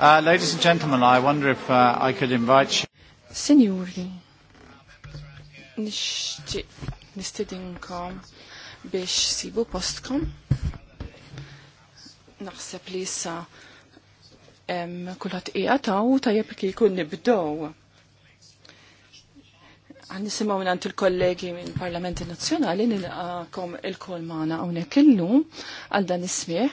Uh, ladies and gentlemen, I wonder if uh, I could invite you. Signori, nistidinkom biex sibu postkom. Naħseb li issa kulħadd qiegħed taw tajjeb kun nibdow. Għanisimaw minn il-kollegi minn Parlamenti Nazjonali nil nilqakom il kolmana għonek il-lum għal dan ismieħ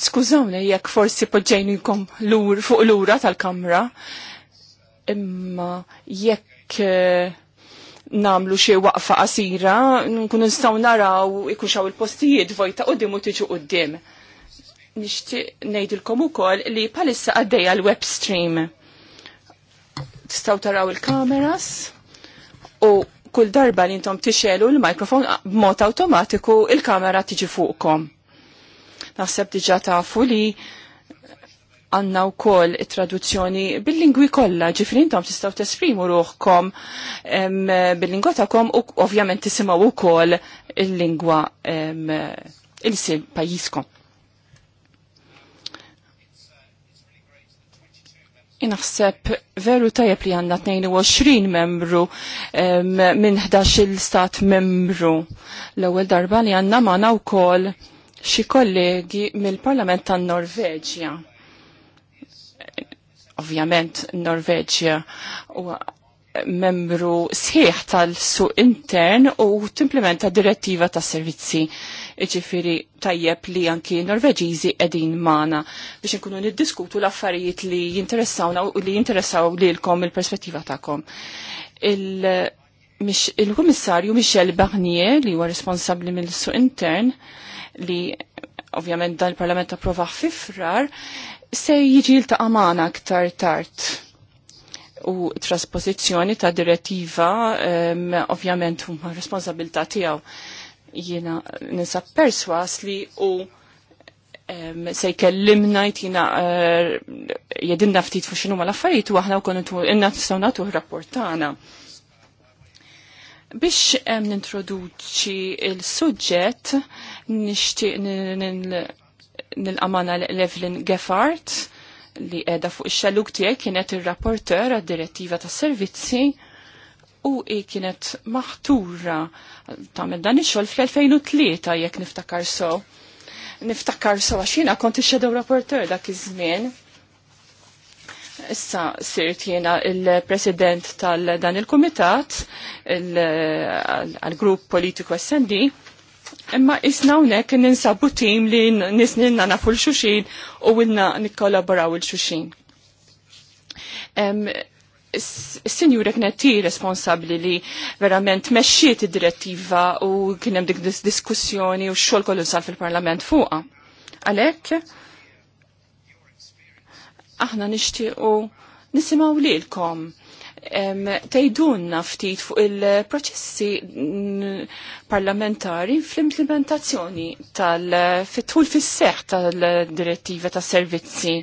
Skużawni jekk forsi poġġejnikom lur fuq lura tal-kamra, imma jekk eh, namlu xie waqfa qasira, nkun nistaw naraw ikun xaw il-postijiet vojta u u tiġu dim. Nishti nejdilkom ukoll li palissa għaddejja l-web stream. Tistaw taraw il-kameras u kull darba li intom tixelu l-mikrofon b'mod automatiku il-kamera tiġi fuqkom. Naħseb diġa tafu li għanna u kol traduzzjoni bil-lingwi kolla, ġifrin tom tistaw tesprimu ruħkom bil-lingwa ta'kom u ovvjament tisimaw u kol il-lingwa il-sim pajiskom. Inaħseb veru tajab li għanna 22 membru minn 11 il-stat membru. L-ewel darba li għanna ma' u koll xi kollegi mill-Parlament tan-Norveġja. Ovvjament Norveġja huwa membru sħiħ tal-suq intern u timplementa direttiva ta' servizzi. Iġifiri tajjeb li anki norveġiżi edin mana biex nkunu niddiskutu l-affarijiet li jinteressawna u li jinteressaw li l-kom il-perspettiva ta'kom. Il-Komissarju Michel Barnier li huwa responsabli mill-suq intern li ovvjament dan il-Parlament approva fifrar, se jiġi l amana aktar tard u trasposizjoni ta' direttiva um, ovvjament huma responsabilità tiegħu jiena nisab perswas li u um, se jkellimna jtina uh, jedinna ftit fuq x'inhuma l-affarijiet u aħna wkoll inna nistgħu nagħtuh rapport tagħna. Biex um, nintroduċi il-suġġett Nishtiq nil-amana l-Evelyn Geffart li edha fuq ix-xaluk tiegħi kienet ir-rapporter għad-direttiva tas servizzi u i kienet maħtura tagħmel dan ix-xogħol fl-2003 jekk niftakar so. Niftakar so għaxina kont ix-shadow rapporter dak iż-żmien. Issa sirt jiena il-president tal-dan il-kumitat għal-grupp politiku SND. Imma isna unek ninsabu tim li nisnilna nafu l-xuxin u wilna nikkollaboraw l-xuxin. Sinjurek netti responsabli li verament meċxiet id-direttiva u kienem dik diskussjoni u xol kollu sal fil-parlament fuqa. Għalek, aħna nishtiqu nisimaw lilkom tejdunna ftit fuq il-proċessi parlamentari fl-implementazzjoni tal-fitħul fis-seħ tal-direttiva tas servizzi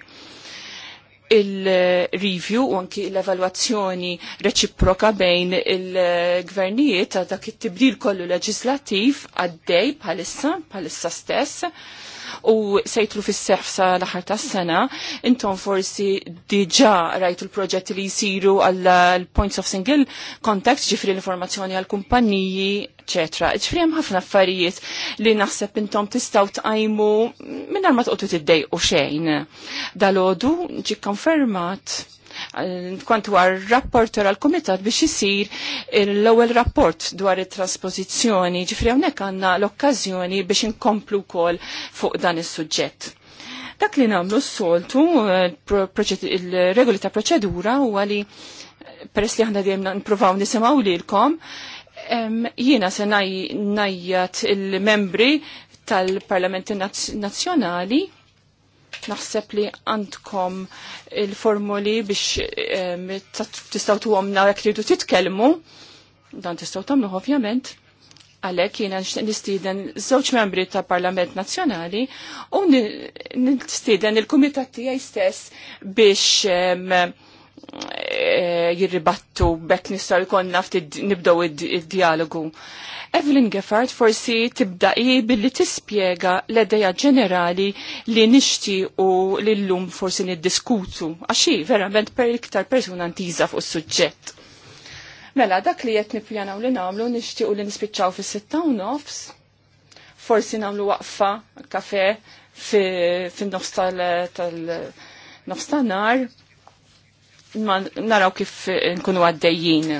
il-review u anki l-evaluazzjoni reċiproka bejn il-gvernijiet ta' dak it-tibdil kollu leġislattiv għaddej bħalissa, bħalissa stess, u sejtlu fis-seħf sa l-aħħar tas-sena, intom forsi diġà rajtu l-proġetti li jsiru għall points of single contact, ġifri l-informazzjoni għall kumpanniji eccetera. Ġifri hemm ħafna affarijiet li naħseb intom tistgħu tqajmu minn ma tqotu tiddejqu xejn. Dalodu ġi konfermat kont war rapporter għal komitat biex isir l-ewwel rapport dwar it transpozizjoni ġifri hawnhekk għandna l-okkażjoni biex inkomplu wkoll fuq dan is-suġġett. Dak li nagħmlu s-soltu il-regoli ta' proċedura huwa li peress li aħna dejjem nippruvaw nisimgħu lilkom, jiena se najjat il-membri tal-Parlamenti Nazzjonali naħseb li għandkom il-formuli biex tistaw tuħom na jek tridu titkelmu, dan tistaw tamlu ovvjament, għalek jina nistiden żewġ membri ta' Parlament Nazzjonali u nistiden il-Kumitat tiegħi stess biex Eh, jirribattu bekk nistaw jkollna ftit nibdew id-dialogu. Evelyn Geffard forsi tibda billi tispjega l-edeja ġenerali li nishti u li l-lum forsi niddiskutu. Għaxi, verament per iktar persuna ntiża fuq suġġett. Mela, dak li jett u li namlu nishti u li nispiċċaw fis sitta u nofs. Forsi namlu waqfa kafe fin-nofs tal-nofs tal tal nofs tal nofs tal nar naraw kif nkunu għaddejjin.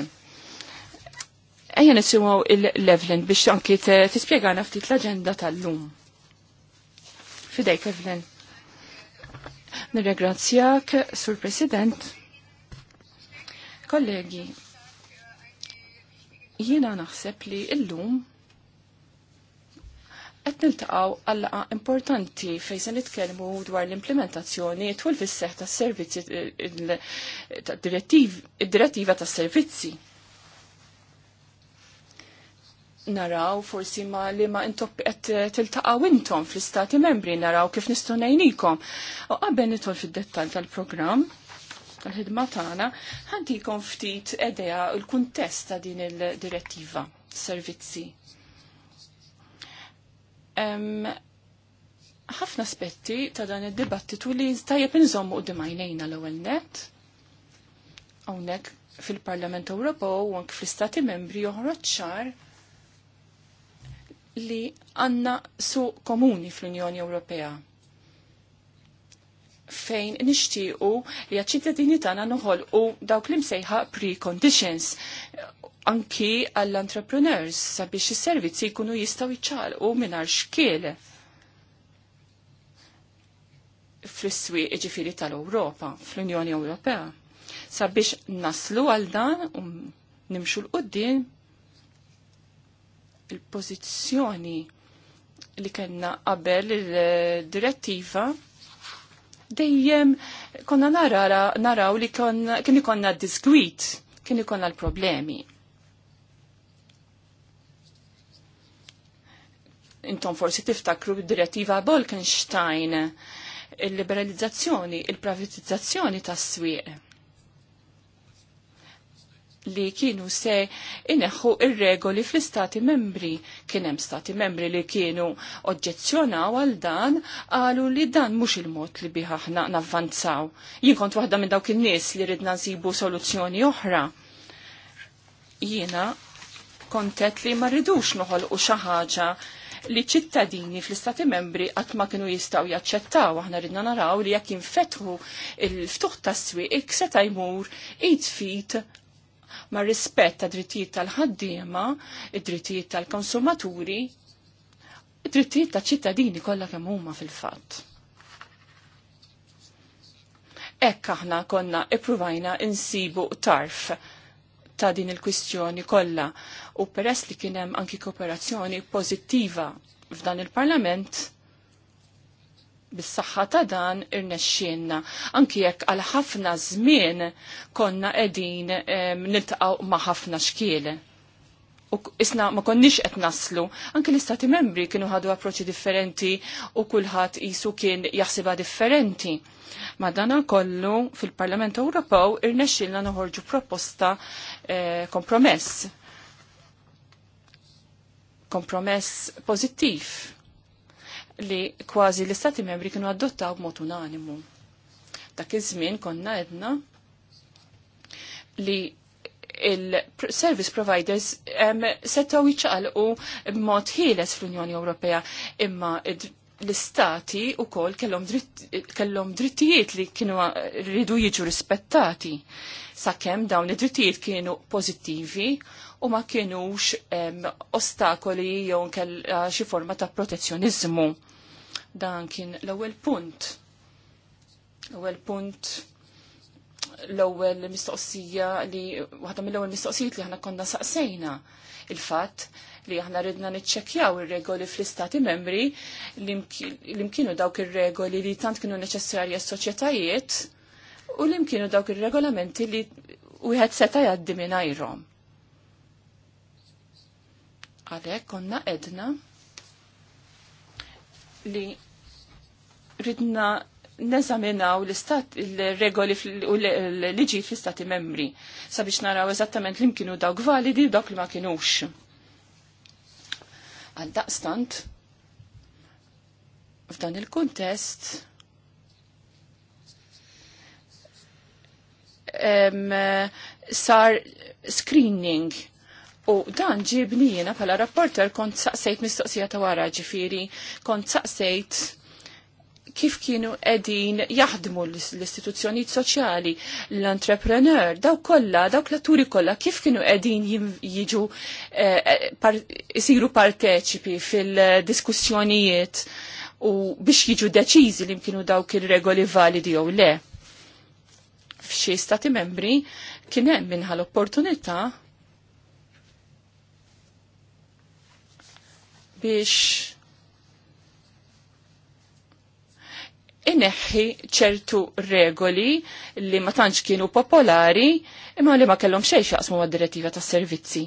Ejja nisimaw il-Levlin biex anki tispjegana ftit l-agenda tal-lum. Fidejk, Levlin. Nirregrazzjak, Sur President. Kollegi, jiena naħseb li illum lum qed niltaqgħu għallaqa importanti fejn se nitkellmu dwar l-implementazzjoni twil fis seħħ tas-servizzi id-direttiva tas-servizzi. Naraw forsi ma li ma intop qed tiltaqgħu intom fl-istati membri naraw kif nistgħu ngħinilkom. U qabel nidħol fid-dettall tal-programm, tal-ħidma tagħna, ħantikom ftit edeja l-kuntest ta' din il-direttiva servizzi ħafna aspetti ta' dan id-dibattitu li tajjeb nżommu u dimajnejna l-ewwel net. Hawnhekk fil-Parlament Ewropew u anke fl-Istati Membri joħroġ ċar li għanna su komuni fl-Unjoni Ewropea fejn nixtiequ li għat ċittadini tagħna noħolqu dawk li msejħa pre-conditions anki għall-entrepreneurs sabiex is-servizzi jkunu jistgħu jċalqu mingħajr xkiel fl-iswieq ġifiri tal-Ewropa, fl-Unjoni Ewropea. Sabiex naslu għal dan u nimxu l qudiem il-pożizzjoni li kellna qabel il-direttiva dejjem konna naraw li kien ikonna diskwit, kien ikollna l-problemi. intom forsi tiftakru bid-direttiva Bolkenstein il-liberalizzazzjoni, il-privatizzazzjoni tas-swieq li kienu se ineħħu ir-regoli fl-istati membri. Kien hemm stati membri li kienu oġġezzjonaw għal dan qalu li dan mhux il-mod li biħaħna navvanzaw. Jien kont waħda minn dawk in-nies li ridna nsibu soluzzjoni oħra. Jiena kontet li ma rridux noħolqu xi ħaġa li ċittadini fl-istati membri qatt ma kienu jistgħu jaċċettaw aħna ridna naraw li jekk jinfetħu il-ftuħ tas-swieq seta' jmur id-fit ma' rispett ta' drittijiet tal-ħaddiema, id-drittijiet tal-konsumaturi, id-drittijiet ta' ċittadini kollha kemm huma fil-fatt. Ekk aħna konna ippruvajna insibu tarf ta' din il-kwistjoni kollha u peress li kien hemm anki kooperazzjoni pożittiva f'dan il-Parlament bis-saħħa ta' dan irnexxienna, Anki jekk għal ħafna żmien konna qegħdin niltaqgħu ma' ħafna xkiele u isna ma konniex qed naslu. Anke l-istati membri kienu ħadu approċċi differenti u kulħadd isu kien jaħsibha differenti. Ma dana kollu fil-Parlament Ewropew irnexxilna noħorġu proposta eh, kompromess. Kompromess pożittiv li kważi l-istati membri kienu adottaw b'mod unanimu. Dak iż-żmien konna edna li il-service providers setaw jiċċaqalqu b'mod ħieles fl-Unjoni Ewropea imma l-istati u kol kellom drittijiet li kienu eh, rridu jiġu rispettati sakemm dawn id-drittijiet kienu pozittivi u ma kienux ostakoli jew kella xi forma ta' protezzjonizmu. Dan kien l-ewwel punt. L-ewwel punt l-ewwel mistoqsija li waħda mill-ewwel mistoqsijiet li aħna konna saqsejna il-fatt li aħna ridna niċċekkjaw ir-regoli fl-istati membri li mkienu dawk ir-regoli li tant kienu neċessarji s-soċjetajiet u li mkienu dawk ir-regolamenti li wieħed seta' jgħaddi mingħajrhom. Għalhekk konna edna li ridna neżaminaw l-istat il-regoli u l-liġi fl-istati membri sabiex naraw eżattament li mkienu dawk validi u dawk li ma kienux. Għal daqstant, f'dan il-kontest, sar screening U dan ġibni jena pala rapporter kont saqsejt mistoqsija ta' wara ġifiri, kont saqsejt kif kienu edin jaħdmu l-istituzzjonijiet soċjali, l-entrepreneur, daw kollha, dawk l-atturi kollha, kif kienu edin jiġu eh, eh, isiru parteċipi fil-diskussjonijiet u biex jiġu deċiżi li kienu dawk ir-regoli validi jew le. F'xi stati membri kien hemm minħal opportunità biex inneħħi ċertu regoli li ma tantx kienu popolari imma li ma kellhom xejn xaqsmu mad-direttiva tas-servizzi.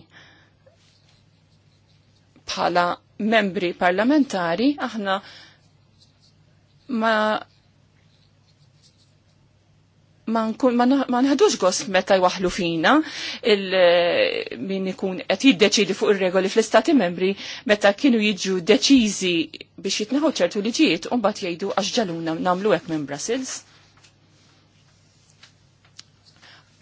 Bħala membri parlamentari aħna ma ma nħadux gost meta jwaħlu fina eh, min ikun qed jiddeċidi fuq ir-regoli fl-istati membri meta kienu jiġu deċiżi biex jitneħu ċertu liġijiet u mbagħad jgħidu għax ġaluna nagħmlu hekk minn Brussels.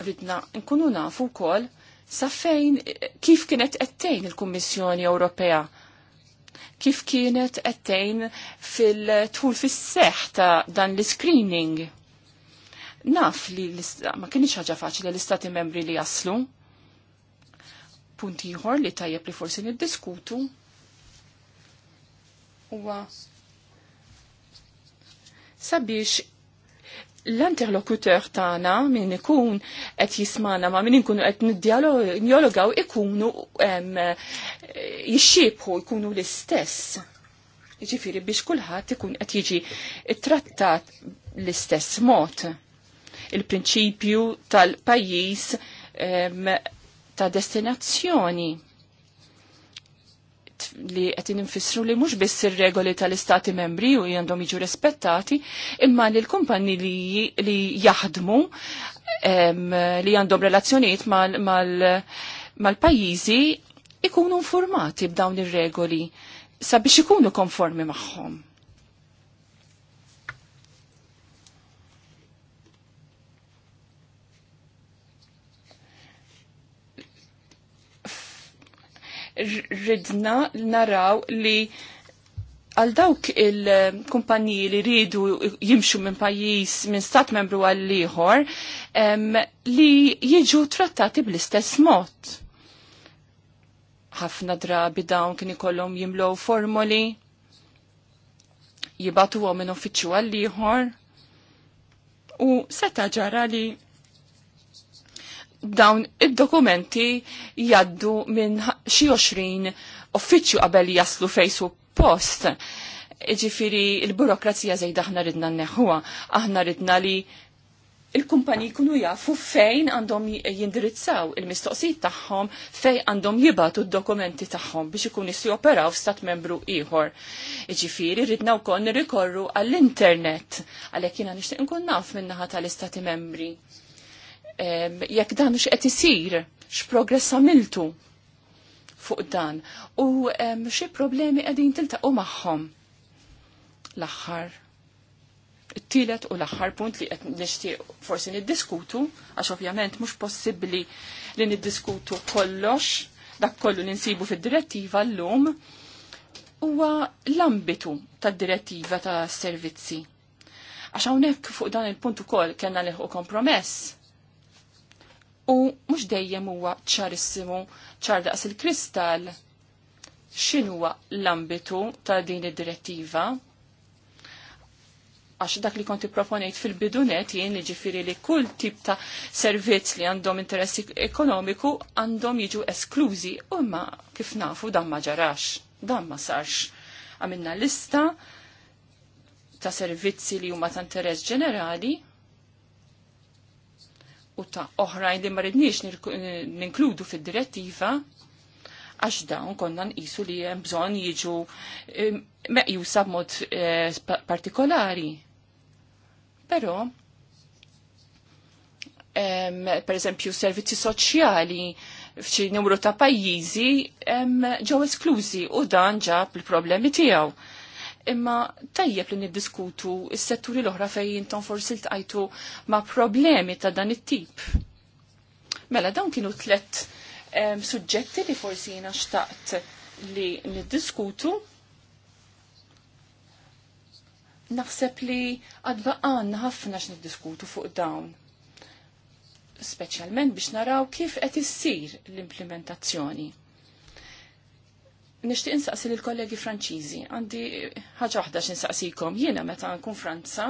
Ridna nkunu nafu wkoll sa fejn kif kienet qedtejn il-Kummissjoni Ewropea kif kienet qedtejn fil-tul fis-seħħ ta' dan l-screening Naf li ma kienx ħaġa faċli l-istati membri li jaslu. Punti ieħor li tajjeb li forsi niddiskutu huwa sabiex l interlokutor tagħna min ikun qed jismana ma min ikunu qed niddialogaw ikunu jixxiebħu jkunu l-istess jiġifieri biex kulħadd ikun qed jiġi trattat l-istess mod il-prinċipju tal-pajjiż ta' destinazzjoni li qed infissru li mhux biss ir-regoli tal-istati membri u jandhom jiġu rispettati, imma li l kumpanniji li, jaħdmu li għandhom relazzjonijiet mal-pajjiżi ikunu informati b'dawn ir-regoli sabiex ikunu konformi magħhom. ridna naraw li għal dawk il-kumpaniji li ridu jimxu minn pajis, minn stat membru għall ieħor li jiġu trattati bl-istess mod. Ħafna drabi dawn kien ikollhom jimlow formoli, jibatu minn uffiċċju għal ieħor u seta ġara li dawn id-dokumenti jaddu minn xi 20 uffiċċju qabel jaslu fejsu post. Iġifiri il-burokrazija zejda aħna ridna neħuwa, aħna ridna li il-kumpani kunu jafu fejn għandhom jindirizzaw il-mistoqsijiet tagħhom fejn għandhom jibatu d-dokumenti tagħhom biex ikun jistgħu operaw f'stat membru ieħor. Jiġifieri ridna wkoll nirrikorru għall-internet għalhekk jiena nixtieq nkun naf min-naħa tal-istati membri jekk dan x'qed isir, x'progress għamiltu fuq dan u xi problemi qegħdin tiltaqgħu magħhom. L-aħħar it-tielet u l-aħħar punt li qed nixtieq forsi niddiskutu għax ovvjament mhux possibbli li niddiskutu kollox dak kollu li nsibu fid-direttiva llum huwa l-ambitu tad-direttiva tas servizzi. Għax hawnhekk fuq dan il-punt ukoll kellna neħu kompromess u mhux dejjem huwa ċarissimu ċar daqs il-kristall x'inhuwa l-ambitu ta' din id-direttiva għax dak li konti proponejt fil-bidunet jien li ġifiri li kull tip ta' servizz li għandhom interess ekonomiku għandhom jiġu esklużi u ma kif nafu dan ma ġarax, dan ma sarx. Għamilna lista ta' servizzi li huma ta' interess ġenerali u ta' oħrajn li ma rridniex ninkludu fil direttiva għax dawn konna nqisu li hemm bżonn jiġu meqjusa b'mod eh, partikolari. Però per eżempju servizzi soċjali f'xi numru ta' pajjiżi ġew esklużi u dan ġab il-problemi tiegħu imma tajjeb li niddiskutu is-setturi l-oħra fejn intom forsi ltqajtu ma' problemi ta' dan it-tip. Mela dawn kienu tlet suġġetti li forsi jiena xtaqt li niddiskutu. Naħseb li għadbaqanna ħafna x'niddiskutu fuq dawn speċjalment biex naraw kif qed issir l-implementazzjoni. Nishtiq insaqsi lill kollegi Franċiżi, għandi ħaġa waħda x'insaqsikom. Jiena meta nkun Franza,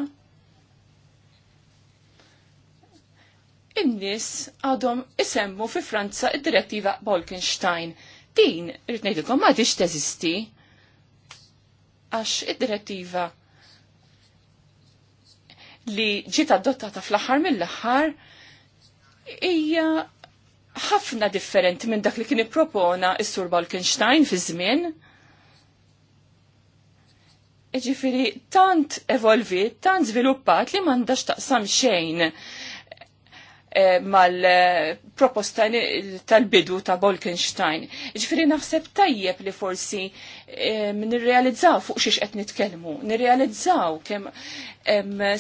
in-nies għadhom isemmu fi Franza id-direttiva Bolkenstein. Din irid ngħidilkom ma diċ teżisti għax id-direttiva li ġiet adottata fl-aħħar mill-aħħar ija ħafna differenti minn dak li kien ippropona is-Sur Balkenstein fi żmien. Iġifiri, tant evolvit, tant żviluppat li m'għandhax taqsam xejn eh, mal-proposta tal-bidu ta' Bolkenstein. Ġifiri naħseb tajjeb li forsi eh, nirrealizzaw fuq xiex qed nitkellmu, nirrealizzaw kemm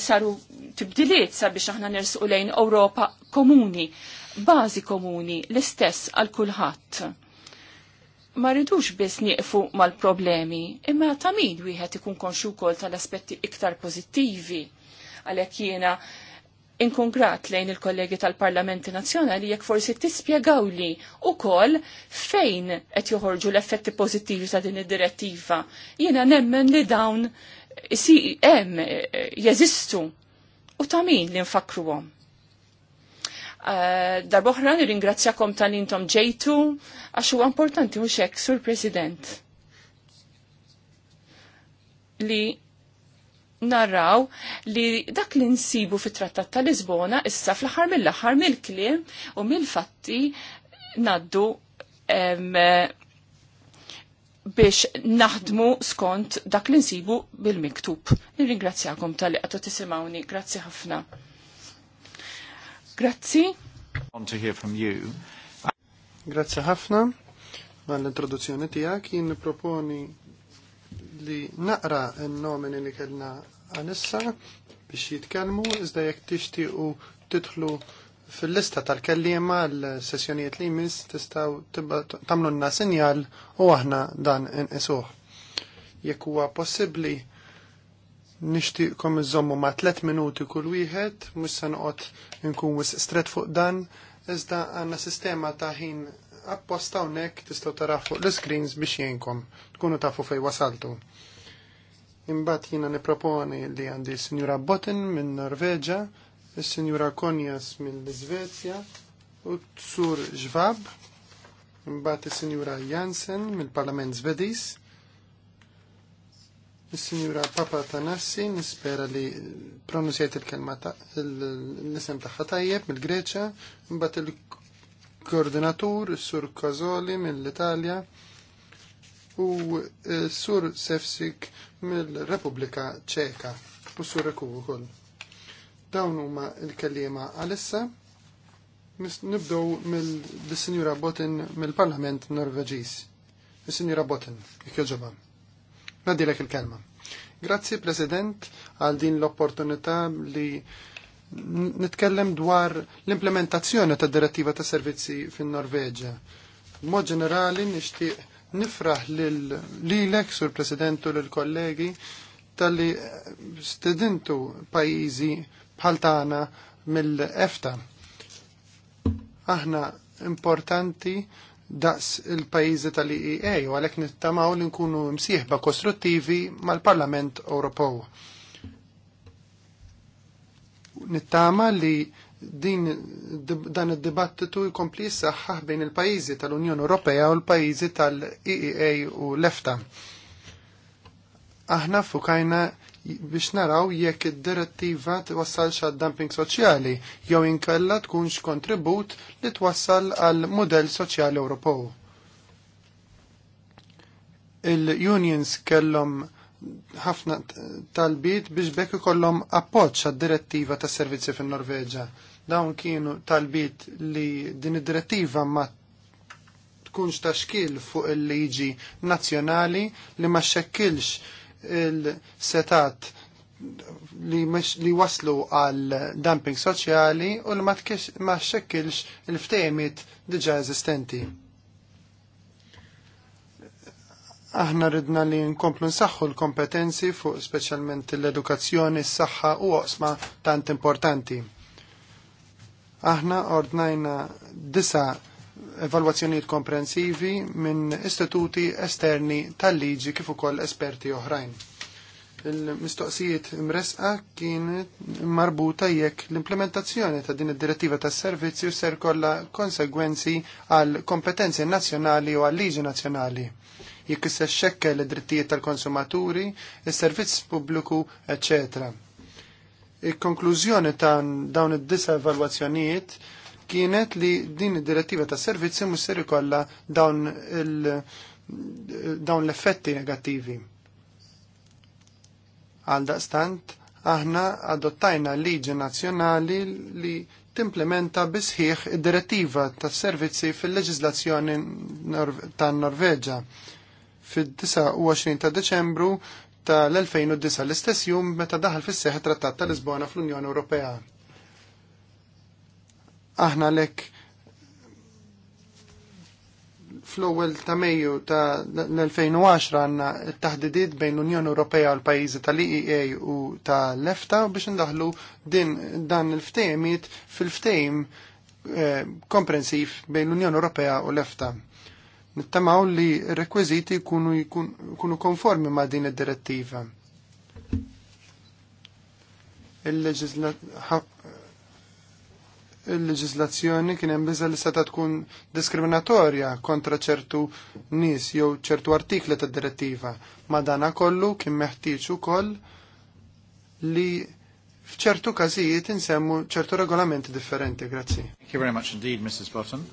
saru tibdiliet sabiex aħna nirsuq lejn Ewropa komuni bażi komuni l-istess għal kulħadd. Ma rridux biss nieqfu mal-problemi, imma ta' min wieħed ikun konxu wkoll tal-aspetti iktar pożittivi għalhekk jiena inkongrat lejn il-kollegi tal-Parlamenti Nazzjonali jekk forsi tispjegaw li ukoll fejn qed joħorġu l-effetti pożittivi ta' din id-direttiva. Jiena nemmen li dawn si hemm jeżistu u ta' min li nfakruhom. Eh, Darboħra nir-ingrazzjakom tal-intom ġejtu, għax huwa importanti mhux hekk, Sur President. Li narraw li dak li nsibu fit-Trattat ta' Lisbona issa fl-aħħar mill-aħħar mill-kliem u mill-fatti naddu biex naħdmu skont dak li nsibu bil-miktub. Nirringrazzjakom tal-li għatu tisimawni. Grazzi ħafna. Grazzi. Want to hear from you. Grazzi ħafna għall-introduzzjoni tiegħek. Jien proponi li naqra n-nomini li kellna għalissa biex jitkellmu iżda jekk tixtiequ titħlu fil-lista tal-kellima l-sessjonijiet li jmiss tistaw tamlu n sinjal u aħna dan inqisuh. Jekk huwa possibbli nixtieqkom iżommu ma' tliet minuti kull wieħed, mhux se noqgħod inkun wis stret fuq dan, iżda għandna sistema ta' ħin apposta hawnhekk tistgħu tara fuq l-screens biex jgħinkom tkunu tafu fejn wasaltu. Imbagħad jiena nipproponi li għandi Sinjura Botten minn Norveġa, is-Sinjura Konjas mill-Iżvezja u Tsur Ġvab, imbagħad is-Sinjura Jansen mill-Parlament Svediż, il-Sinjura Papa Tanassi, nispera li pronunzjajt il-kelma l-isem taħħa tajjeb mill-Greċa, mbagħad il-koordinatur Sur Kozoli mill-Italja u eh, Sur Sefsik mill-Repubblika Ċeka u Sur Reku ukoll. Dawn huma l-kelliema għalissa. Nibdow mill-Sinjura Botin mill-Parlament Norveġiż. Is-Sinjura Botin, jekk Nadilek il-kelma. Grazzi, President, għal din l-opportunità li nitkellem dwar l-implementazzjoni ta' direttiva ta' servizzi fin norveġa Mod ġenerali nixtieq nifraħ lilek sur Presidentu l kollegi tal-li stedintu pajizi bħal tagħna mill-EFTA. Aħna importanti daqs il-pajizi tal-EEA u għalek nittamaw li nkunu msieħba kostruttivi mal-Parlament Ewropew. Nittama li din dan id-dibattitu jkompli jissaħħaħ bejn il-pajizi tal-Unjoni Ewropea u l-pajizi tal-EEA u l-EFTA. Aħna fukajna biex naraw jekk id-direttiva twassalx għad dumping soċjali jew inkella tkunx kontribut li twassal għal modell soċjali Ewropew. Il-unions kellhom ħafna talbiet biex bekk ikollhom appoġġ għad-direttiva tas servizzi fin-Norveġa. Dawn kienu talbiet li din id-direttiva ma tkunx taxkil fuq il-liġi nazzjonali li ma xekkilx il-setat li, li waslu għal dumping soċjali u li ma xekkilx il-ftejmit diġa eżistenti. Aħna ridna li nkomplu nsaħħu l-kompetenzi fuq speċjalment l-edukazzjoni, s-saħħa u oqsma tant importanti. Aħna ordnajna disa' evalwazzjonijiet komprensivi minn istituti esterni tal-liġi kif ukoll esperti oħrajn. Il-mistoqsijiet imresqa kien marbuta jekk l-implementazzjoni ta' din id-direttiva tas servizzi ser kollha konsegwenzi għal kompetenzi nazzjonali u għal liġi nazzjonali jekk issa xekke id-drittijiet tal-konsumaturi, is-servizz pubbliku, eccetera. Il-konklużjoni ta' dawn id-disa evalwazzjonijiet kienet li din id-direttiva ta' servizzi mhux ser ikollha dawn dawn l-effetti negattivi. Għal daqstant, aħna adottajna liġi nazzjonali li timplementa bisħiħ id-direttiva tas servizzi fil-leġizlazzjoni tan Norveġa fid-29 ta' Deċembru tal-2009 l-istess jum meta daħal fis seħħ trattat ta' Lisbona fl-Unjoni Ewropea. Aħna lek fl-ewwel ta' Mejju ta' l-2010 għandna t-taħdidiet bejn l-Unjoni Ewropea u l-pajjiżi tal-EEA u ta' lefta biex indaħlu din dan il-ftehimiet fil-ftehim eh, komprensiv bejn l-Unjoni Ewropea u l-Efta. Nittamaw li r-rekwiżiti jkunu konformi ma' din id-direttiva il leġislazzjoni kien hemm biża li seta' tkun diskriminatorja kontra ċertu nies jew ċertu artikli tad-direttiva. Ma dana kollu kien meħtieġ ukoll li f'ċertu każijiet insemmu ċertu regolamenti differenti. Grazzi. Thank you very much indeed, Mrs. Button.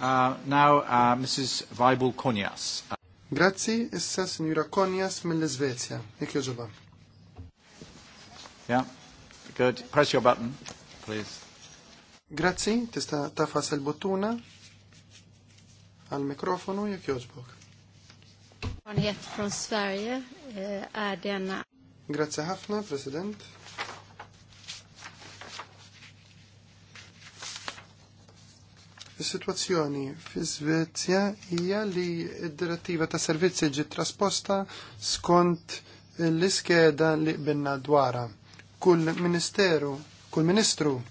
Uh, now, uh, Mrs. Vibel Konjas. Grazzi, issa Signora Konjas mill-Svezja. Jek joġoba. Yeah, good. Press your button, please. Grazzi, tista' tafas il-buttuna għal-mikrofonu jekk jogħġbok. from Sverige, għadjana. Eh, Grazzi ħafna, President. Is-sitwazzjoni fi Svezja hija li d-direttiva ta' servizzi ġiet trasposta skont l-iskeda li qbilna dwara. Kull ministeru, kull ministru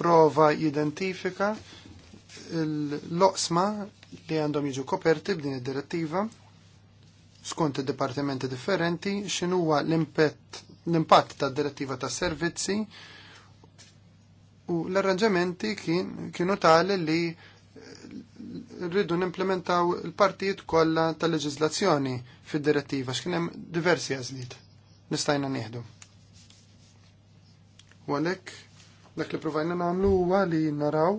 jipprova jidentifika l-loqsma li għandhom jiġu koperti b'din id-direttiva skont id-dipartimenti differenti x'inhuwa l-impatt tad-direttiva tas-servizzi u l-arranġamenti kienu tali li rridu nimplementaw il-partijiet kollha tal-leġiżlazzjoni fid-direttiva x'kien hemm diversi għażliet nistajna nieħdu. U għalhekk Dak li provajna namlu huwa li naraw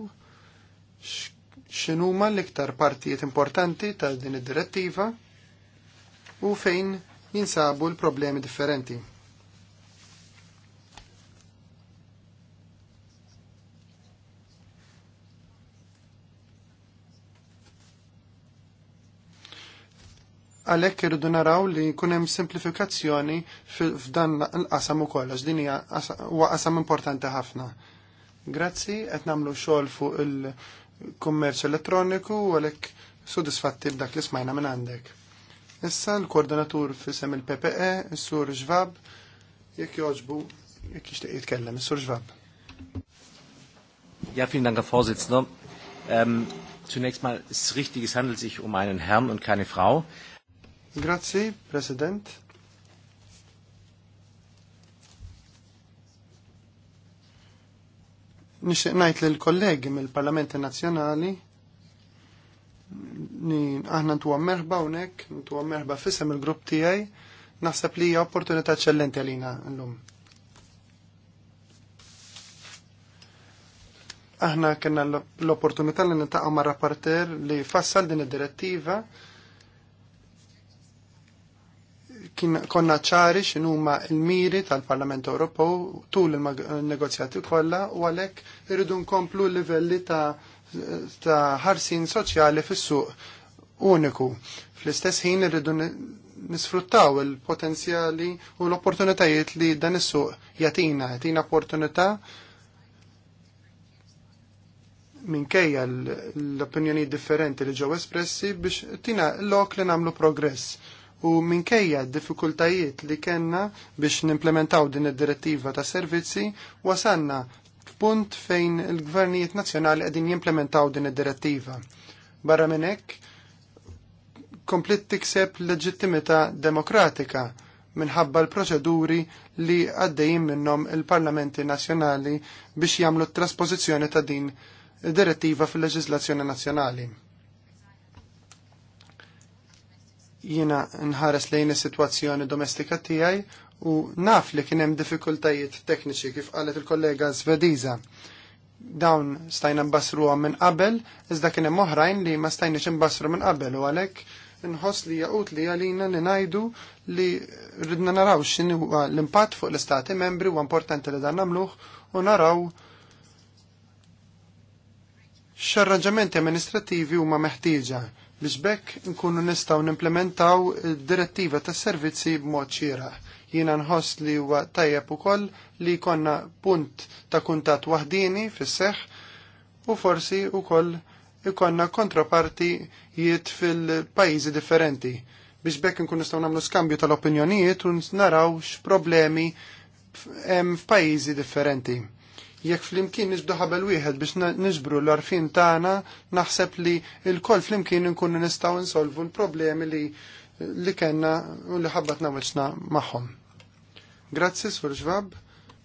x'inhuma l-iktar partijiet importanti ta' din id-direttiva u fejn jinsabu l-problemi differenti. għalek irridu naraw li jkun hemm simplifikazzjoni f'dan l-qasam ukoll kollox, din huwa qasam importanti ħafna. Grazzi, qed nagħmlu xogħol fuq il-kummerċ elettroniku u għalhekk sudisfatti b'dak li smajna minn għandek. Issa l-koordinatur fisem il-PPE, sur ġvab, jekk joġbu, jekk jixtieq jitkellem, s-sur ġvab. Ja, vielen Dank, Herr Vorsitzender. Ähm, zunächst mal ist richtig, es handelt sich um einen Herrn und keine Frau. Grazzi, President. Nixtieq ngħid lill kollegi mill-Parlamenti Nazzjonali aħna ntuha merħba hawnhekk, ntuha merħba f'isem il-grupp tiegħi, naħseb li hija opportunità eċċellenti għalina llum. Aħna kellna l-opportunità li nitaqgħu mar rapporter li fassal din id-direttiva Kien konna ċari x'inhuma l-miri tal-Parlament Ewropew tul il-negozjati kollha u għalhekk irridu nkomplu livelli ta' ta' ħarsin soċjali fis-suq uniku. Fl-istess ħin irridu nisfruttaw il-potenzjali u l-opportunitajiet li dan is-suq jatina, jatina opportunità minkejja l-opinjoni differenti li ġew espressi biex tina l-ok li namlu progress u minkejja d-diffikultajiet li kenna biex nimplementaw din id-direttiva ta' servizzi wasanna f'punt fejn il-gvernijiet nazzjonali qegħdin jimplementaw din id-direttiva. Barra minn hekk komplit tikseb leġittimità demokratika minħabba l-proċeduri li għaddejjin minnhom il-parlamenti nazzjonali biex jagħmlu t-trasposizzjoni ta' din direttiva fil-leġiżlazzjoni nazzjonali. jiena nħares lejn is-sitwazzjoni domestika tiegħi u naf li kien hemm diffikultajiet tekniċi kif qalet il-kollega Svediża. Dawn stajna nbassruhom minn qabel, iżda kien hemm oħrajn li ma stajniex imbassru minn qabel u għalhekk inħoss li jaqut li għalina li ngħidu li ridna naraw x'inhu l-impatt fuq l-istati membri u importanti li dan nagħmluh u naraw x'arranġamenti amministrativi huma meħtieġa biex bekk nkunu nistaw nimplementaw direttiva ta' servizzi b'mod xieraq. Jiena nħoss li huwa tajjeb ukoll li konna punt ta' kuntat waħdini fis-seħ u forsi ukoll ikonna kontrapartijiet fil-pajjiżi differenti biex bekk nkun nistgħu nagħmlu skambju tal-opinjonijiet u naraw x'problemi hemm f'pajjiżi differenti jekk flimkien nisbdu ħabel wieħed biex nisbru l-arfin tagħna naħseb li l-koll flimkien inkunu nistgħu nsolvu l-problemi li li kellna u li ħabbat wiċċna magħhom. Grazzi Sur Ġvab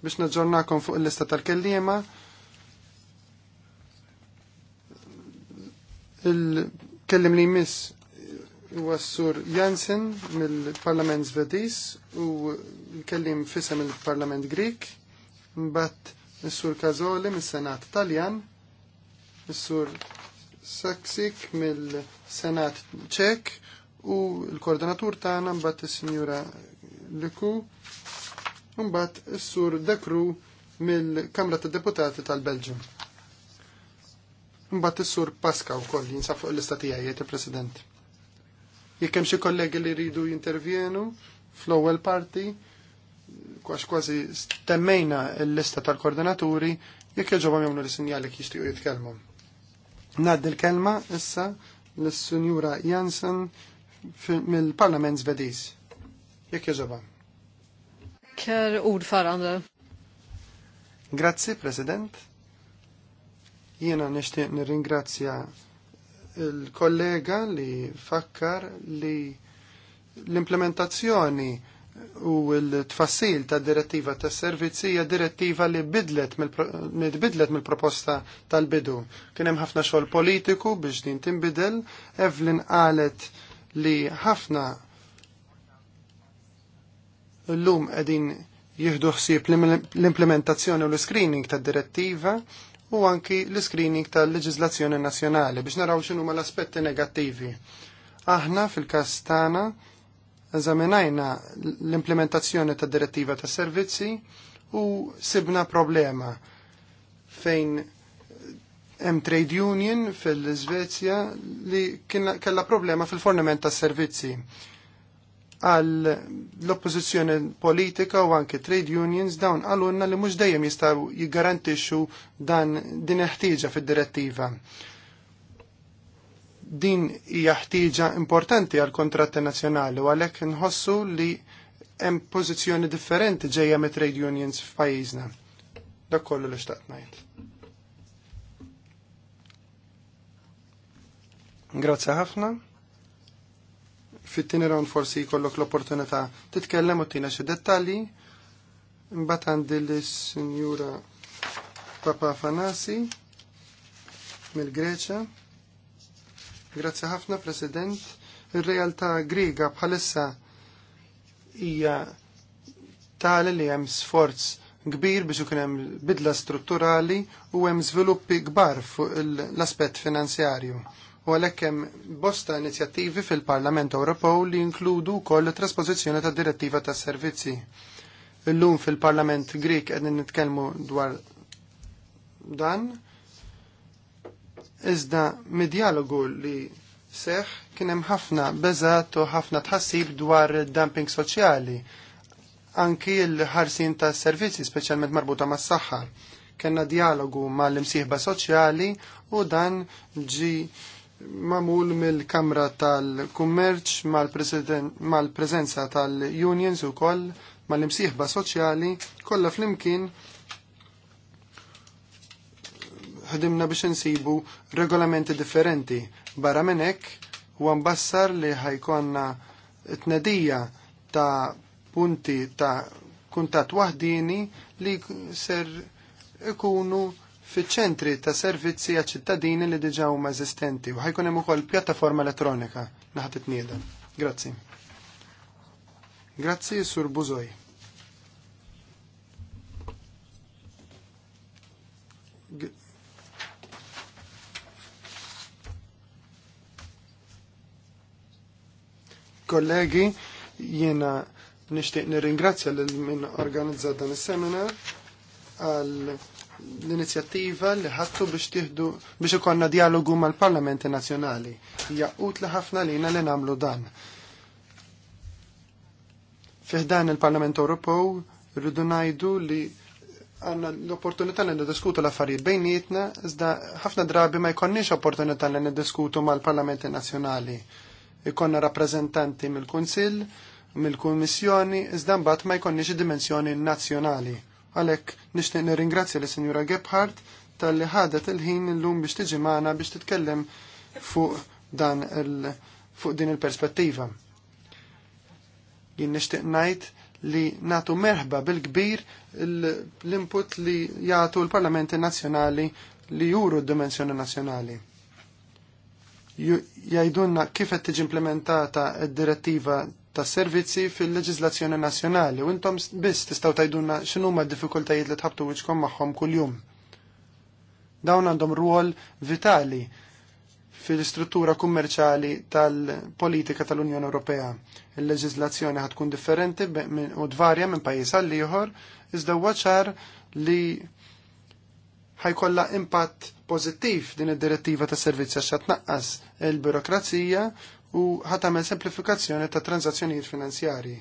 biex naġġornakom fuq il-lista tal-kelliema. Il-kellim li jmiss huwa Sur Jansen mill-Parlament Svediż u l-kellim fisem il-Parlament Grik. Mbagħad Is-Sur Kazoli mis-Senat Taljan, is-Sur Saksik mill-Senat Ċek u l-koordinatur tagħna mbagħad is-Sinjura Liku u mbagħad is-Sur Dekru mill-Kamra tad-Deputati tal-Belġium. Mbagħad is-Sur Paska wkoll jinsab fuq l-lista tiegħi il-President. Jekk hemm xi kollegi li jridu jintervjenu fl-ewwel parti, kwax kważi temmejna l-lista tal-koordinaturi jekk joġobhom jomnu l-sinjali jekk jixtiequ jitkellmu. Ngħaddi l-kelma issa l sinjura Jansen mill-Parlament Svediż. Jekk joġobha. Ker ordförande. Grazzi, President. Jiena nixtieq nirringrazzja il-kollega li fakkar li l-implementazzjoni u l-tfassil ta' direttiva ta' servizzi hija direttiva li bidlet mill-proposta tal-bidu. Kien hemm ħafna xogħol politiku biex din tinbidel, Evelyn qalet li ħafna llum qegħdin jieħdu ħsieb l-implementazzjoni u l-screening tad-direttiva u anki l-screening tal-leġiżlazzjoni nazzjonali biex naraw x'inhuma l-aspetti negattivi. Aħna fil-każ tagħna eżaminajna l-implementazzjoni ta' direttiva ta' servizzi u sibna problema fejn hemm trade union fil-Svezja li kella problema fil-forniment ta' servizzi għal l-oppozizjoni politika u anke trade unions dawn għalunna li mhux dejjem jistgħu jiggarantixxu dan din il-ħtieġa fid-direttiva din hija ħtieġa importanti għal kontratti nazzjonali u għalhekk nħossu li hemm pożizzjoni differenti ġejja me trade unions f'pajjiżna. Dak kollu li xtaqt ngħid. Grazzi ħafna. Fit-tieni round forsi jkollok l-opportunità titkellem u tina xi dettalji. Imbagħad għandi lis-Sinjura Papa Fanasi mill-Greċja. Grazzi ħafna, President. Ir-realtà griga bħalissa hija tali li hemm sforz kbir biex ikun hemm bidla strutturali u hemm żviluppi kbar fuq l-aspett finanzjarju. U għalhekk hemm bosta inizjattivi fil-Parlament Ewropew li jinkludu wkoll trasposizzjoni ta' direttiva tas servizzi. Illum fil-Parlament Grik qegħdin nitkellmu dwar dan Iżda mid-dialogu li seħ kien hemm ħafna beżat u ħafna tħassib dwar dumping soċjali. Anki l-ħarsin ta' servizzi speċjalment marbuta mas-saħħa. Kenna dialogu mal-imsieħba soċjali u dan ġi mamul mill-Kamra tal-Kummerċ mal-prezenza mal prezenza tal unions u koll mal-imsieħba soċjali kollha flimkien ħdimna biex insibu regolamenti differenti. Barra minn hekk għambassar mbassar li ħajkonna t tnedija ta' punti ta' kuntat waħdini li ser ikunu fiċ-ċentri ta' servizzi għal ċittadini li diġa huma eżistenti u ħajkun hemm ukoll pjattaforma elettronika naħat it Grazzi. Grazzi, Sur Buzoj. kollegi, jiena nixtieq nirringrazzja lil min organizza dan is-seminar għal l-inizjattiva li ħattu biex tiħdu biex ikonna dialogu mal-Parlamenti Nazzjonali. Hija li ħafna lina li nagħmlu dan. Fiħdan il-Parlament Ewropew rridu ngħidu li għanna l-opportunità li niddiskutu l-affarijiet bejnietna, iżda ħafna drabi ma jkonniex opportunità li niddiskutu mal-Parlamenti Nazzjonali ikonna rappreżentanti mill-Kunsill, mill-Kummissjoni, iżda mbagħad ma jkollniex id-dimensjoni nazzjonali. Għalhekk nixtieq nirringrazzja li senjura Gebhardt tal-li ħadet il-ħin illum biex tiġi m'aħna biex titkellem fuq dan il fuq din il-perspettiva. Jien nixtieq ngħid li natu merħba bil-kbir l-input li jagħtu l-Parlamenti Nazzjonali li juru d-dimensjoni nazzjonali jajdunna kif qed tiġi implementata d-direttiva ta' servizzi fil-leġizlazzjoni nazzjonali u intom biss tistgħu tajdunna x'inhuma d-diffikultajiet li tħabtu wiċkom magħhom kuljum. Dawn għandhom rwol vitali fil-istruttura kummerċali tal-politika tal-Unjoni Ewropea. Il-leġizlazzjoni ħad tkun differenti u dvarja minn pajjiż għal ieħor, iżda waċar ċar li ħajkolla impatt pożittiv din id-direttiva ta' servizzi x'a tnaqqas il-birokrazija u ħatamel semplifikazzjoni ta' tranzazzjonijiet finanzjarji.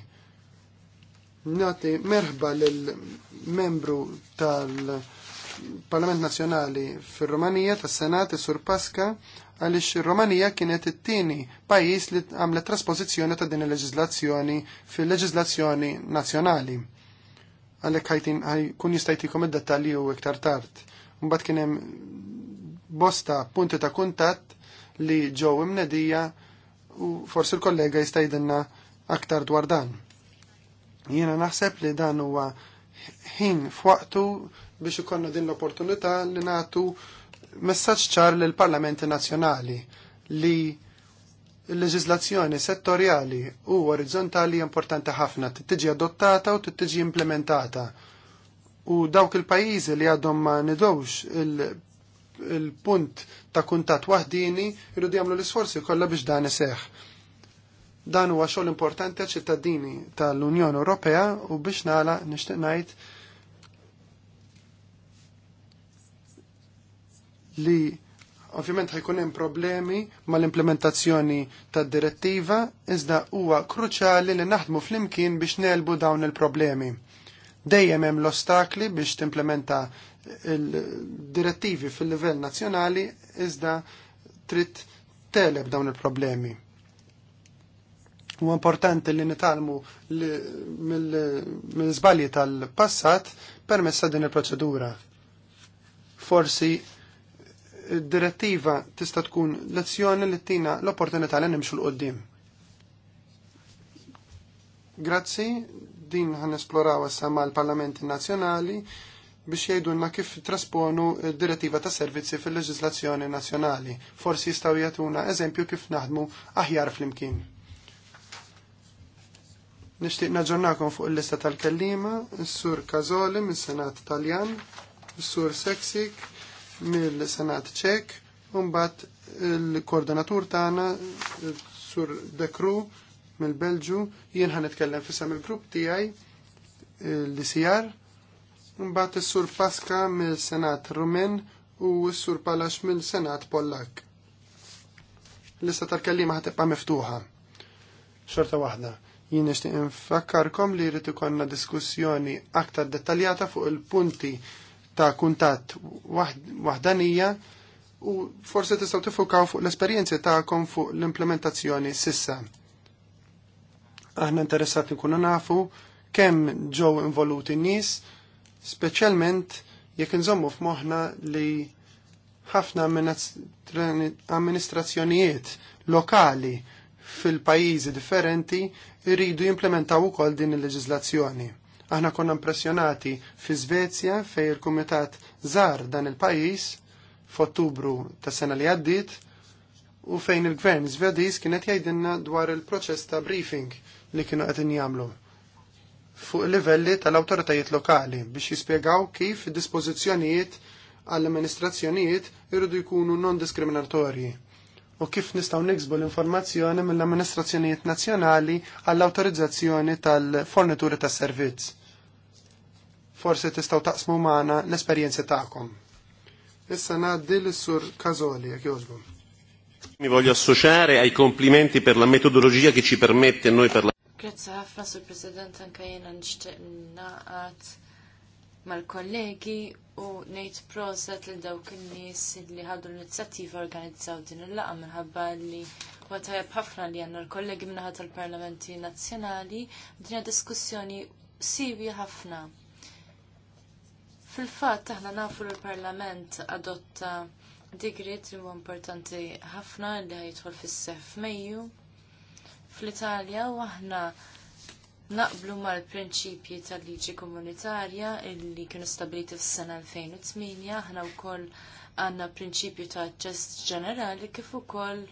Nati merħba l-membru tal-Parlament Nazjonali fil-Romanija, tas-Senat, Sur Pasqa, għalix Romanija kienet it-tieni pajis li għamlet trasposizjoni ta' din il-leġizlazzjoni fil-leġizlazzjoni nazjonali. Għalek ħajtin kun jistajtikom id-dettalji u iktar tard. Mbagħad kien hemm bosta punti ta' kuntatt li ġew imnedija u forsi l-kollega jista' jdinna aktar dwar dan. Jiena naħseb li dan huwa ħin f'waqtu biex ikollna din l-opportunità li nagħtu messaġġ ċar lill parlamenti nazzjonali li l-leġizlazzjoni settorjali u orizzontali importanti ħafna tiġi adottata u tiġi implementata u dawk il-pajizi li għadhom ma nidowx il-punt il ta' kuntat wahdini irridu jagħmlu l-isforzi kollha biex dan iseħħ. Dan huwa xogħol importanti għal ċittadini tal-Unjoni Ewropea u biex nagħla nixtieq ngħid li ovvjament ħajkun hemm problemi mal-implementazzjoni tad-direttiva iżda huwa kruċjali li naħdmu flimkien biex nelbu dawn il-problemi Dejjem hemm l-ostakli biex timplementa il-direttivi fil-livell nazzjonali iżda trid teleb dawn il-problemi. U importanti li nitalmu mill-żbalji tal-passat permessa din il-proċedura. Forsi direttiva tista' tkun lezzjoni li tina l-opportunità li nimxu l-qoddim. Grazzi, din għan esploraw issa l parlamenti Nazzjonali biex jgħidulna kif trasponu direttiva ta' servizzi fil-leġislazzjoni nazzjonali. Forsi jistgħu jagħtuna eżempju kif naħdmu aħjar flimkien. Nixtieq naġġornakom fuq il-lista tal-kellima, s-sur Kazoli mis-Senat Taljan, s-sur Seksik mill-Senat Ċek, u mbagħad il-koordinatur tagħna, s-sur Dekru mill-Belġu, jien ħan nitkellem fissam il-grupp tiegħi eh, l-ICR, mbagħad is-Sur Paska mill-Senat Rumen u s-Sur Palax mill-Senat Pollak. Lista tal-kellima ħatibqa' miftuħa. Xorta waħda. Jien nixtieq infakkarkom li jrid ikollna diskussjoni aktar dettaljata fuq il-punti ta' kuntatt waħdanija u forse tistgħu tifukaw fuq l-esperjenzi tagħkom fuq l-implementazzjoni sissa Aħna interessati nkunu nafu kemm ġew involuti n-nies, speċjalment jekk inżommu f'moħħna li ħafna amministrazzjonijiet lokali fil-pajjiżi differenti jridu jimplementaw ukoll din il-leġiżlazzjoni. Aħna konna impressjonati fi Svezja fej il-Kumitat żar dan il-pajjiż f'Ottubru ta' sena li għaddiet u fejn il-Gvern Svediż kienet jgħidilna dwar il-proċess ta' briefing li kienu qegħdin jagħmlu fuq livelli tal-awtoritajiet lokali biex jispjegaw kif dispożizzjonijiet għall-amministrazzjonijiet irridu jkunu non-diskriminatorji u kif nistaw niksbu l-informazzjoni mill-amministrazzjonijiet nazzjonali għall-autorizzazzjoni tal-fornituri tas servizz Forse tistaw taqsmu maħna l-esperienzi tagħkom. Issa naddi l-sur Kazoli, jek jozbu. Mi voglio associare ai complimenti per la metodologia che ci permette noi per la... Grazzi ħafna, Sur President, anke jiena nixtieq naqat mal-kollegi u ngħid proset lil dawk in-nies li ħadu l-inizjattiva organizzaw din il-laqgħa minħabba li huwa tajjeb ħafna li għandna l-kollegi minnaħa tal-Parlamenti Nazzjonali dinja diskussjoni sivi ħafna. Fil-fatt aħna nafu l-Parlament adotta digrit li huwa importanti ħafna li ħajidħol fis-sef Mejju fl-Italja u aħna naqblu mal-prinċipji tal-liġi komunitarja illi kienu stabiliti fis-sena 2008, aħna wkoll għandna prinċipju ta' ċess ġenerali kif ukoll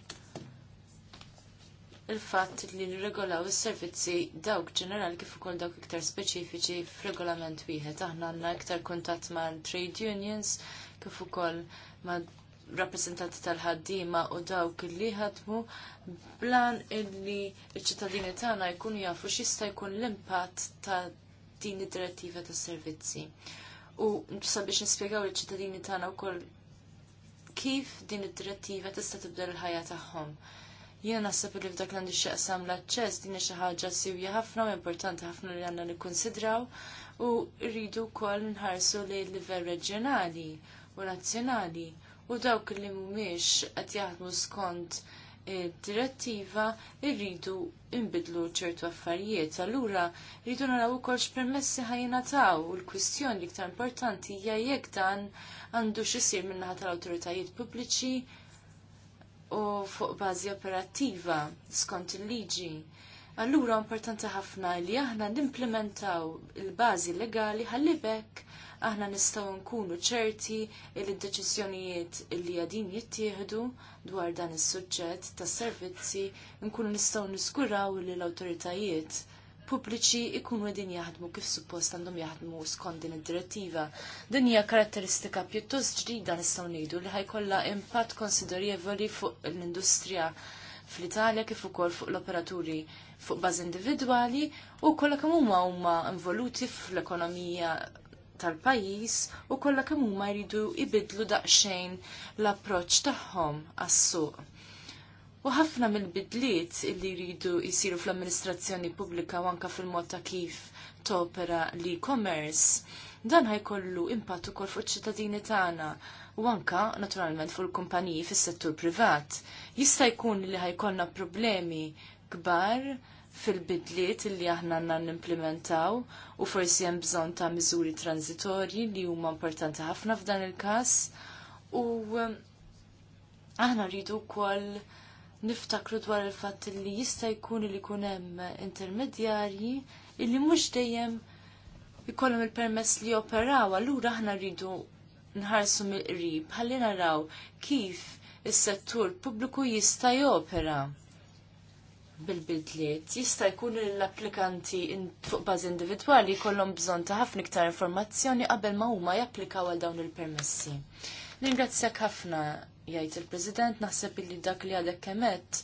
il-fatt li nirregolaw is-servizzi dawk ġenerali kif ukoll dawk iktar speċifiċi f'regolament wieħed. Aħna għandna iktar kuntatt mal-trade unions kif ukoll ma' rappresentanti tal-ħaddima u dawk li ħadmu blan illi ċ-ċittadini tagħna jkunu jafu x'jista' jkun l-impatt ta' din id-direttiva tas servizzi. U sabiex nispjegaw liċ-ċittadini tagħna wkoll kif din id-direttiva tista' tibdel il-ħajja tagħhom. Jiena naħseb li f'dak l għandi x'jaqsam l-aċċess din xi ħaġa sivja ħafna u importanti ħafna li għandna nikkonsidraw u rridu wkoll nħarsu lejn livell reġjonali u nazzjonali u dawk li mhumiex qed jaħdmu skont direttiva irridu imbidlu ċertu affarijiet. Allura rridu naraw ukoll x'permessi ħajnataw u l-kwistjoni l iktar importanti hija jekk dan għandu x'isir min-naħa tal-awtoritajiet pubbliċi u fuq bażi operattiva skont il-liġi. Allura importanti ħafna li aħna nimplementaw il-bażi legali ħallibek aħna nistgħu nkunu ċerti li d-deċiżjonijiet li għadin jittieħdu dwar dan is-suġġett tas-servizzi nkunu nistgħu niskuraw li l-awtoritajiet pubbliċi ikunu qegħdin jaħdmu kif suppost għandhom jaħdmu skont din id-direttiva. Din hija karatteristika pjuttost ġdida nistgħu ngħidu li ħajkollha impatt konsiderjevoli fuq l-industrija fl-Italja kif ukoll fuq l-operaturi fuq baż individwali u kollha kemm huma involuti fl-ekonomija tal-pajjiż u kollha kemm huma jridu jbidlu daqsxejn l-approċċ tagħhom għas-suq. U ħafna mill-bidliet illi jridu jsiru fl-amministrazzjoni pubblika u anke fil-mod ta' kif topera l-e-commerce, dan ħajkollu impatt ukoll fuq iċ-ċittadini tagħna u anka naturalment fuq il-kumpaniji fis-settur privat. Jista' jkun li ħajkollna problemi kbar fil-bidliet li aħna għanna n-implementaw u forsi hemm bżonn ta' miżuri transitorji li huma importanti ħafna f'dan il-każ u um, aħna rridu wkoll niftakru dwar il-fatt li jista' jkun li jkun hemm intermedjarji illi mhux dejjem ikollhom il-permess li operaw, allura aħna rridu nħarsu mill-qrib ħalli naraw kif is-settur pubbliku jista' jopera bil-bidliet, jista' jkun l-applikanti fuq bażi individwali jkollhom bżonn ta' ħafna iktar informazzjoni qabel ma huma japplikaw għal dawn il-permessi. Ningrazzjak ħafna jgħid il-President naħseb illi dak li għadek kemet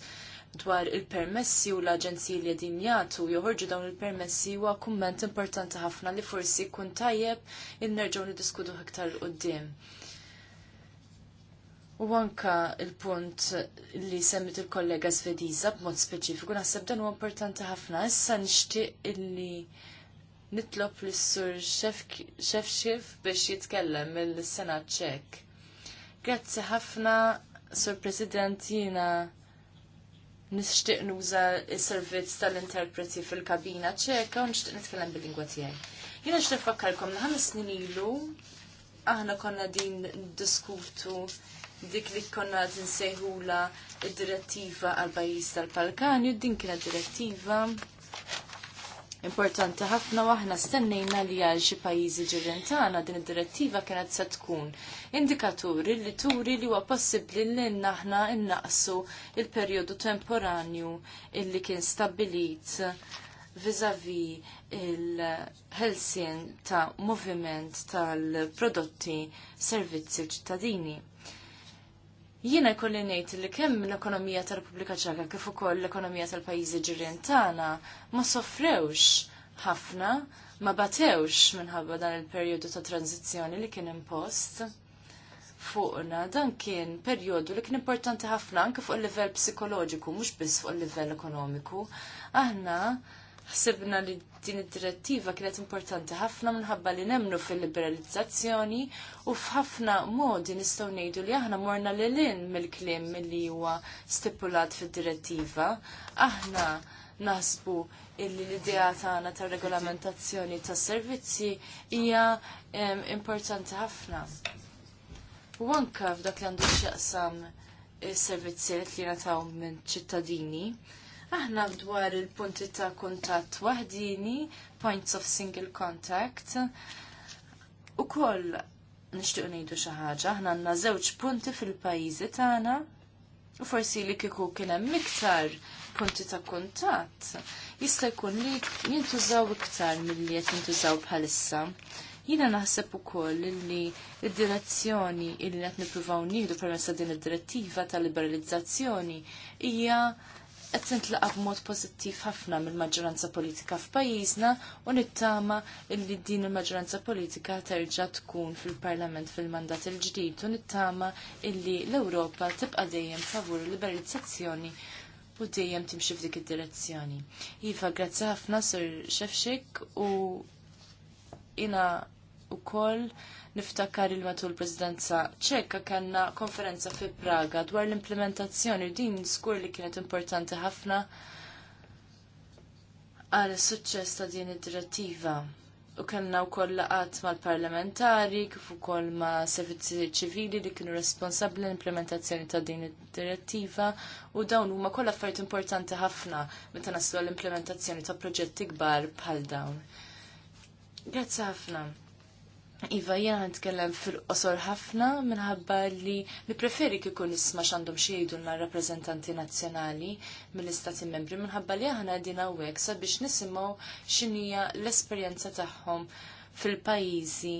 dwar il-permessi u l-aġenziji li qegħdin jagħtu joħorġu dawn il-permessi huwa kumment importanti ħafna li forsi jkun tajjeb innerġgħu nerġgħu niddiskutu iktar qudiem. U anka il-punt li semmit il-kollega Svediza b'mod speċifiku naħseb dan huwa importanti ħafna. Issa nixtieq illi nitlob lis sur Xefxif biex jitkellem mill sena Ċek. Grazzi ħafna, Sur President, jiena nixtieq nuża s-servizz tal-interpreti fil-kabina ċeka u nixtieq nitkellem bil-lingwa tiegħi. Jiena x'nifakkarkom li ħames snin ilu aħna konna din diskutu dik li konna tinsejħula id-direttiva għal pajjiż tal-Balkani u din kienet direttiva importanti ħafna aħna stennejna li għal xi pajjiżi ġirien din id-direttiva kienet se tkun indikaturi li turi li huwa possibbli li aħna innaqsu il-perjodu temporanju illi kien stabilit vizavi il-ħelsien ta' moviment tal-prodotti servizzi ċittadini. Jiena jkolli nejt li kemm l-ekonomija tal-Repubblika Ċeka kif ukoll l-ekonomija tal-pajjiżi ġirien tagħna ma sofrewx ħafna, ma batewx minħabba dan il-perjodu ta' tranzizzjoni li kien impost fuqna dan kien perjodu li kien importanti ħafna anke fuq il-livell psikoloġiku mhux biss fuq il-livell ekonomiku. Aħna ħsibna li din id-direttiva kienet importanti ħafna minħabba li nemnu fil-liberalizzazzjoni u f'ħafna modi nistgħu ngħidu li aħna morna lil in mill-kliem milli huwa stipulat fid-direttiva. Aħna naħsbu illi l-idea tagħna tar-regolamentazzjoni tas-servizzi hija importanti ħafna. U anke f'dak li għandu x'jaqsam is-servizzi li jingħataw minn ċittadini, Aħna dwar il-punti ta' kuntatt waħdini, points of single contact, u koll nishtiq nejdu xaħġa, aħna għanna zewċ punti fil-pajizi tagħna u forsi li kiku kienem miktar punti ta' kuntatt, jista' jkun li jintużaw iktar mill-li qed jintużaw bħalissa. Jina naħseb ukoll li id-direzzjoni li qed nippruvaw nieħdu permessa din id-direttiva tal-liberalizzazzjoni hija qed nitlaqa b'mod pożittiv ħafna mill-maġġoranza politika f'pajjiżna u nittama li din il-maġġoranza politika terġa' tkun fil-Parlament fil-mandat il-ġdid u nittama illi l-Ewropa tibqa' dejjem favur liberalizzazzjoni u dejjem timxi f'dik id-direzzjoni. Iva, grazzi ħafna Sir Xefxik u jina koll niftakar il matul presidenza ċekka kellna konferenza fi Praga dwar l-implementazzjoni din skur li kienet importanti ħafna għal suċċess ta' din id-direttiva u kellna wkoll laqat mal-parlamentari kif ukoll ma' servizzi ċivili li kienu responsabbli l-implementazzjoni ta' din id-direttiva u dawn huma kollha affarijiet importanti ħafna meta naslu l-implementazzjoni ta' proġetti kbar bħal dawn. Grazzi ħafna. Iva jena nitkellem fil-qosor ħafna minħabba li nipreferi kif ikun nisma' x'għandhom xi jgħidulna rappreżentanti nazzjonali mill-istati membri minħabba li aħna qegħdin hawnhekk sabiex nisimgħu x'inhija l-esperjenza tagħhom fil-pajjiżi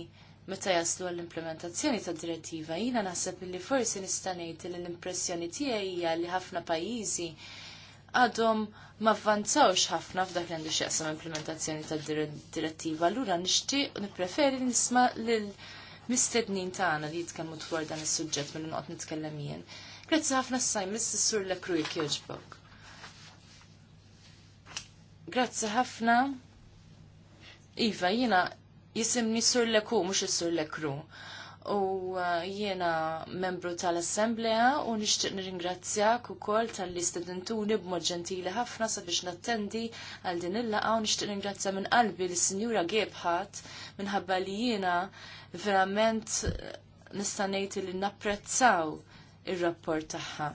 meta jaslu għall-implementazzjoni tad direttiva. Jiena naħseb li forsi nista' ngħid li l-impressjoni tiegħi hija li ħafna pajjiżi għadhom ma avvanzawx ħafna f'dak li għandu xieqsam implementazzjoni ta' direttiva, allura nixtieq nippreferi nisma' l mistednin tagħna li jitkellmu dwar dan is-suġġett milli noqgħod nitkellem jien. Grazzi ħafna s-sajm, Sur Lekruj joġbok. Grazzi ħafna. Iva, jina jisimni Sur Lekru, mhux is-Sur Lekru u uh, jiena membru tal-Assemblea u nixtieq ingrazzja ukoll tal-li stedentuni b'mod ġentili ħafna sabiex nattendi għal din il laqa u nixtieq ingrazzja minn qalbi lis-Sinjura Gebhardt minħabba li jiena verament uh, nista' ngħid li napprezzaw ir-rapport tagħha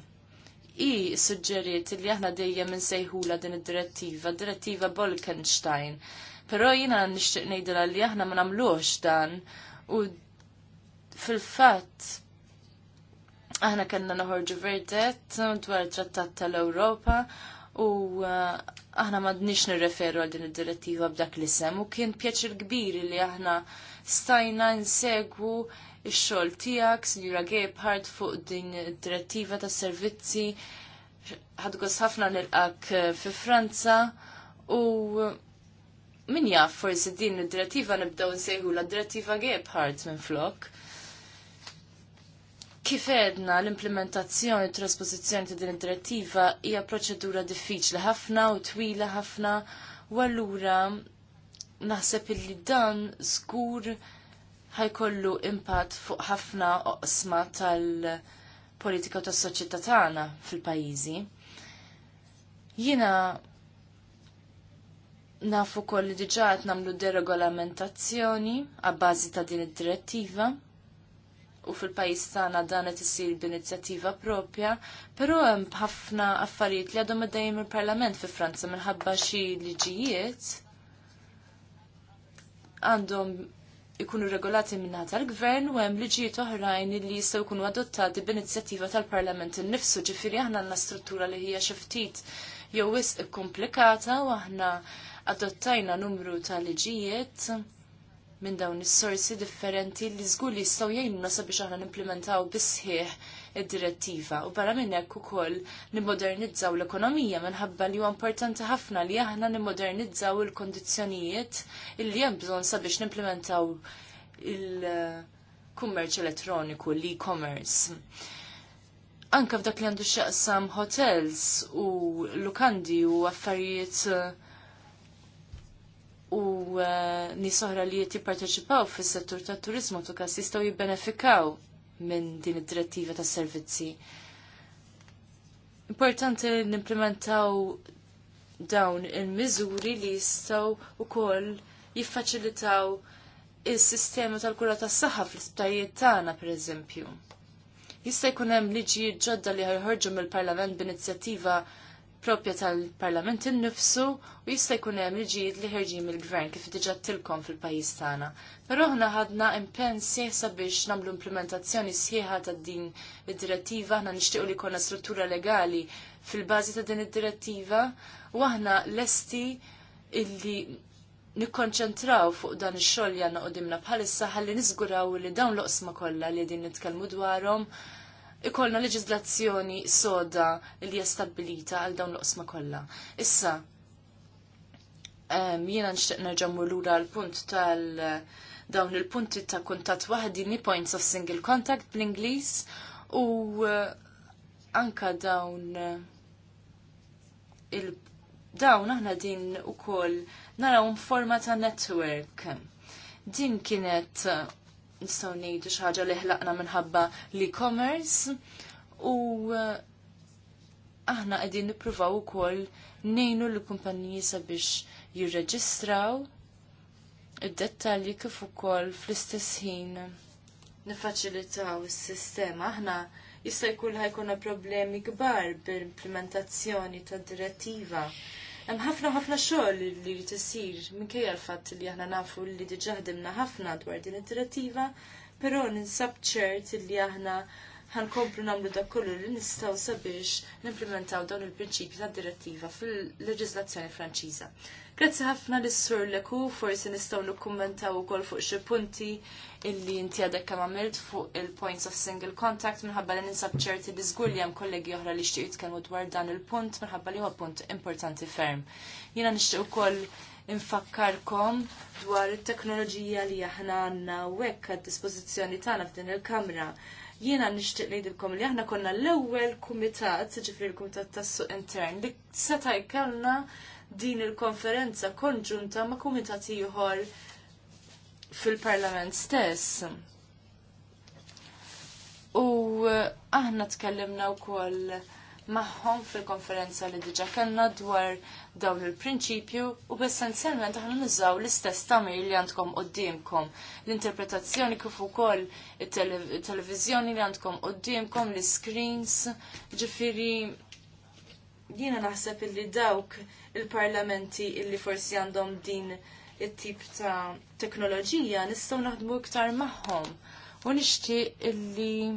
i suġġeriet li aħna minn insejħula din id-direttiva, direttiva Bolkenstein. Però jiena nixtieq ngħidilha li aħna ma namluħx dan u fil-fatt aħna kellna naħorġu verdett dwar it-Trattat tal-Ewropa u uh, aħna dnix nirreferu għal din id-direttiva b'dak li sem u kien pjaċir kbir li aħna stajna nsegwu ix-xogħol tiegħek, Sinjura Gebhardt, fuq din id-direttiva tas servizzi ħadgos ħafna nilqak uh, fi Franza u uh, min jaf forsi din id-direttiva nibdew nsejħu la direttiva Gebhardt minn flok. Kif edna l-implementazzjoni u trasposizzjoni ta' din id-direttiva hija proċedura diffiċli ħafna u twila ħafna u allura naħseb illi dan skur ħajkollu impatt fuq ħafna oqsma tal-politika u tas-soċjetà tagħna fil-pajjiżi. Jiena nafu koll li diġa qed namlu deregolamentazzjoni għabbażi ta' din id-direttiva u fil-pajis tagħna dan qed issir b'inizjattiva propja, però hemm ħafna affarijiet li għadhom għaddejjem il-Parlament fi Franza minħabba xi liġijiet għandhom ikunu regolati minna tal-gvern u hemm liġijiet oħrajn li jistgħu jkunu adottati b'inizjattiva tal-Parlament innifsu ġifieri aħna għandna struttura li hija xi ftit jew wisq komplikata u aħna adottajna numru ta' liġijiet minn dawn is-sorsi differenti li żgur li jistgħu jgħinuna sabiex aħna nimplementaw bisħieħ id-direttiva u barra minn hekk ukoll nimmodernizzaw l-ekonomija minħabba li huwa importanti ħafna li aħna nimmodernizzaw il-kondizzjonijiet illi hemm bżonn sabiex nimplementaw il-kummerċ elettroniku, l-e-commerce. Anka f'dak li għandu xaqsam hotels u lukandi u affarijiet u eh, nies oħra li jipparteċipaw fis-settur tat-turiżmu tukas jistgħu jibbenefikaw minn din id-direttiva tas servizzi. Importanti nimplementaw dawn il-miżuri li jistgħu wkoll jiffaċilitaw is sistema tal-kura tas saħħa fl-isptajiet tagħna pereżempju. Jista' jkun hemm liġi ġodda li ħarħorġu mill-Parlament b'inizjattiva propja tal-Parlament innifsu u jista' jkun hemm liġijiet li ħerġin mill-gvern kif diġà tilkom fil-pajjiż tagħna. Però aħna ħadna impenn sieħ sabiex nagħmlu implementazzjoni sieħa ta' din id-direttiva, aħna nixtiequ li jkollna struttura legali fil-bażi ta' din id-direttiva u aħna lesti illi nikkonċentraw fuq dan ix-xogħol li għandna qudiemna bħalissa ħalli niżguraw li dawn l-oqsma kollha li din nitkellmu dwarhom ikollna leġizlazzjoni soda li jastabilita għal dawn l-qosma kollha. Issa, jiena nixtieq nerġa' lura l-punt tal- dawn il-punti ta' kuntat waħdini points of single contact bl-Ingliż u eh, anka dawn eh, il dawn aħna din ukoll naraw forma ta' network. Din kienet eh, nistaw nejdu xaġa li ħlaqna minħabba l-e-commerce u uh, aħna qegħdin nippruvaw ukoll ngħinu l-kumpaniji sabiex jirreġistraw id-dettalji kif ukoll fl-istess ħin nifaċilitaw is-sistema aħna jista' jkun ħajkuna problemi kbar bil-implementazzjoni tad direttiva Hemm ħafna ħafna xogħol li jrid isir minkejja l-fatt li aħna nafu li diġà ħdimna ħafna dwar din it direttiva però ninsab ċert li aħna ħankomplu nagħmlu da kollu li nistgħu sabiex nimplementaw dawn il prinċipju tad-direttiva fil leġislazzjoni Franċiża. Grazzi ħafna s sur Leku, forsi nistgħu u ukoll fuq xi punti illi inti għadek kemm għamilt fuq il-points of single contact minħabba li ninsab ċerti li zgur li kollegi oħra li xtieq jitkellmu dwar dan il-punt minħabba li huwa punt importanti ferm. Jiena nixtieq ukoll infakkarkom dwar it-teknoloġija li aħna għandna u hekk għad dispożizzjoni tagħna f'din il-kamra Jiena nixtieq ngħidilkom li aħna konna l-ewwel kumitat, ġifri l-kumitat tas-suq intern li seta' jkellna din il-konferenza konġunta ma' kumitat ieħor fil-Parlament stess. U eh, aħna tkellimna wkoll magħhom fil-konferenza li diġa kellna dwar dawn il-prinċipju u essenzjalment aħna nużaw l-istess tamir li għandkom qudiemkom. l-interpretazzjoni kif ukoll it televiżjoni li għandkom qudiemkom, l-screens, ġifieri jiena naħseb illi dawk il-parlamenti illi forsi għandhom din it-tip ta' teknoloġija nistgħu naħdmu iktar magħhom. U nixtieq illi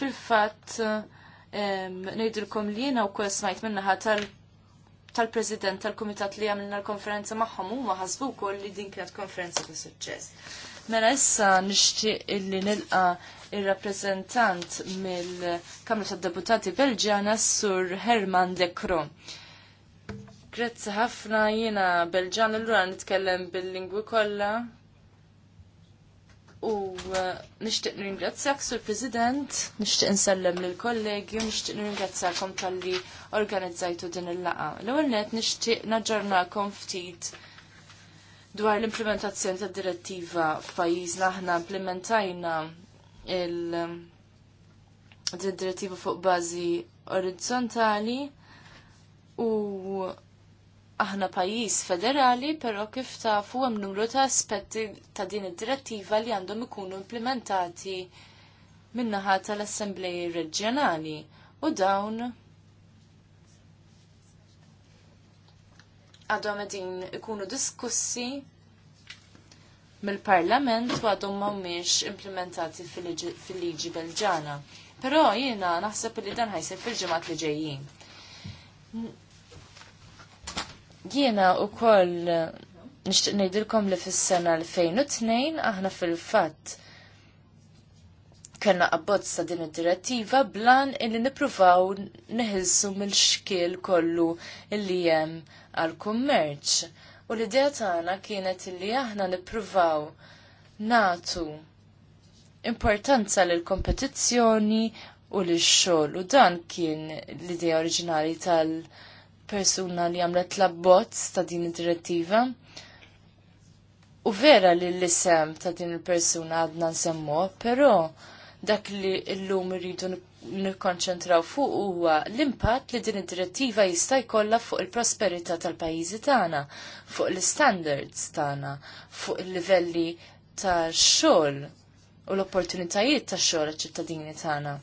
fil-fatt nejdilkom li jiena wkoll smajt minnaħa tal tal-President tal-Kumitat li għamilna l-konferenza magħhom huma ħasbu wkoll li din kienet konferenza ta' suċċess. Mela issa nixtieq illi nilqa' il rappreżentant mill-Kamra tad-Deputati Belġana Sur Herman De Croo. Grazzi ħafna jiena Belġana l ura nitkellem bil-lingwi kollha U eh, nishtiq nringrazzjak, Sur President, nishtiq nsellem lil kollegi nishtiq nringrazzjakom tal-li organizzajtu din il-laqa. L-ewwel net nixtieq naġġornakom ftit dwar l-implementazzjoni tad direttiva f'pajjiżna aħna implementajna il direttiva fuq bażi orizzontali u aħna pajjiż federali, però kif tafu hemm numru ta' aspetti ta' din id-direttiva li għandhom ikunu implementati min-naħa tal-assembleji reġjonali u dawn għadhom qegħdin ikunu diskussi mill-Parlament u għadhom mhumiex implementati fil-liġi Belġana. Però jiena naħseb li dan ħajsir fil-ġimgħat li ġejjin Jiena u koll nishtiq nejdilkom li fis-sena 2002 aħna fil-fatt kellna sa din id-direttiva blan illi nippruvaw neħilsu mill-xkil kollu illi hemm għall-kummerċ. U l-idea tagħna kienet illi aħna nippruvaw natu importanza l kompetizzjoni u lix xogħol u dan kien l-idea oriġinali tal- persuna li għamlet l ta' din id-direttiva. U vera li l-isem ta' din il-persuna għadna nsemmu, pero dak li l-lum rridu nikkonċentraw fuq huwa l-impatt li din id-direttiva jista' jkollha fuq il-prosperità tal-pajjiżi tagħna, fuq l-standards tagħna, fuq il-livelli ta' xogħol u l-opportunitajiet ta' xogħol ċittadini tagħna.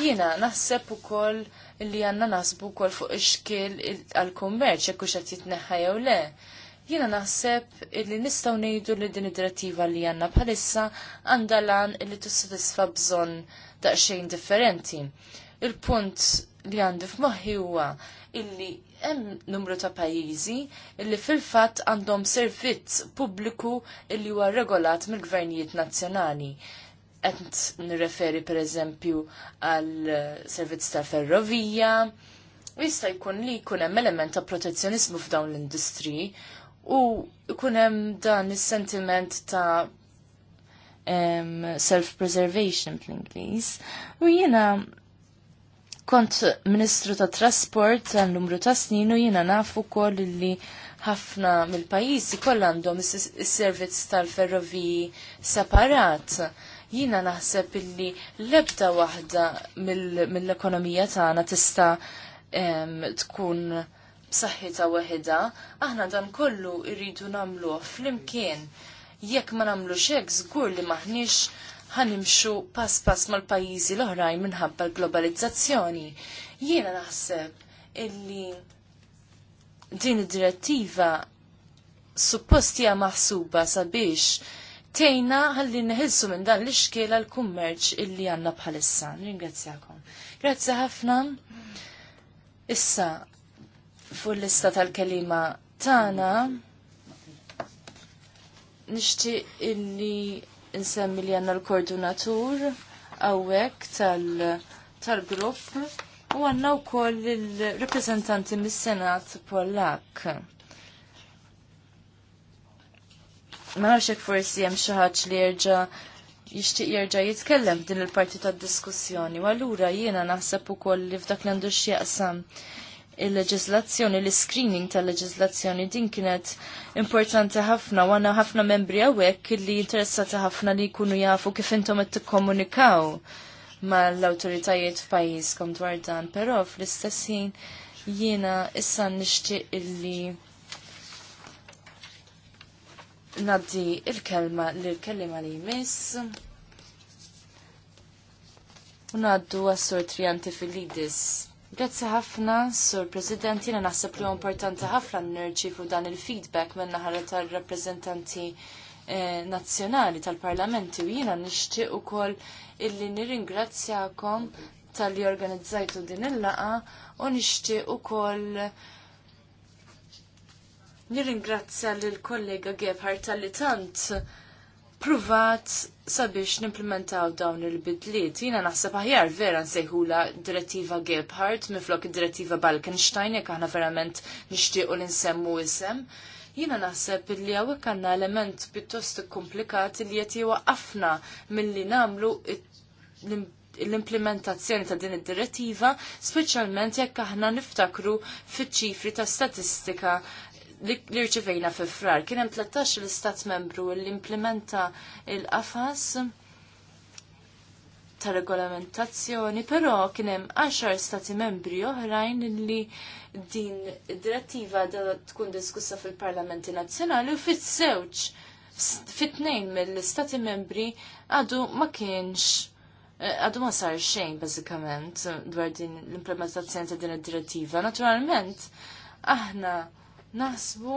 Jiena naħseb ukoll li għanna nasbu kol fuq iċkil xkil għal-kummerċ, jekk qed jitneħħa jew le. Jiena naħseb li nistgħu ngħidu li din id-direttiva li għandna bħalissa għandha lan li tissodisfa bżonn daqsxejn differenti. Il-punt li għandi f'moħħi huwa illi hemm numru ta' pajjiżi illi fil-fatt għandhom servizz pubbliku illi huwa regolat mill-gvernijiet nazzjonali qed nirreferi pereżempju għal eh, servizz tal-ferrovija. U jista' jkun li jkun hemm element ta' protezzjonizmu f'dawn l-industri u jkun hemm dan is-sentiment ta' self-preservation fl-Ingliż. U jiena kont Ministru ta' Trasport għal numru ta' snin u jiena nafu kol li ħafna mill-pajjiżi kollha għandhom is-servizz tal-ferroviji separat. Jina naħseb illi lebda waħda mill-ekonomija tagħna tista' tkun b'saħħitha weħida, aħna dan kollu irridu nagħmluh flimkien. Jekk ma nagħmlux hekk żgur li maħniex ħanimxu pass pass mal-pajjiżi l-oħrajn minħabba l-globalizzazzjoni. Jiena naħseb illi din id-direttiva suppost hija maħsuba sabiex tejna ħalli neħilsu minn dan l-iskela l-kummerċ illi għanna bħalissa. Ringrazzjakom. Grazzi ħafna. Issa, fuq l-lista tal-kelima tana, nishti illi nsemmi li għanna l-koordinatur għawek tal-grupp u għanna u koll il-reprezentanti mis-senat Pollak. Ma nafx hekk forsi hemm xi ħadd li jerġa' jixtieq jerġa' jitkellem f'din il-parti tad-diskussjoni. U allura jiena naħseb ukoll li f'dak li għandu x'jaqsam il-leġislazzjoni, l-screening tal-leġislazzjoni din kienet importanti ħafna u għandna ħafna membri għawek li interessati ħafna li jkunu jafu kif intom qed tikkomunikaw mal-awtoritajiet f'pajjiżkom dwar dan, però fl-istess ħin jiena issa nixtieq illi naddi il-kelma l-kellima li jmiss. Unaddu għas-sur Trianti Filidis. Grazzi ħafna, sur President, jena naħseb li importanti ħafna nirċifu dan il-feedback minn naħara tal-rappresentanti eh, nazzjonali tal-parlamenti u jena nishtiq u koll illi nirringrazzjakom tal-li organizzajtu din il-laqa u nishtiq u koll Nirringrazzja lill kollega Gebhardt tal-li tant pruvat sabiex nimplementaw dawn il-bidliet. Jina naħseb aħjar vera nsejħula direttiva Gebhardt miflok id-direttiva Balkenstein jekk aħna verament nixtiequ li nsemmu isem jina naħseb li hawnhekk għandna element pittost komplikat li qed għafna mill-li namlu l-implementazzjoni ta' din id-direttiva, specialment jekk aħna niftakru fiċ-ċifri ta' statistika li rċivejna fi frar. Kien hemm 13 l-istat membru li implementa il-qafas ta' regolamentazzjoni, però kien hemm 10 stati membri oħrajn li din id-direttiva da tkun diskussa fil-Parlamenti Nazzjonali u fit-sewġ fit-tnejn mill-istati membri għadu ma kienx eh, Għadu ma sar xejn bazzikament dwar din l-implementazzjoni ta' din id-direttiva. Naturalment, aħna Nasbu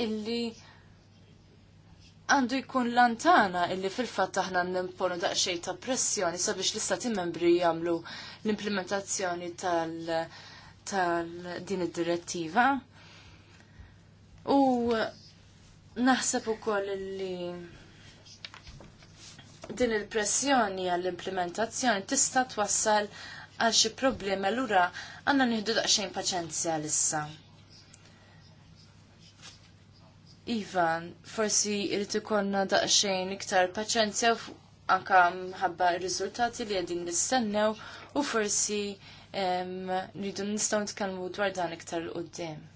illi għandu jkun lantana illi fil-fatt aħna nimponu daqsxej ta' pressjoni sabiex l-istati membri jagħmlu l-implementazzjoni tal- tal din id-direttiva. U naħseb ukoll illi din il-pressjoni għall-implementazzjoni tista' twassal għal xi problemi allura għandna nieħdu daqsxejn paċenzja l-issa. Ivan, forsi irrit ikonna daqsxejn iktar paċenzja anka mħabba r-riżultati li għedin nistennew u forsi rridu nistgħu nitkellmu dwar dan iktar l-qoddim.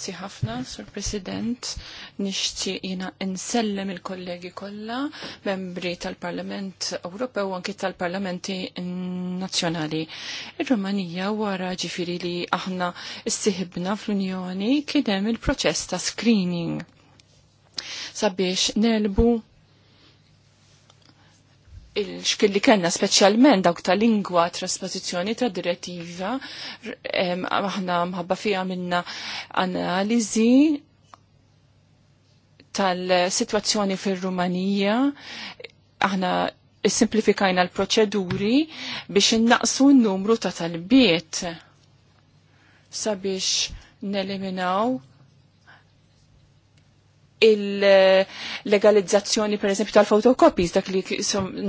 Grazzi ħafna, Sur President. nixtie jiena insellem il-kollegi kollha, membri tal-Parlament Ewropew u anki tal-Parlamenti Nazzjonali. Ir-Rumanija wara ġifieri li aħna issieħibna fl-Unjoni kien hemm il-proċess ta' screening sabiex nelbu il xkill li kellna speċjalment dawk ta' lingwa trasposizjoni ta' direttiva, aħna mħabba fija minna analizi tal-situazzjoni fil-Rumanija, aħna simplifikajna l-proċeduri biex innaqsu n-numru ta' tal-biet sabiex neliminaw il-legalizzazzjoni per eżempju tal-fotokopies dak li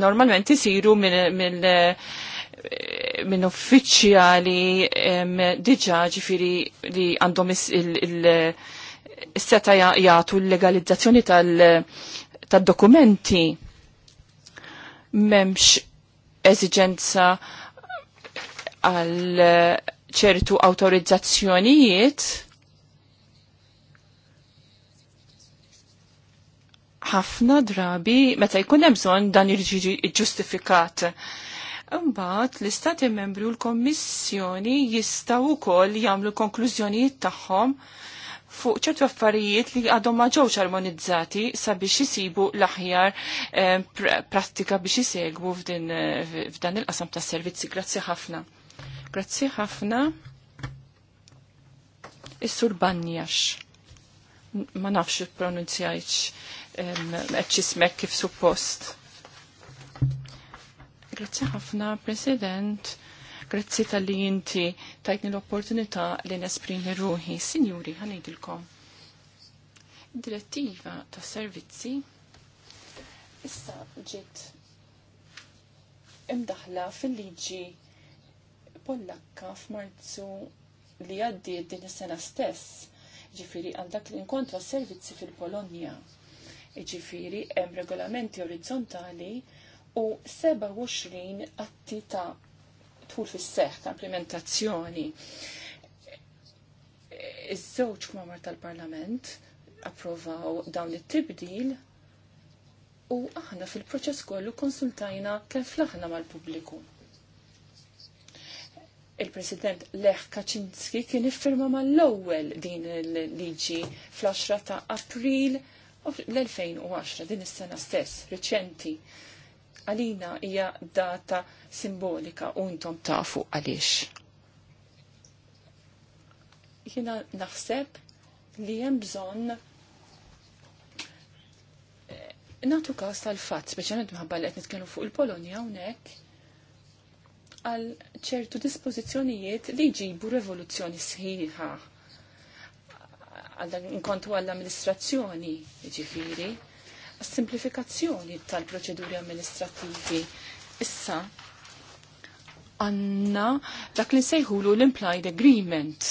normalment isiru minn uffiċjali diġa ġifiri li għandhom il-seta jagħtu jgħatu l-legalizzazzjoni tal-dokumenti memx eżigenza għal ċertu autorizzazzjonijiet ħafna drabi meta jkun hemm bżonn dan jiġi ġustifikat. Imbagħad l-Istati Membri u l-Kommissjoni jistgħu wkoll jagħmlu konklużjonijiet tagħhom fuq ċertu affarijiet li għadhom ma ġewx armonizzati sabiex isibu l-aħjar eh, prattika biex isegwu f'dan il-qasam tas servizzi. Grazzi ħafna. Grazzi ħafna. Is-Sur Banjax. Ma nafx pronunzjajx meċismek kif suppost. Grazzi ħafna, President. Grazzi tal-li jinti tajtni l-opportunità li nesprimi ruħi. Signori, ħanidilkom. Direttiva ta' servizzi issa ġiet imdaħla fil-liġi Pollakka f'Marzu li għaddi din is-sena stess ġifiri għandak dak li servizzi fil-Polonja Iġifiri, hemm regolamenti orizzontali u 27 atti ta' tħul fis seħħ ta' implementazzjoni. Iż-żewġ mamar tal-Parlament approvaw dawn it-tibdil u aħna fil-proċess kollu konsultajna kemm fl-aħna mal-pubbliku. Il-President Lech Kaczynski kien iffirma mal-ewwel din il-liġi fl-10 ta' April 2019 U l-2010 din is-sena stess, riċenti, għalina hija data simbolika u intom tafu għaliex. Jiena naħseb li hemm bżonn eh, natu każ tal-fatt, speċjalment minħabba li qed nitkellmu fuq il-Polonja hawnhekk, għal ċertu dispożizzjonijiet li jġibu revoluzzjoni sħiħa inkontu għall-amministrazzjoni, ġifiri, għas-simplifikazzjoni tal-proċeduri amministrativi. Issa, għanna dak li sejħulu l-implied agreement,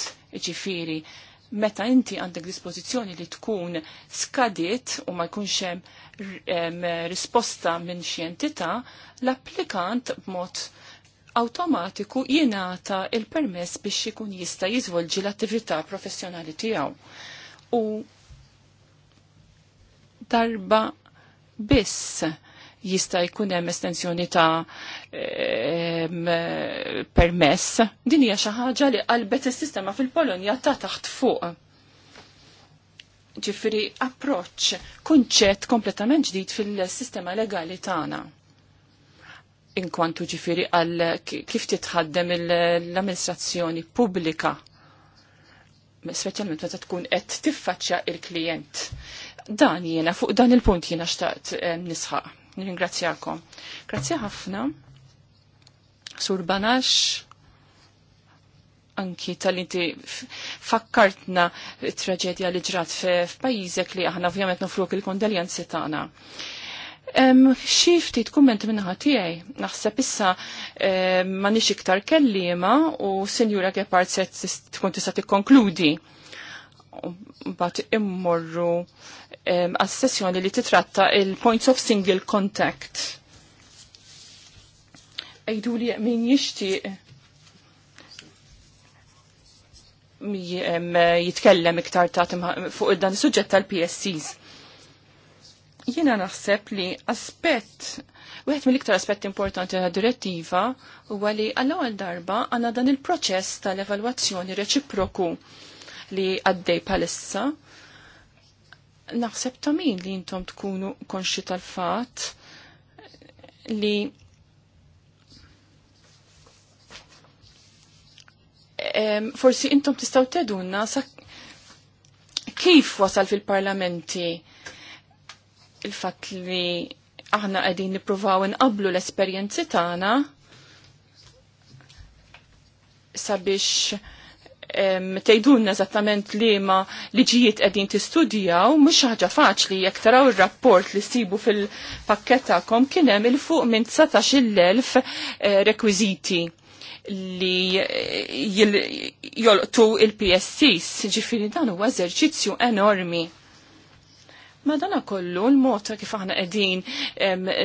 ġifiri, meta inti għandek dispożizzjoni li tkun skadiet u ma jkunx hemm risposta minn xi entità, l-applikant b'mod awtomatiku jingħata il-permess biex ikun jista' jiżvolġi l-attività professjonali tiegħu u darba biss jista' jkun hemm estensjoni ta' permess. Din hija xi ħaġa li qalbet is-sistema fil-Polonja ta' taħt fuq. Ġifieri approċċ kunċett kompletament ġdid fil-sistema legali tagħna. Inkwantu ġifieri għal kif titħaddem l-amministrazzjoni pubblika specialment meta tkun qed tiffaċċja il-klient. Dan jiena fuq dan il-punt jiena xtaqt eh, nisħaq. Nirringrazzjakom. Grazzi ħafna. Sur Banax, anki tal-inti fakkartna traġedja li ġrat f'pajjiżek li aħna ovvjament nofruk il-kondaljanzi tagħna. Xi ftit kumment minnaħa tiegħi, naħseb issa ma nix iktar kellima u Senjura Gepard se tkun tista' tikkonkludi. Mbagħad immorru għas-sessjoni li titratta il-points of single contact. Ejdu li min jixtieq jitkellem iktar ta' fuq dan is-suġġett tal-PSCs. Jiena naħseb li aspett, wieħed mill-iktar aspett importanti ta' direttiva huwa li għall-ewwel darba għandna dan il-proċess tal-evalwazzjoni reċiproku li għaddej palissa. Naħseb ta' min li intom tkunu konxi tal-fat li um, forsi intom tistaw tedunna sa' kif wasal fil-parlamenti il-fatt li aħna qegħdin nippruvaw inqablu l-esperjenzi tagħna sabiex tejdunna eżattament li ma liġijiet qegħdin tistudjaw mhux ħaġa faċli jekk taraw ir-rapport li sibu fil-pakkettakom kien hemm il fuq minn 19,000 eh, rekwiżiti li eh, jolqtu il-PSCs, ġifiri dan huwa eżerċizzju enormi Ma dana kollu l-mod kif aħna qegħdin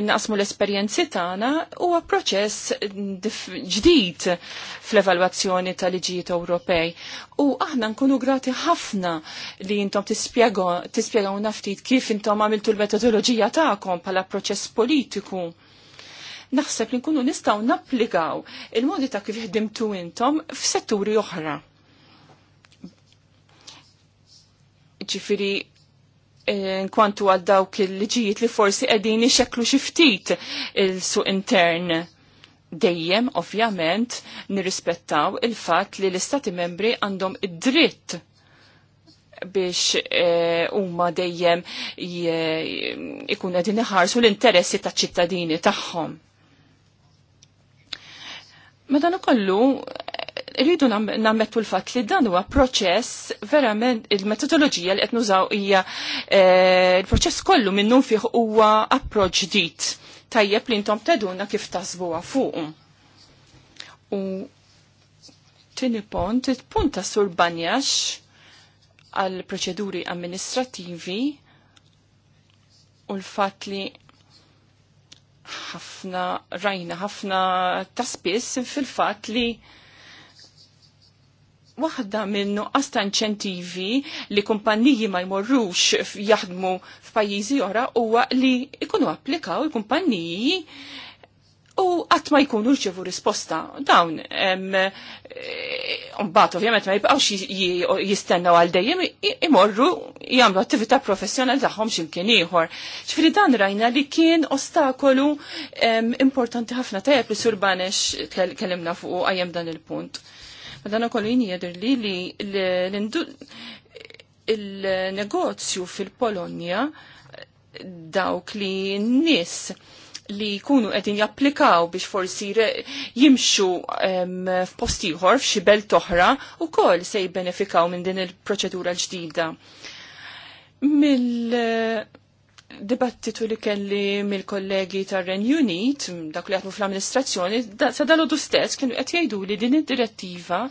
naqsmu l-esperjenzi tagħna huwa proċess ġdid fl-evalwazzjoni tal-liġijiet Ewropej. U aħna nkunu grati ħafna li intom tispjegawna ftit kif intom għamiltu l-metodoloġija tagħkom bħala proċess politiku. Naħseb li nkunu nistgħu napplikaw il-modi ta' kif ħdimtu intom f'setturi oħra. Ġifieri Eh, kwantu għal dawk il-liġijiet li forsi qegħdin ixekklu xi ftit il-suq intern dejjem ovvjament nirrispettaw il-fatt li l-istati membri għandhom id-dritt biex eh, huma e, dejjem ikun qegħdin iħarsu l-interessi taċ-ċittadini tagħhom. Madan ukollu Irridu nammettu l-fat li dan huwa proċess verament il-metodoloġija li qed nużaw hija eh, il-proċess kollu minnu fih huwa approċ dit tajjeb li intom teduna kif tasbuha fuq. U tini pont, punta sur banjax għal proċeduri amministrativi u l-fat li ħafna rajna ħafna taspis fil-fat li waħda minn nuqqas ta' inċentivi li kumpanniji ma jmorrux jaħdmu f'pajjiżi oħra huwa li jkunu applikaw il-kumpanniji u qatt ma jkunu rċevu risposta. Dawn, eh, mbagħad ovvjament ma jibqgħux jistennew għal dejjem imorru jagħmlu attività professjonali tagħhom x'imkien ieħor. Ġifieri dan rajna li kien ostakolu importanti ħafna tajjeb li Sur Banex kellimna fuq qajjem dan il-punt. Madana jien jeder li li il-negozju fil-Polonja dawk li n-nis li jkunu qegħdin japplikaw biex forsi jimxu f'postiħor f'xi belt oħra wkoll se jibbenefikaw minn din il-proċedura l-ġdida. Mill- dibattitu li kelli mill-kollegi tar-Ren Unit, dak li għatmu fl-amministrazzjoni, sa dal-għodu stess kienu qed jgħidu li din id-direttiva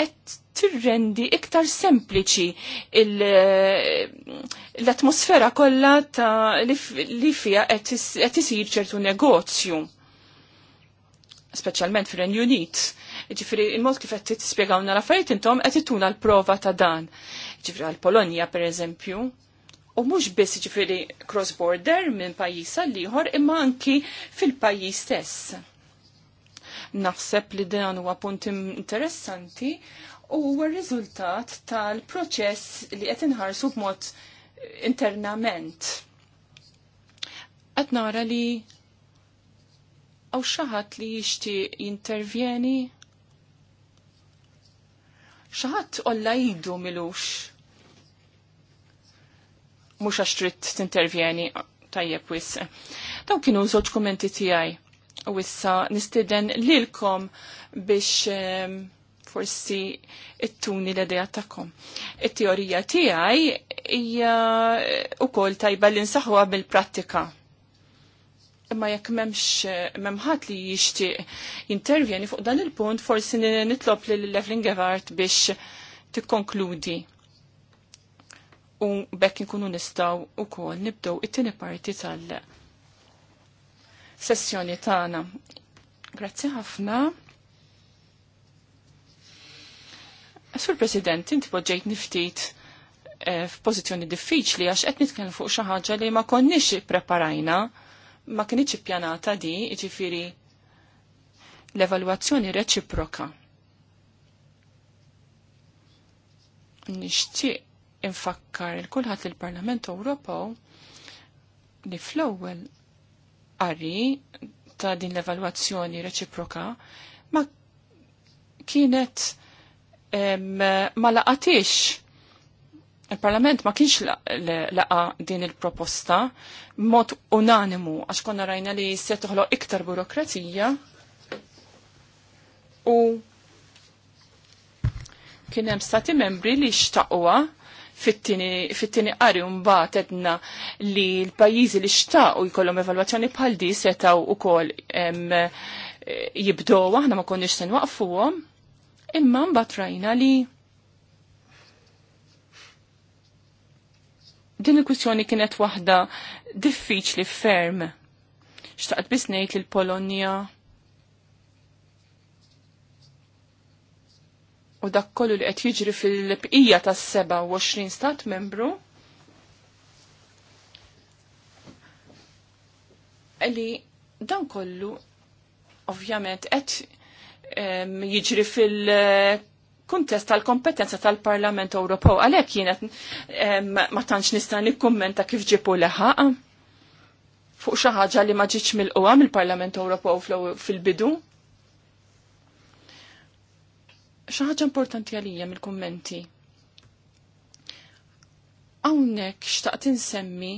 qed tirrendi iktar sempliċi l-atmosfera kollha ta' li fija qed isir ċertu negozju. Speċjalment fir Unit. Ġifri, il-mod kif qed tispjegawna l-affarijiet intom qed ittuna l-prova ta' dan. Ġifri għal-Polonja, per eżempju, u mhux biss jiġifieri cross-border minn pajjiż għal ieħor imma anki fil-pajjiż stess. Naħseb li dan huwa punt interessanti u huwa r-riżultat tal-proċess li qed inħarsu b'mod internament. Qed nara li għaw xaħat li jixti jintervjeni? Xaħat olla jidu milux? mhux għax trid tintervjeni tajjeb wis. Dawn kienu żewġ kommenti tiegħi u issa nistiden lilkom biex ehm, forsi it-tuni l-ideja tagħkom. It-teorija tiegħi hija wkoll tajba li nsaħħuha bil-prattika. Imma jekk m'hemmx eh, memħat li jixtieq jintervjeni fuq dan il-punt forsi nitlob lil Leflin Gevart biex tikkonkludi u bekk nkunu nistaw u kol nibdow it-tini parti tal-sessjoni tagħna. Grazzi ħafna. Sur President, inti poġġejt niftit eh, f'pożizzjoni diffiċli għax qed nitkellem fuq xi ħaġa li ma konniex ippreparajna, ma kinitx ippjanata di, jiġifieri l-evalwazzjoni reċiproka. Nixtieq infakkar il-kulħadd il-Parlament Ewropew li fl-ewwel qari ta' din l-evalwazzjoni reċiproka ma kienet ma laqatix il-Parlament ma kienx laqa din il-proposta mod unanimu għax konna rajna li se toħloq iktar burokrazija u kien hemm stati membri li xtaqwa fit-tini qari mbagħad edna li l-pajjiżi li xtaqu jkollhom evalwazzjoni bħal di setaw ukoll eh, jibdow aħna ma konniex se nwaqfuhom. Imma mbagħad rajna li din il-kwistjoni kienet waħda diffiċli ferm. Xtaqt biss ngħid li l-Polonja u dak kollu li qed jiġri fil-bqija tas-27 stat membru li dan kollu ovvjament qed jiġri fil- kuntest tal-kompetenza tal-Parlament Ewropew għalhekk jienet ma tantx nista' nikkummenta kif ġipu leħaq fuq xi ħaġa li ma ġietx mill mill-Parlament Ewropew fil-bidu ħaġa importanti għalija mill-kummenti. Hawnhekk xtaqt insemmi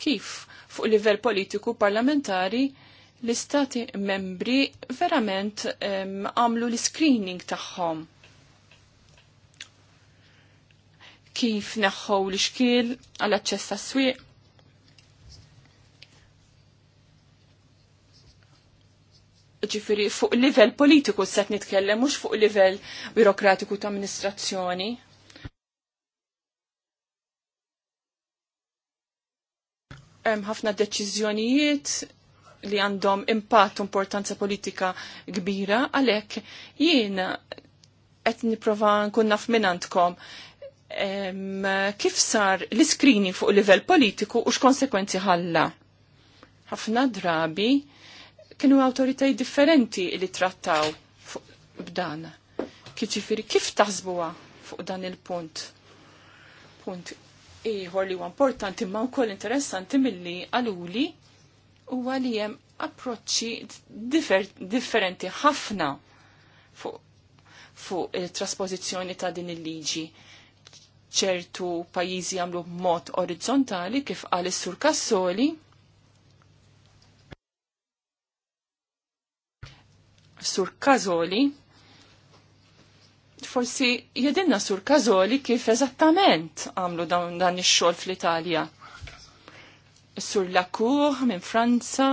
kif fuq livell politiku parlamentari l-istati membri verament għamlu l-screening tagħhom. Kif neħħu l-xkil għall-aċċess tas-swieq, ġifiri fuq livell politiku set nitkellem, mux fuq livell birokratiku ta' amministrazzjoni. Hemm ħafna deċiżjonijiet li għandhom impatt u importanza politika kbira, għalhekk jien qed nipprova nkun naf minn għandkom kif sar l-iskrini fuq livell politiku u x'konsekwenzi ħalla. Ħafna drabi kienu autoritaj differenti li trattaw fuq b'dan. Kiċifiri, kif taħsbuwa fuq dan il-punt? Punt iħor li huwa importanti ma wkoll interessanti milli għaluli huwa li hemm approċċi differ differenti ħafna fuq fuq il-trasposizjoni ta' din il-liġi. ċertu pajjiżi għamlu b'mod orizzontali kif għal sur Kassoli, sur Kazoli, forsi jedinna sur Kazoli kif eżattament għamlu dan, dan ix-xogħol fl-Italja. Sur cour minn Franza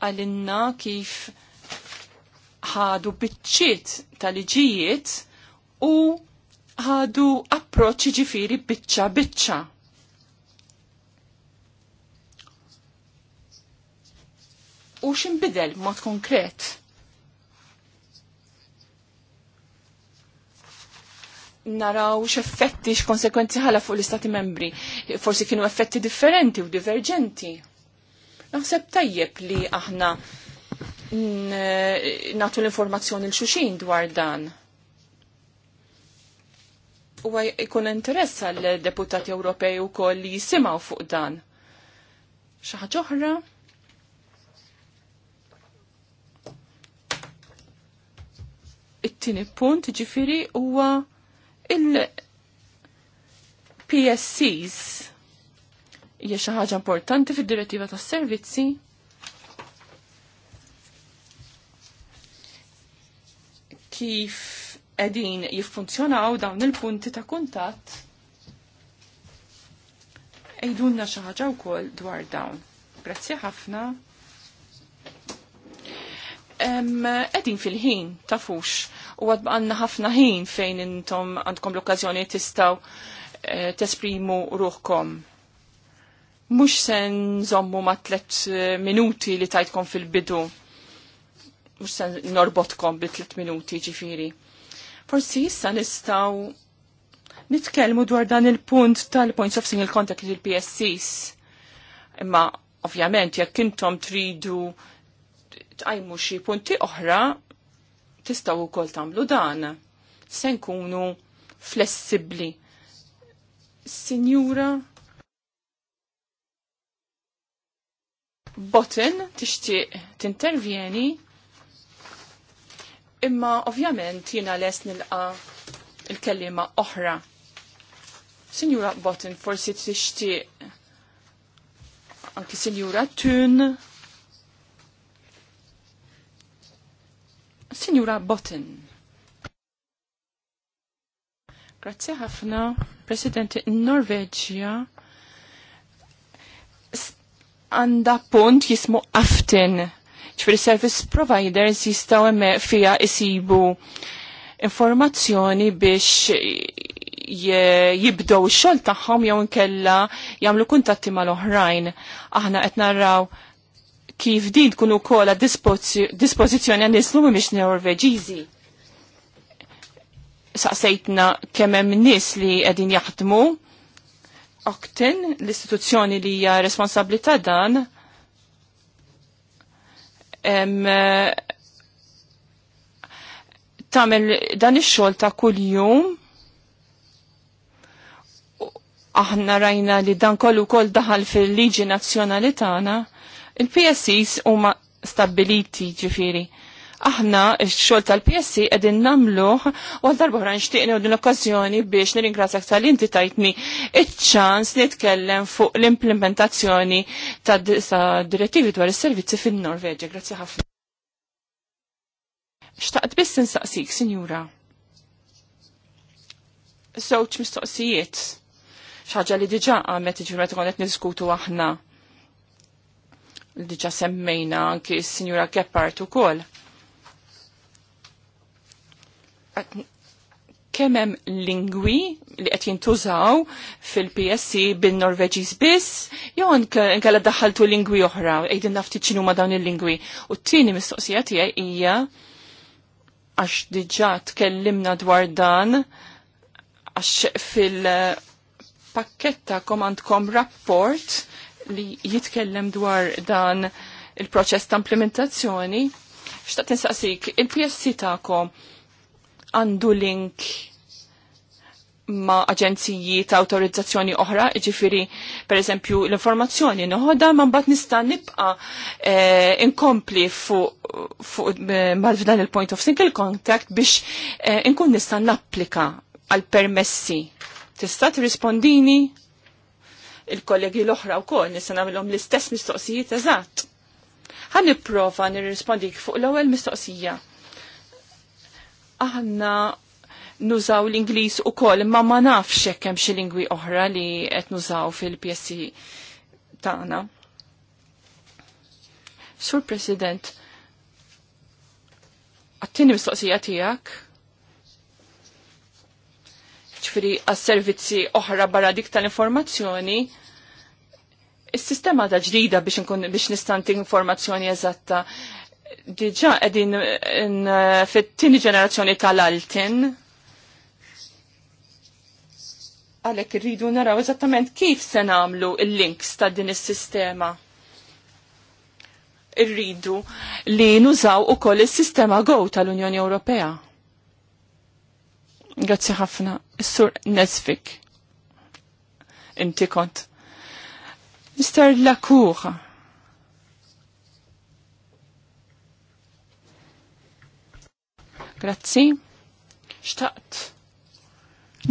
għalinna kif ħadu biċċiet tal-iġijiet u ħadu approċċi ġifiri biċċa biċċa. U xinbidel mod konkret? naraw x'effetti konsekwenzi ħala fuq l-Istati membri. Forsi kienu effetti differenti u diverġenti. Naħseb tajjeb li aħna natu l-informazzjoni l-xuxin dwar dan. U jkun interess għal deputati Ewropej u koll li jisimaw fuq dan. Xaħġoħra? oħra? It-tini punt ġifiri huwa Il-PSCs hija xi ħaġa importanti fid-direttiva tas-servizzi kif qegħdin jiffunzjonaw dawn il-punti ta' kuntatt ejdunna xi ħaġa wkoll dwar dawn. Grazzi ħafna. Qegħdin fil-ħin tafux u għad għanna ħafna ħin fejn intom għandkom l-okkazjoni tistaw e, tesprimu ruħkom. Mux sen zommu ma tlet eh, minuti li tajtkom fil-bidu. Mux sen norbotkom bi tlet minuti ġifiri. Forsi jissa nistaw nitkelmu dwar dan il-punt tal-points of single contact il-PSCs. Imma ovvjament jekk intom tridu tqajmu xi punti oħra, tistaw u kol tamlu dan. Sen kunu flessibli. Signora Botten tixtieq tintervjeni imma ovvjament jiena les nilqa il-kellima oħra. Signora Botten forsi tixtieq anki Signora Tun Signora Botten. Grazzi ħafna, Presidenti Norvegia għanda punt jismu Aften ċfiri service providers jistaw emme fija jisibu informazzjoni biex jibdow xol taħħom jew nkella jamlu kuntatti mal-oħrajn. Aħna qed narraw kif din tkun ukoll dispożizzjoni għan nislu mhumiex Norveġiżi. Saqsejtna kemm hemm nies li qegħdin jaħdmu. Okten, l-istituzzjoni li hija responsabbli ta' dan, em, tamel dan ix-xogħol ta' kuljum aħna rajna li dan kollu kol daħal fil-liġi nazzjonali tagħna Il-PSCs huma stabiliti ġifiri. Aħna x-xogħol tal-PSC qegħdin nagħmluh u għal darba nixtieq u l-okkażjoni biex nirringrazzjak tal-inti tajtni il ċans nitkellem fuq l-implementazzjoni ta' direttivi dwar is-servizzi fin-Norveġja. Grazzi ħafna. Xtaqt biss insaqsik, Sinjura. Żewġ mistoqsijiet. Xaġa li diġa għamet iġvimet għonet niskutu aħna diġa semmejna anki s-Sinjura Keppart ukoll. Kemm hemm lingwi li qed jintużaw fil-PSC bin-Norveġiż biss, jew nkella daħħaltu lingwi oħra, qegħdin nafti x'inhuma dawn il-lingwi. U t-tieni mistoqsija tiegħi hija għax diġa tkellimna dwar dan għax fil-pakketta komandkom rapport li jitkellem dwar dan il-proċess ta' implementazzjoni, xtaqt insaqsik, il-PSC ta'kom għandu link ma' aġenziji ta' autorizzazzjoni oħra, ġifiri, per eżempju, l-informazzjoni noħoda, ma' bat nista' nibqa eh, inkompli fuq fu, eh, f'dan il-point of single contact biex eh, inkun nista' napplika għal permessi. Tista' rispondini il-kollegi l-oħra wkoll nista' nagħmilhom l-istess mistoqsijiet eżatt. Ħan nipprova nirrispondik fuq l-ewwel mistoqsija. Aħna nużaw l-Ingliż ukoll imma ma nafx hekk hemm xi lingwi oħra li qed nużaw fil psc tagħna. Sur President, għattini mistoqsija tijak ċifri għas-servizzi oħra barra dik tal-informazzjoni, il sistema ta' ġdida biex, biex nistanti informazzjoni eżatta. Diġa edin eh, fit-tini ġenerazzjoni tal-Altin, għalek rridu naraw eżattament kif se namlu il-links ta' din is-sistema. Irridu li nużaw ukoll is-sistema Go tal-Unjoni Ewropea. Grazzi ħafna. Is-sur Nesfik. Inti kont. Mr. Lacour. Grazzi. Xtaqt.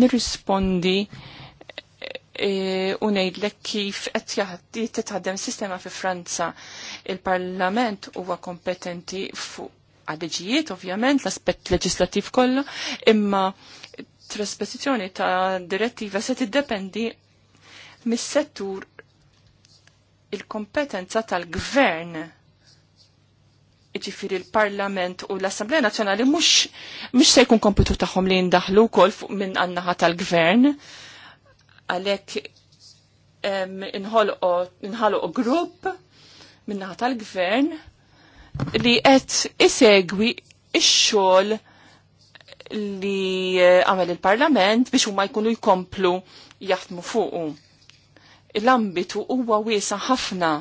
Nirrispondi e, unejdlek kif qed titħaddem sistema fi Franza. Il-Parlament huwa kompetenti fuq għadeġijiet, ovvjament, l-aspett leġislativ kollha, imma trasposizjoni ta' direttiva se tiddependi mis-settur il-kompetenza tal-gvern ġifiri il-Parlament u l-Assemblea Nazjonali mux, mux se jkun kompetu taħħom li jindaħlu kol fuq minn għannaħa tal-gvern għalek inħolqo grupp minnaħa tal-gvern li qed isegwi ix-xogħol li eh, għamel il-Parlament biex huma jkunu jkomplu jaħdmu fuqu. L-ambitu huwa wiesa ħafna.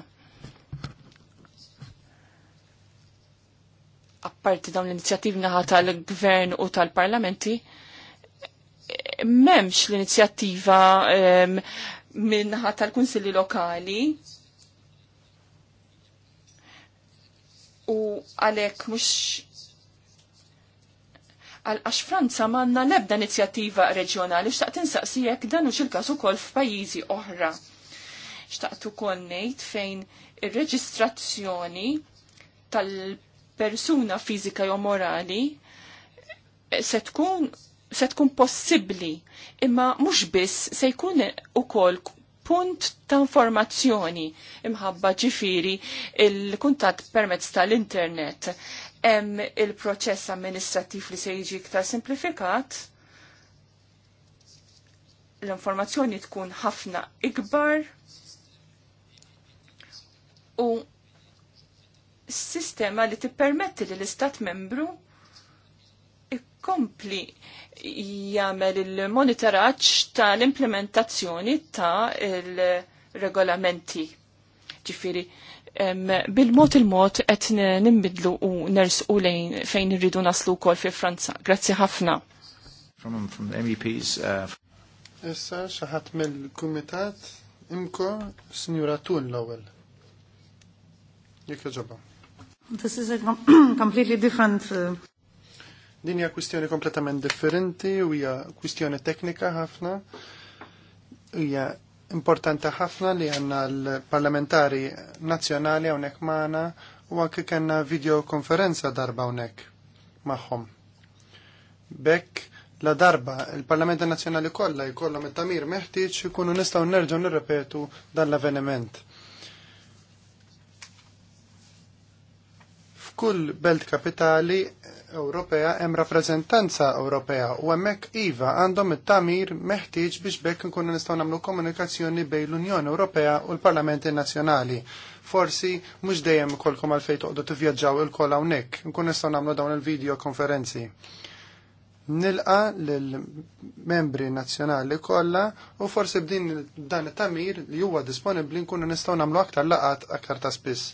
Apparti dawn l-inizjattivi naħa tal-Gvern u tal-Parlamenti, eh, memx l-inizjattiva ehm, minnaħa tal-Kunsilli Lokali u għalek mux għalqax għax Franza manna lebda inizjattiva reġjonali xtaqt insaqsijek dan u xil-kas ukoll f'pajjiżi oħra. Xtaqt ukoll ngħid fejn ir-reġistrazzjoni tal-persuna fizika jew morali se tkun se tkun possibbli imma mhux biss se jkun ukoll punt ta' informazzjoni imħabba ġifiri il-kuntat permezz tal-internet. Hemm il-proċess amministrattiv li se jiġi iktar simplifikat, l-informazzjoni tkun ħafna ikbar u s sistema li tippermetti li l-istat membru ikkompli jagħmel il-monitoraġġ tal-implementazzjoni ta' il-regolamenti. Ġifieri bil-mod il-mod qed nimbidlu u nersqu lejn fejn irridu naslu wkoll fi Franza. Grazzi ħafna. From, from the MEPs. Uh, Issa uh... xaħat mill-kumitat imko Sinjura Tun l-ewwel. Jekk ġoba. This is a completely different uh... Din hija kwistjoni kompletament differenti u hija kwistjoni teknika ħafna. Hija importanti ħafna li għandna l-parlamentari nazzjonali hawnhekk magħna u anke kellna videokonferenza darba hawnhekk magħhom. Bekk la darba il-Parlament Nazzjonali kollha jkollhom it-tamir meħtieġ ikunu nistgħu nerġgħu nirrepetu dan l-avveniment. f'kull belt kapitali Ewropea hemm rappreżentanza Ewropea u hemmhekk iva għandhom it-tamir meħtieġ biex bekk nkunu nistgħu nagħmlu komunikazzjoni bejn l-Unjoni Ewropea u l-Parlamenti Nazzjonali. Forsi mhux dejjem ikolkom għalfejn toqgħdu tivvjaġġaw il-kol hawnhekk, nkun nistgħu nagħmlu dawn il-video konferenzi. Nilqa lill-membri nazzjonali kollha u forsi b'din dan it-tamir li huwa disponibbli nkunu nistgħu nagħmlu aktar laqat aktar ta' spiss.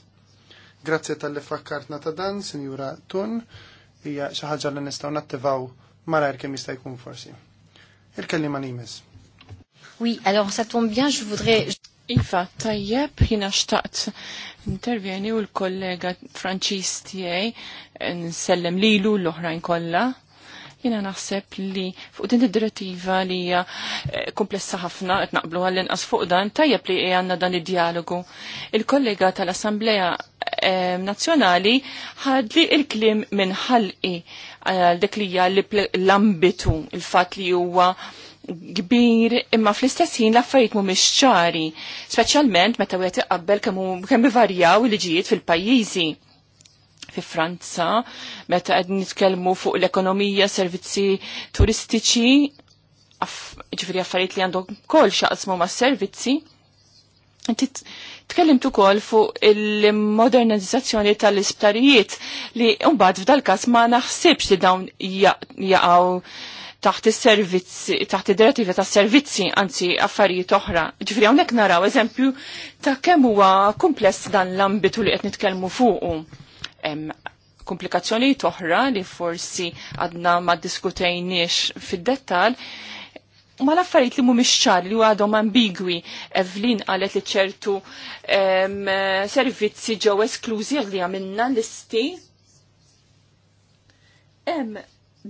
Grazzi tal-li fakkartna ta' dan, Signora Tun, hija xi ħaġa li nistgħu nattivaw malajr kemm jista' jkun forsi. Il-kellima nimes. Oui, alors ça tombe bien, je voudrais... Iva, tajjeb, jina xtaqt intervjeni u l-kollega Franċis n nsellem lilu l-oħrajn kollha jina naħseb li fuq din id-direttiva li hija eh, komplessa ħafna qed naqblu għall-inqas fuq dan tajjeb li għandna dan id-dialogu. Il-kollega tal-Assembleja nazzjonali ħadli il-klim minn ħalqi għal dik li l-ambitu il-fatt li huwa kbir imma fl-istess ħin l-affarijiet mhumiex ċari, speċjalment meta wieħed iqabbel kemm ivarjaw il fil-pajjiżi fi Franza, meta qed nitkellmu fuq l-ekonomija, servizzi turistiċi, ġifiri affarijiet li għandhom kol xaqsmu ma' servizzi, Tkellimt ukoll fuq il-modernizzazzjoni tal-isptarijiet li mbagħad f'dal-każ ma naħsibx li dawn jaqgħu taħt is-servizzi, taħt id-direttiva tas servizzi anzi affarijiet oħra. Ġifri hawnhekk naraw eżempju ta' kemm huwa kumpless dan l-ambitu li qed nitkellmu fuqu. Komplikazzjoni oħra li forsi għadna ma diskutejniex fid-dettal ma l-affarijiet li mhumiex ċar li għadhom ambigwi evlin eh, qalet li ċertu servizzi ġew esklużi li għamilna listi. Hemm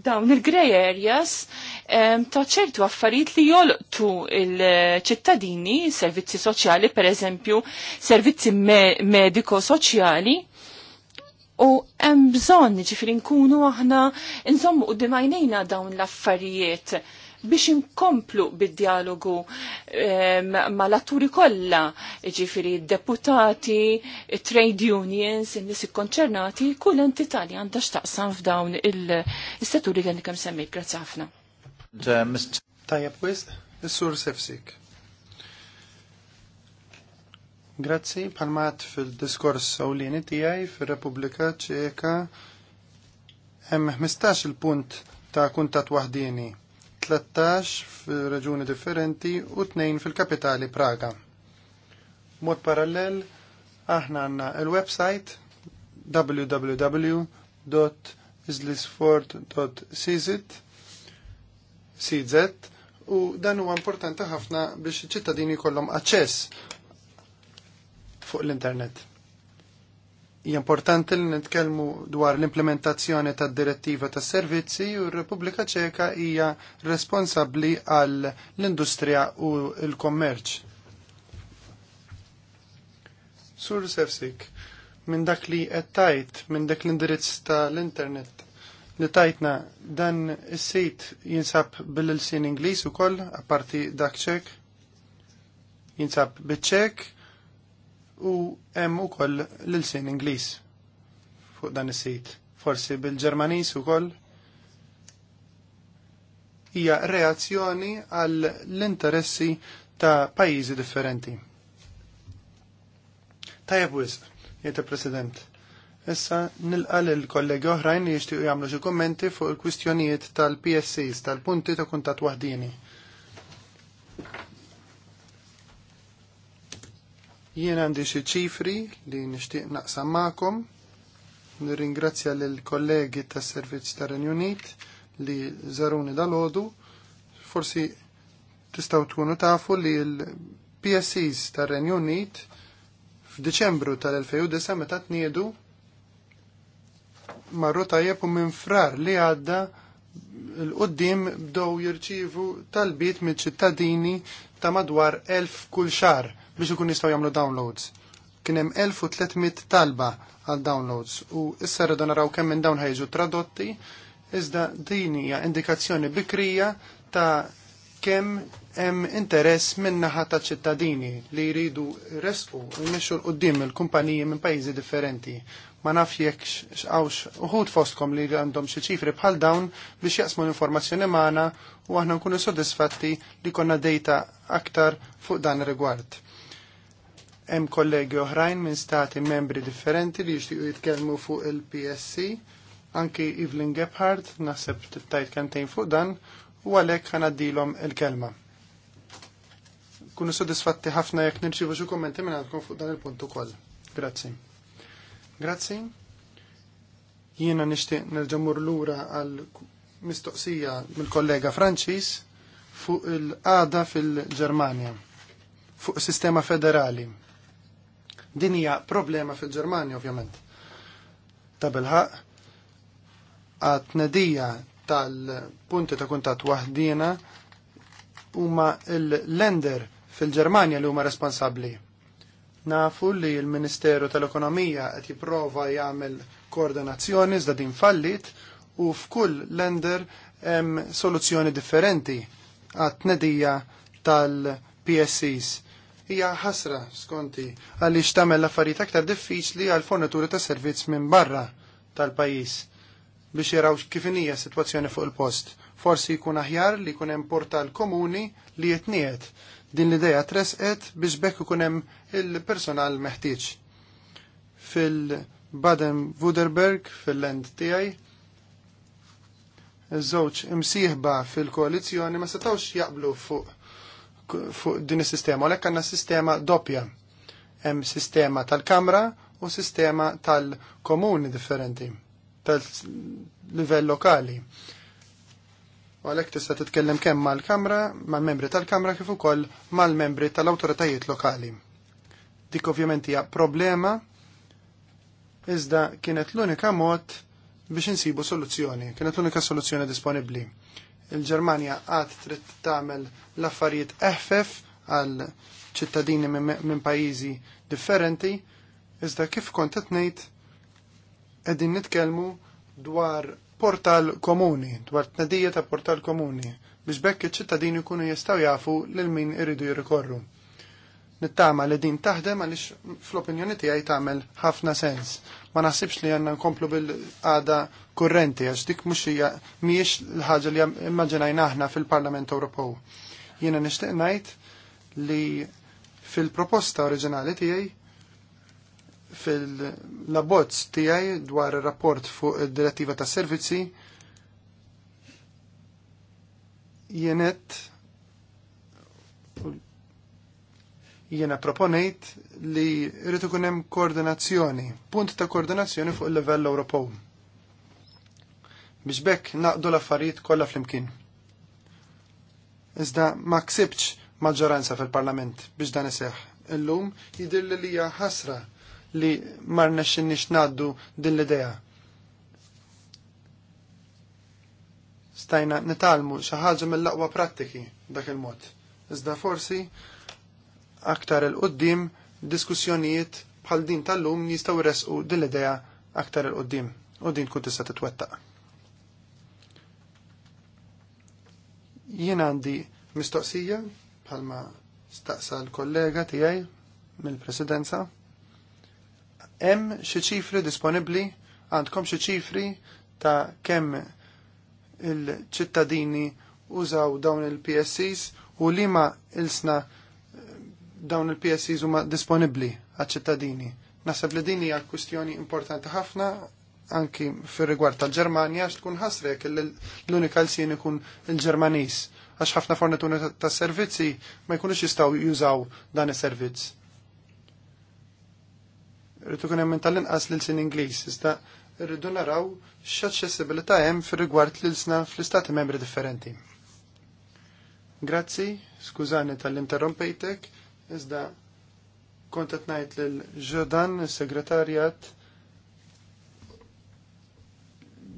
dawn il-grey areas ta' ċertu affarijiet li jolqtu il-ċittadini, servizzi soċjali per eżempju, servizzi me mediko-soċjali, u hemm bżonn ġifieri nkunu aħna nżommu u dimajnejna dawn l-affarijiet biex inkomplu bid-dialogu mal-atturi kollha, ġifiri deputati, trade unions, in-nies kull entità li għandha x'taqsam f'dawn il-setturi li kemm semmejt. Grazzi ħafna. Uh, Tajab, wisq, is-sur sefsik. Grazzi, palmat fil-diskors sawlini tijaj fil-Repubblika ċeka hemm 15 il-punt ta' kuntat wahdini 13 f'reġuni differenti u 2 fil-kapitali Praga. Mod parallel, aħna għanna il-website www.islisford.cz CZ u dan huwa importanti ħafna biex iċ-ċittadini kollhom aċċess fuq l-internet importanti li nitkellmu dwar l-implementazzjoni tad direttiva tas servizzi u r-Repubblika Ċeka hija responsabbli għal l-industrija u l-kommerċ. Sur Sefsik, minn dak li qed tajt, minn dak l-indirizz tal-internet li tajtna dan is-sit jinsab bil ilsien Ingliż ukoll apparti dak ċek, jinsab biċ-ċek u hemm ukoll l-ilsien Ingliż fuq dan is-sit. Forsi bil-Ġermaniż ukoll hija reazzjoni għal l-interessi ta' pajjiżi differenti. Tajab wisq, jiet President. Issa nilqal il kollegi oħrajn li jixtiequ jagħmlu xi kummenti fuq il-kwistjonijiet tal-PSCs, tal-punti ta' kuntat waħdini. Jien għandi xi ċifri li nixtieq naqsam magħkom. Nirringrazzja lill kollegi tas-Servizz tar-Renju Unit li żaruni dal-għodu. Forsi tistgħu tkunu tafu li l-PSCs tar-Renju Unit f'Diċembru tal-2009 meta tniedu marru tajjeb u minn frar li għadda l-qoddim bdow jirċivu talbiet minn ċittadini ta' madwar elf kull xar biex ikun jistgħu jagħmlu downloads. Kien hemm 1300 talba għal downloads u issa rridu naraw kemm minn dawn ħejġu tradotti, iżda din hija indikazzjoni bikrija ta' kemm hemm interess minn naħa ta' ċittadini li jridu resqu u jmexxu l qudiem il-kumpaniji minn pajjiżi differenti. Ma naf jekk x'għawx uħud fostkom li għandhom xi ċifri bħal dawn biex jaqsmu l-informazzjoni magħna u aħna nkunu sodisfatti li konna dejta aktar fuq dan ir-rigward. Hemm kollegi oħrajn minn stati membri differenti li jixtiequ jitkellmu fuq il-PSC, anki Evelyn Gebhardt naħseb tittajt kantejn fuq dan u għalhekk ħanaddilhom il-kelma. Kunu sodisfatti ħafna jekk nirċievu xi kummenti minn għandkom fuq dan il-punt ukoll. Grazzi. Grazzi. Jiena nixtieq nerġa' lura għal mistoqsija mill-kollega Franċis fuq il-qada fil-Ġermanja, fuq sistema federali. Din hija problema fil-Ġermanja ovvjament. Ta' bilħaq għat-nedija tal-punti ta' kuntat waħdina huma l-lender fil-Ġermanja li huma responsabbli. Nafu li l-Ministeru tal-Ekonomija qed jipprova jagħmel koordinazzjoni iżda din fallit u f'kull lender hemm soluzzjoni differenti għat tnedija tal-PSCs hija ħasra skonti għaliex tagħmel l-affarijiet aktar diffiċli għal fornituri ta' servizz minn barra tal-pajjiż biex jaraw kif hija s-sitwazzjoni fuq il-post. Forsi jkun aħjar li jkun hemm portal komuni li jitniet din l-ideja tresqet biex bekk ikun hemm il-personal meħtieġ. Fil-Baden-Württemberg fil-land tiegħi iż-żewġ imsieħba fil-koalizzjoni ma setawx jaqblu fuq fuq din is-sistema, u lekk għandna sistema doppja. Hemm sistema tal-Kamra u sistema tal-komuni differenti, tal-livell lokali. U għalhekk tista' titkellem kemm mal-Kamra, mal-membri tal-Kamra kif ukoll mal-membri tal-awtoritajiet lokali. Dik ovvjament hija problema iżda kienet l-unika mod biex insibu soluzzjoni, kienet l-unika soluzzjoni disponibbli il germania għad trid tagħmel l-affarijiet eħfef għal ċittadini minn pajjiżi differenti, iżda kif kont qed ngħid qegħdin nitkellmu dwar portal komuni, dwar tnedija ta' portal komuni, biex bekk iċ-ċittadini jkunu jistgħu jafu lil min iridu jirrikorru. Nittama li din taħdem għaliex fl-opinjoni tiegħi tagħmel ħafna sens. Ma naħsibx li għandna nkomplu bil-għada kurrenti għax dik mhux hija mhijiex l ħagġa li immaġinajna aħna fil-Parlament Ewropew. Jiena nixtieq ngħid li fil-proposta oriġinali tiegħi fil ti tiegħi dwar ir-rapport fuq id-direttiva tas servizzi jenet jiena proponejt li rritu kunem koordinazzjoni, punt ta' koordinazzjoni fuq il-level Ewropew. Biex bekk naqdu l-affarijiet kollha flimkien. Iżda ma ksibx maġġoranza fil-Parlament biex dan iseħħ. Illum jidir li hija ħasra li marna nexxinniex ngħaddu din l-idea. Stajna nitalmu xi ħaġa mill-aqwa prattiki dak il-mod. Iżda forsi aktar il-qoddim diskussjonijiet bħal din tal-lum jistaw resqu din l-idea aktar il-qoddim u din kun tista' titwettaq. Jien għandi mistoqsija bħalma staqsa l-kollega tiegħi mill-presidenza. Hemm xi ċifri disponibbli għandkom xi ċifri ta' kemm il-ċittadini użaw dawn il-PSCs u li ma il-sna dawn il-PSCs huma disponibbli għaċ-ċittadini. Naħseb li din hija kwistjoni importanti ħafna anki fir rigward tal-Ġermanja għax tkun ħasrek l-unika l-sien ikun il-Ġermanis għax ħafna fornituri ta' servizzi ma jkunux jistaw jużaw dan is-servizz. Rritu kunem hemm tal-inqas lil sin Ingliż, iżda rridu naraw x'aċċessibilità hemm fir-rigward l-ilsna fl-istati membri differenti. Grazzi, skużani tal-interrompejtek, iżda kont qed ngħid lil Ġodan is-segretarjat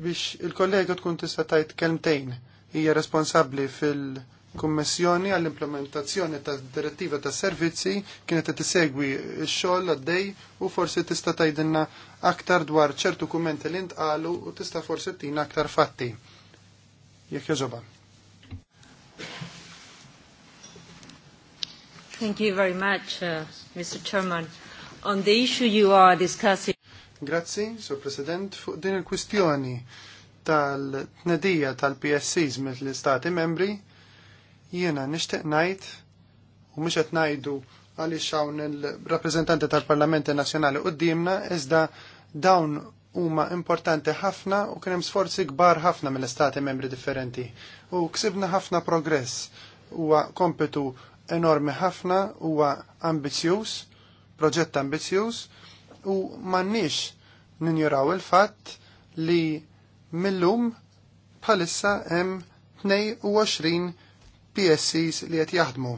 biex il-kollega tkun tista' tajt kelmtejn hija responsabbli fil-Kummissjoni għall-implementazzjoni tad direttiva tas servizzi kienet qed isegwi x-xogħol għaddej u forsi tista' tgħidilna aktar dwar ċertu kummenti li ntqalu u tista' forsi tina aktar fatti. Jekk jogħġobha. Thank you very much, uh, Mr. Chairman. On the issue you are discussing... Grazzi, Sir President. Fuq din il-kwistjoni tal-tnedija tal-PSCs mill-Istati membri, jiena nishtiq najt u mhux qed ngħidu għaliex hawn il-rappreżentanti tal-Parlamenti Nazzjonali dimna iżda dawn huma importanti ħafna u kien hemm sforzi kbar ħafna mill-istati membri differenti u ksibna ħafna progress huwa kompetu enormi ħafna, huwa ambizjuż, proġett ambizjuż, u m'għandniex ninjuraw il-fatt li millum bħalissa hemm 22 PSCs li qed jaħdmu.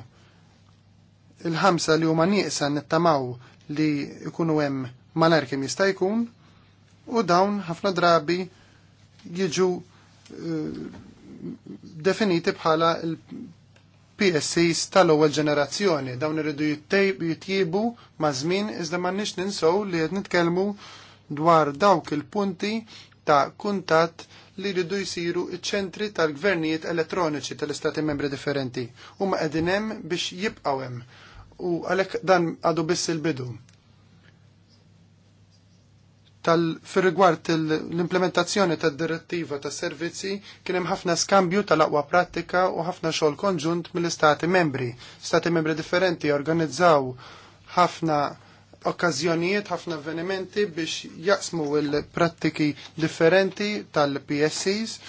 Il-ħamsa li huma nieqsa nittamaw li jkunu hemm malar kemm jista' jkun u dawn ħafna drabi jiġu uh, definiti bħala PSCs tal-ewwel ġenerazzjoni dawn iridu jittjiebu ma' żmien iżda nix ninsow li qed nitkellmu dwar dawk il-punti ta' kuntatt li jridu jsiru iċ-ċentri tal-gvernijiet elettroniċi tal-istati membri differenti u ma' qegħdin hemm biex jibqgħu hemm u għalhekk dan għadu biss il-bidu tal-rigward l-implementazzjoni tad-direttiva tas servizzi kien hemm ħafna skambju tal-aqwa prattika u ħafna xogħol konġunt mill-istati membri. Stati membri differenti organizzaw ħafna okkażjonijiet, ħafna avvenimenti biex jaqsmu l-prattiki differenti tal-PSCs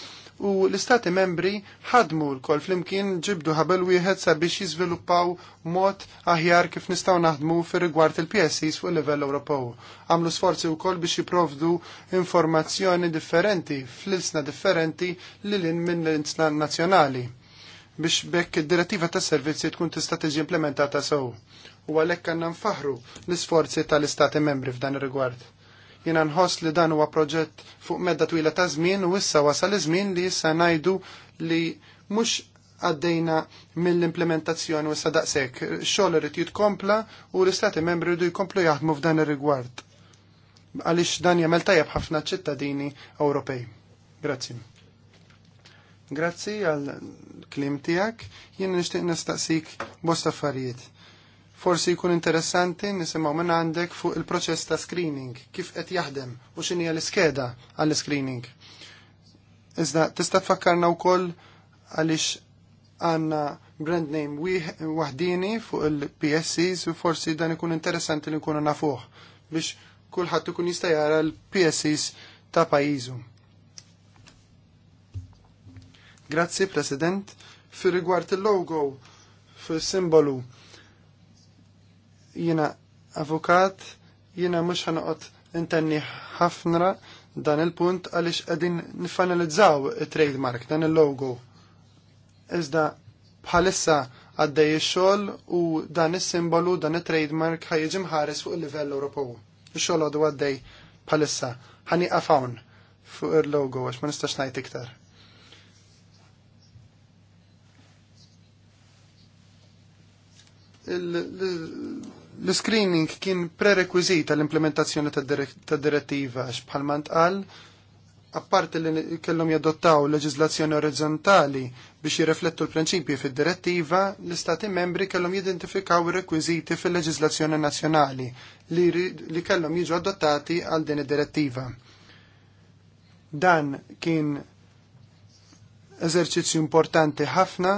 u l-istati membri ħadmu l-kol flimkien ġibdu ħabel wieħed sabiex jizviluppaw mod aħjar kif nistgħu naħdmu fir rigward il-PSCs fuq livell Ewropew. Għamlu sforzi wkoll biex jipprovdu informazzjoni differenti fl-ilsna differenti lil minn l insna nazzjonali biex bekk id-direttiva tas servizzi tkun tista' tiġi implementata sew. U għalhekk għandna nfaħru l-isforzi tal-istati membri f'dan ir-rigward. Jiena nħoss li dan huwa proġett fuq medda twila ta' żmien u issa wasal iż-żmien li issa ngħidu li mhux għaddejna mill-implementazzjoni u issa daqshekk. Xogħol irid jitkompla u l-istati membri jridu jkomplu jaħdmu f'dan ir-rigward. Għaliex dan jagħmel tajjeb ħafna ċittadini Ewropej. Grazzi. Grazzi għal klim tiegħek. Jien nixtieq nistaqsik bosta affarijiet Forsi jkun interessanti nisimgħu minn għandek fuq il-proċess ta' screening, kif qed jaħdem u x'inhi l-iskeda għall-screening. Iżda tista' tfakkarna wkoll għaliex għandna brand name waħdini fuq il-PSCs u forsi dan ikun interessanti li nkunu nafuh biex kulħadd ikun jista' jara l-PSCs ta' pajjiżu. Grazzi, President. Fi rigward il-logo, fil-simbolu, Jiena avukat, jiena mhux ħanoqgħod intenni ħafna dan il-punt għaliex qegħdin nifanalizzaw it-trademark dan il-logo. Iżda bħalissa għaddej il xogħol u dan is-simbolu dan it-trademark ħajjiġi mħares fuq il-livell Ewropew. il xogħol għadu għaddej bħalissa Ħani għafawn fuq il-logo għax ma nistax ngħid iktar. L-screening kien prerequisita l implementazzjoni tad-direttiva għax bħalma ntqal apparti li kellhom jadottaw leġizlazzjoni orizzontali biex jirreflettu l-prinċipji fid-direttiva, l-Istati membri kellhom jidentifikaw ir-rekwiżiti fil-leġiżlazzjoni nazzjonali li, li kellhom jiġu adottati għal din id-direttiva. Dan kien eżerċizzju importanti ħafna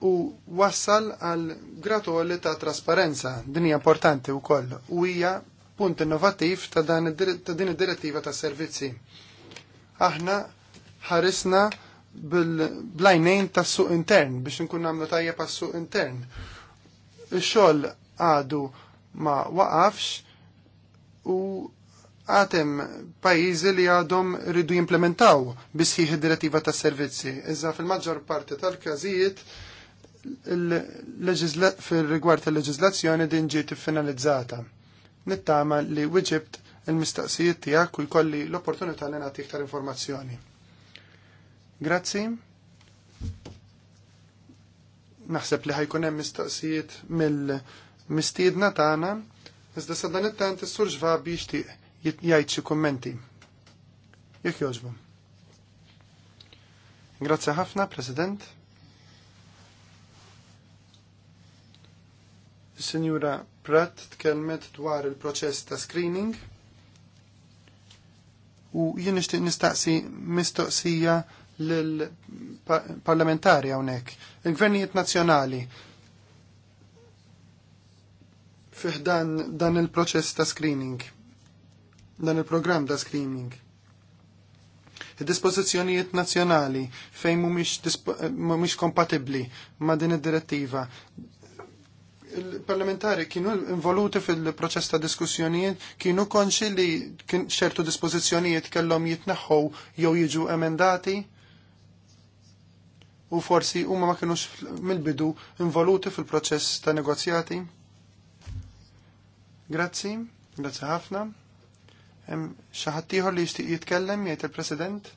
u wassal għal gratoli ta' trasparenza, din hija importanti wkoll u hija punt innovattiv ta' din id-direttiva ta' servizzi. Aħna ħarisna bil-blajnejn ta' suq intern biex nkun nagħmlu tajja pa' suq intern. Ix-xogħol għadu ma waqafx u għatem pajizi li għadhom ridu jimplementaw bisħiħ id-direttiva ta' servizzi. Iżda fil-maġġor parti tal-każijiet fil-rigward tal-leġizlazzjoni din ġiet finalizzata. Nittama li wieġibt il-mistaqsijiet tiegħek u jkolli l-opportunità li nagħti aktar informazzjoni Grazzi. Naħseb li ħajkun hemm mistaqsijiet mill-mistiedna tagħna, iżda sa dan it-tant is-sur ġvab jixtieq jgħid xi kummenti. Jekk jogħġbu. Grazzi ħafna, President. Sinjura Pratt tkellmet dwar il-proċess ta' screening u jien nixtieq nistaqsi mistoqsija lill parlamentari hawnhekk. Il-gvernijiet nazzjonali fiħdan dan il-proċess ta' screening, dan il-programm ta' screening. Id-dispożizzjonijiet nazzjonali fejn mhumiex kompatibbli ma' din id-direttiva il-parlamentari kienu involuti fil-proċess ta' diskussjonijiet, kienu konxi li ċertu dispożizzjonijiet kellhom jitneħħu jew jiġu emendati u forsi huma ma kienux mill-bidu involuti fil-proċess ta' negozjati. Grazzi, grazzi ħafna. Hemm xi ħadd ieħor li jixtieq jitkellem jgħid il-President.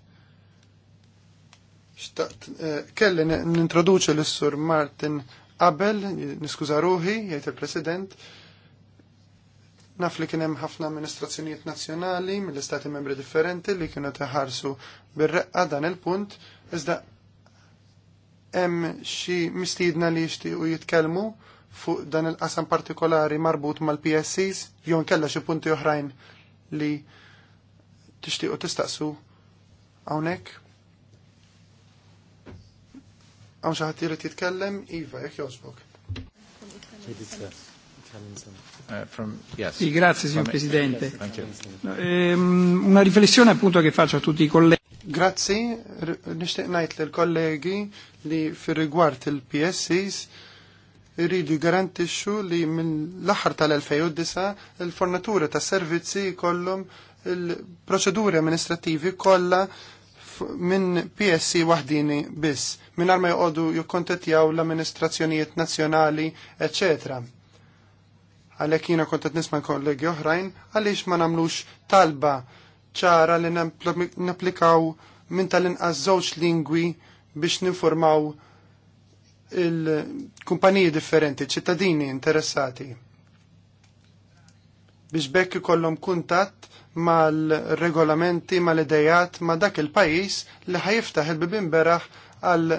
Eh, kelli nintroduċi l-Sur Martin Qabel, niskuża ruħi, jgħid il-President, naf li kien hemm ħafna amministrazzjonijiet nazzjonali mill-istati membri differenti li kienu teħarsu bir-reqqa dan il-punt, iżda hemm xi mistiedna li jixtiequ jitkellmu fuq dan il-qasam partikolari marbut mal-PSCs, jew nkella xi punti oħrajn li tixtiequ tistaqsu hawnhekk. Għam xaħat jirrit jitkellem, Iva, jek jozbok. Eh, grazie signor Presidente. Ehm, una riflessione appunto che faccio a tutti i colleghi. Grazzi, nishtiq najt l-kollegi li fir rigward il-PSCs irridu garantixxu li mill aħħar tal-2009 il fornatura ta' servizzi kollhom il-proċeduri amministrativi kollha minn PSC waħdini biss, minn ma joqogħdu jukkontetjaw l-amministrazzjonijiet nazzjonali, eċetera. Għalhekk jiena kontet nisma' kollegi oħrajn għaliex ma nagħmlux talba ċara li napplikaw minn tal-inqas żewġ lingwi biex ninformaw il-kumpaniji differenti, ċittadini interessati. Biex bekk ikollhom kuntatt mal-regolamenti, mal-idejat, ma' dak il-pajis li ħajiftaħ il-bibin beraħ għal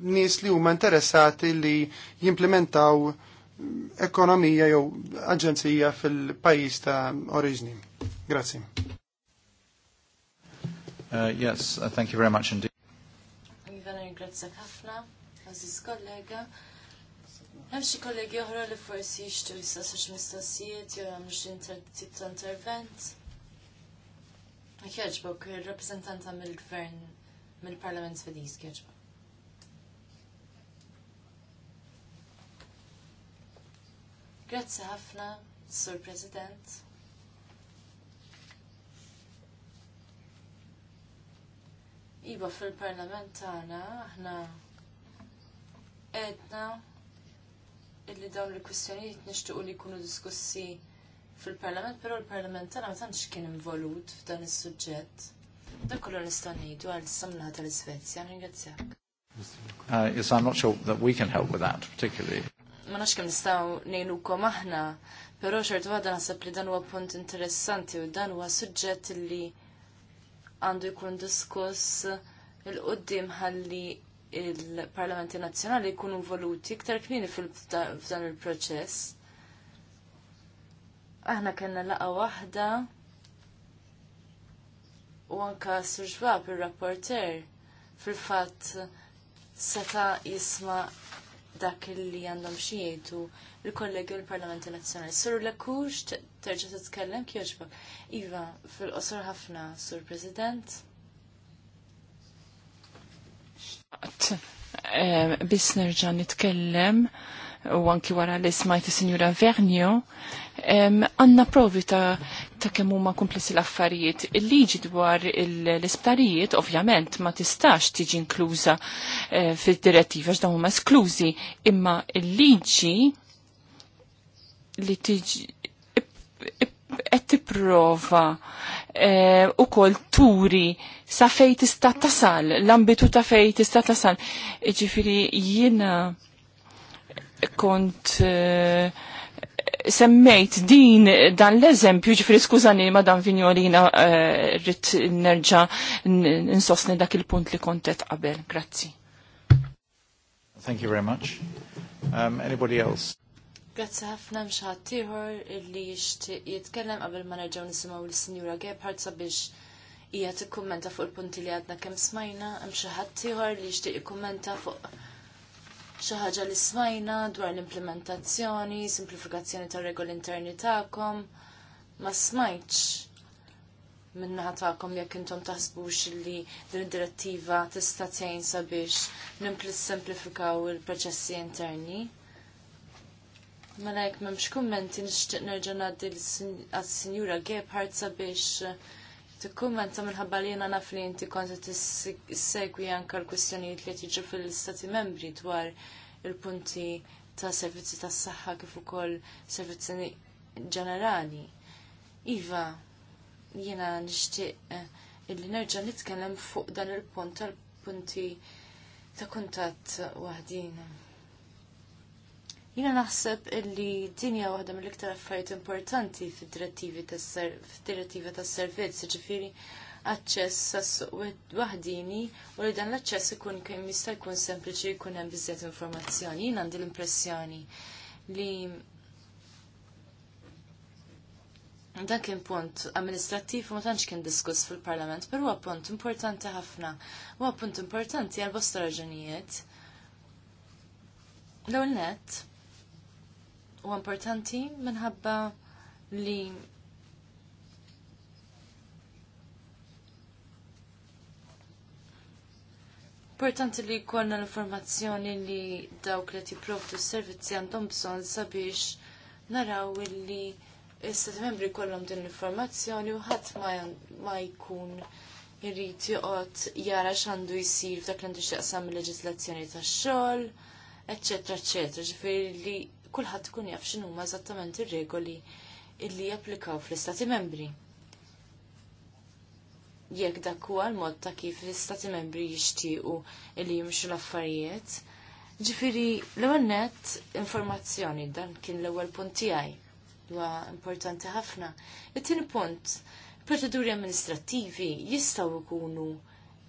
nis li huma interessati li jimplementaw ekonomija jew aġenzija fil-pajis ta' oriġni. Grazzi. Uh, yes, uh, thank you very much indeed. Ivan, ringrazzak ħafna, għaziz kollega. Hemm xi kollegi oħra li forsi jishtu jistaqsu xi mistoqsijiet jew xi tip ta' intervent. Kieġbok, il-rappresentanta mill-gvern, mill-parlament svediż, kieġbok. Grazzi ħafna, Sur President. Iba fil-parlament tagħna aħna edna illi dawn il-kwistjonijiet nixtiequ li jkunu diskussi fil-parlament, però l-parlament tagħna ma tantx kien involut f'dan is-suġġett. Dak kollu nista' ngħidu għal samlaħa tal-Iżvezja, ringrazzjak. Uh, yes, I'm not sure that we can help with that particularly. Ma nafx kemm nistgħu ngħinukom aħna, però xorta waħda naħseb li dan huwa punt interessanti u dan huwa suġġett li għandu jkun diskuss il-qoddim ħalli il-Parlamenti Nazzjonali jkunu voluti iktar kmini f'dan il-proċess. Aħna kellna laqa waħda u anka Surġbab ir-rapporter fil-fatt seta jisma' dak li għandhom xi il kollegi l-Parlamenti Nazzjonali. Sur Lakux, terġa' titkellem kjoġbok. Iva, fil-qosor ħafna, Sur President. Eh, Bis nerġa' nitkellem u anki wara li smajti is Vernio għanna provi ta', ta kemm huma komplessi l-affarijiet. Il-liġi dwar l-isptarijiet ovvjament ma tistax tiġi inkluża eh, fil fid-direttiva x'dawn huma esklużi, imma il-liġi li tiġi qed tipprova eh, ukoll turi sa fejn tista' tasal, l-ambitu ta' fejn tista' tasal. Ġifieri jiena kont eh, semmejt din dan l-eżempju ġifri skużani Madam Vignolina eh, rrit nerġa insosni dak il-punt li kontet qabel. Grazzi. Thank you very much. Um, anybody else? Grazzi ħafna mxħat tiħor li jishtiq jitkellem qabel ma nerġaw nisimaw l-Sinjura Gebhardt sabiex hija tikkummenta fuq il-punti li għadna kemm smajna, hemm xi ħadd ieħor li jixtieq ikkummenta fuq xi ħaġa li smajna dwar l-implementazzjoni, simplifikazzjoni tar regoli interni tagħkom. Ma smajtx min-naħa tagħkom jekk intom taħsbux li din id-direttiva tista' tgħin sabiex nimplis-simplifikaw il-proċessi interni. Mela jekk m'hemmx kummenti nixtieq nerġa' ngħaddi għas-Sinjura Gebhardt sabiex ta' minħabba li jiena naf li inti konta tissegwi anke l-kwistjonijiet li jiġu fil-Stati membri dwar il-punti ta' servizzi tas saħħa kif ukoll servizzi ġenerali. Iva, jiena nixtieq eh, illi nerġa' nitkellem fuq dan il-punt tal-punti ta' kuntatt waħdin. Jina naħseb illi dinja waħda mill-iktar affarijiet importanti fid-direttivi fid-direttiva tas-servizz, ġifieri aċċess sas suq waħdini u li dan l-aċċess ikun kemm jista' jkun sempliċi jkun hemm biżżejjed informazzjoni. Jien għandi l-impressjoni li dan kien punt amministrattiv ma tantx kien diskuss fil-Parlament, però huwa punt importanti ħafna. Huwa punt importanti għal bosta raġunijiet. L-ewwel nett, u importanti minħabba li Importanti li jkollna l-informazzjoni li dawk li jipprovdu s-servizzi għandhom bżonn sabiex naraw li Issa membri kollom din l-informazzjoni u ħadd ma jkun jrid joqgħod jara x'għandu jsir f'dak li għandu x'jaqsam il-leġiżlazzjoni tax-xogħol, eċetera, eċċetera. Ġifieri li kulħadd ikun jaf x'inhuma eżattament ir-regoli illi japplikaw fl-Istati Membri. Jekk dak huwa l-mod ta' kif l-Istati Membri jixtiequ illi jimxu l-affarijiet, ġifiri l-ewwel nett informazzjoni dan kien l-ewwel punt tiegħi huwa importanti ħafna. It-tieni punt, proċeduri amministrattivi jistgħu jkunu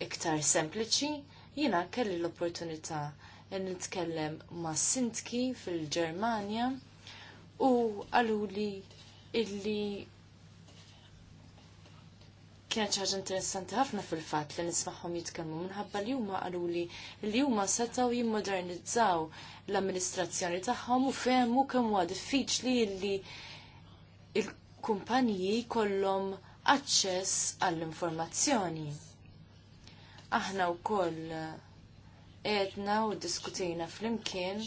iktar sempliċi, jiena kelli l-opportunità nitkellem ma' Sintki fil-Ġermanja u għaluli illi kienet ħaġa interessanti ħafna fil-fatt li nismaħħom jitkellmu minħabba li huma għaluli li huma setgħu jimmodernizzaw l-amministrazzjoni tagħhom u fehmu kemm huwa diffiċli li l-kumpaniji jkollhom aċċess għall-informazzjoni. Aħna wkoll edna u diskutina fl-imkien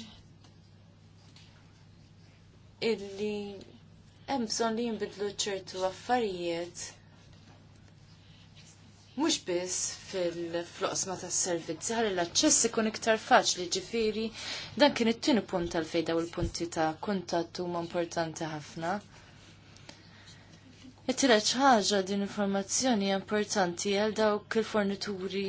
illi hemm bżonn li jinbidlu ċertu affarijiet mhux biss fil-floqsma tas-servizzi ħalli l-aċċess ikun iktar faċli ġifieri dan kien it-tieni punt tal-fejda u l-punti ta' kuntatt huma importanti ħafna. It-tret ħaġa din informazzjoni importanti għal dawk il-fornituri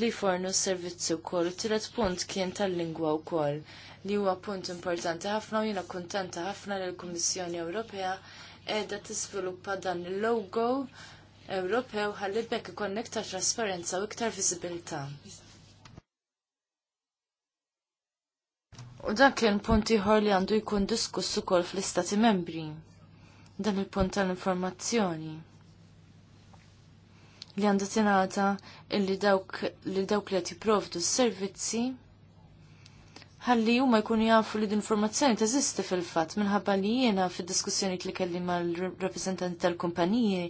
li fornu s-servizzi wkoll. it punt kien tal-lingwa wkoll li huwa punt importanti ħafna u jiena kuntenta ħafna li l-Kummissjoni Ewropea qiegħda sviluppa dan il-logo Ewropew ħalli bekk ikun iktar trasparenza u iktar viżibilità. U dan kien punt ieħor li għandu jkun diskuss ukoll fl-Istati Membri dan il-punt tal-informazzjoni li għandha tingħata illi dawk li dawk li qed jipprovdu s-servizzi ħalli huma jkunu jafu li l-informazzjoni teżisti fil-fatt minħabba li jiena fid-diskussjoni li kelli mal-rappreżentanti tal-kumpaniji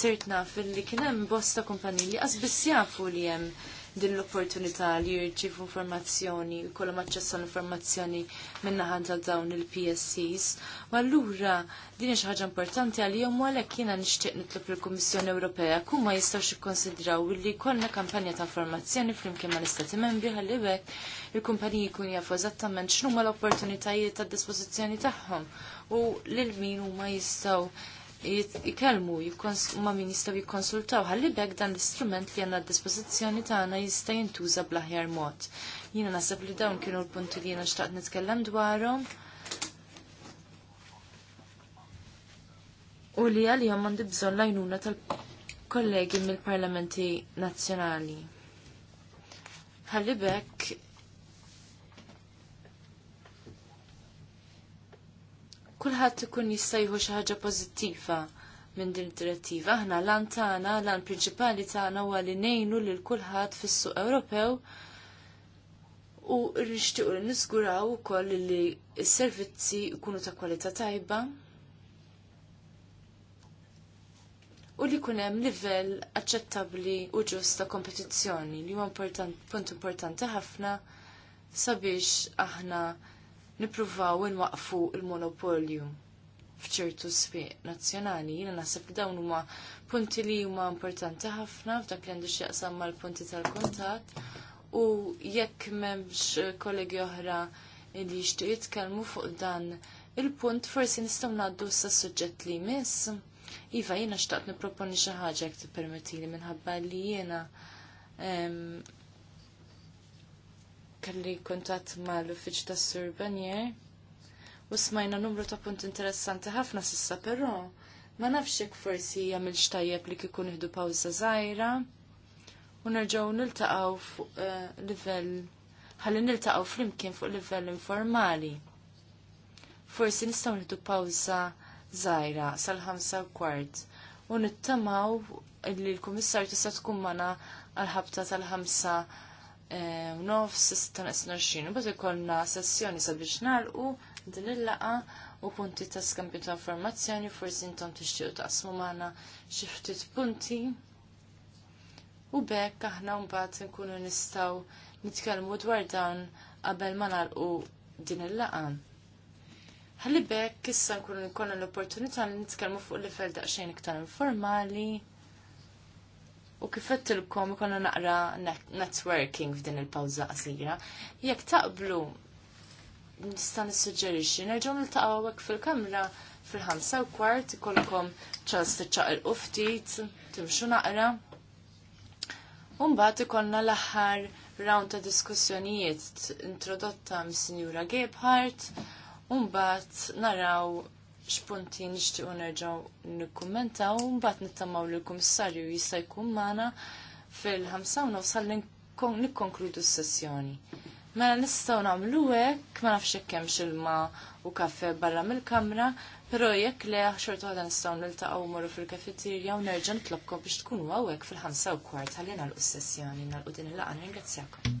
sirt naf li kien hemm bosta kumpaniji li qas biss jafu li hemm din l-opportunità li jirċivu informazzjoni, kollu maċċessu l-informazzjoni minna ta' dawn il-PSCs. Ma allura din xi ħaġa importanti għalihom u għalhekk jiena nixtieq nitlob il kummissjoni Ewropea kum ma jistgħux jikkonsidraw li konna kampanja ta' informazzjoni flimkien mal-Istati Membri ħalli il-kumpaniji jkun jafu eżattament x'numa l-opportunitajiet tad dispożizzjoni tagħhom u lil min huma jistgħu jitkellmu ma min jistaw jikonsultaw, għalli bekk dan l-istrument li għandna d-dispożizzjoni tagħna jista' jintuża bl-aħjar mod. Jiena naħseb li dawn kienu l-punti li jina xtaqt nitkellem dwarhom. U li għalihom għandi bżonn lajnuna tal-kollegi mill-parlamenti nazzjonali. Għalli bekk kulħadd ikun jista' jieħu xi ħaġa pożittiva minn din id-direttiva. Aħna lan tagħna, lan prinċipali tagħna huwa li ngħinu lil kulħadd fis-suq Ewropew u nixtiequ li niżguraw ukoll li s-servizzi jkunu ta' kwalità tajba u li jkun hemm livell aċċettabbli u ġust ta' kompetizzjoni li huwa punt importanti ħafna sabiex aħna nippruvaw inwaqfu l monopolju f'ċertu swieq nazzjonali. Jiena naħseb li dawn huma punti li huma importanti ħafna f'dak li għandu x'jaqsam mal-punti tal-kuntatt u jekk m'hemmx kollegi oħra li jixtiequ jitkellmu fuq dan il-punt forsi nistgħu ngħaddu sa suġġett li jmiss. Iva, jiena xtaqt nipproponi xi ħaġa jekk tippermettili minħabba li jiena kelli ma mal-uffiċ tas surbanier Banier u smajna numru ta' punt interessanti ħafna sissa però ma nafx jekk forsi jagħmel xtajjeb li kikun iħdu pawża żgħira u nerġgħu niltaqgħu fuq eh, livell ħalli niltaqgħu flimkien fuq livell informali. Forsi nistgħu nieħdu pawża żgħira sal-ħamsa kwart u nittamaw li l kummissarju tista' tkun mana għal ħabta tal-ħamsa Eh, nofs ta' nesna xinu, bat sessjoni sabiex u din il-laqa u punti ta' skambju ta' informazzjoni forsi intom tixtiequ taqsmu magħna xi ftit punti. U bekk aħna mbagħad nkunu nistgħu nitkellmu dwar dawn qabel ma nagħlqu din il-laqa. Ħalli bekk issa nkunu nkollna l-opportunità li nitkellmu fuq l-ifel daqsxejn iktar informali U kif il-kom konna naqra networking f'din il-pawza qasira. Jekk taqblu, nista' nissuġġerixxi nerġgħu taqawak fil-kamra fil-ħamsa u kwart ikollkom ċans il ftit, timxu naqra. U mbagħad ikollna l-aħħar round ta' diskussjonijiet introdotta mis-Sinjura Gebhardt u mbagħad naraw x'punti nixtiequ nerġgħu nikkumentaw u mbagħad nittamaw li l-Kummissarju jista' jkun magħna fil-ħamsa u nofs nikkonkludu s-sessjoni. Mela nistgħu nagħmlu hekk ma nafx hekk hemm xilma u kafè barra mill-kamra, però jekk le xorta waħda nistgħu niltaqgħu morru fil kafetirja u nerġa' nitlobkom biex tkunu hawnhekk fil-ħamsa u kwart ħalli nagħlqu s-sessjoni, nagħlqu din il-laqgħa ringrazzjakom.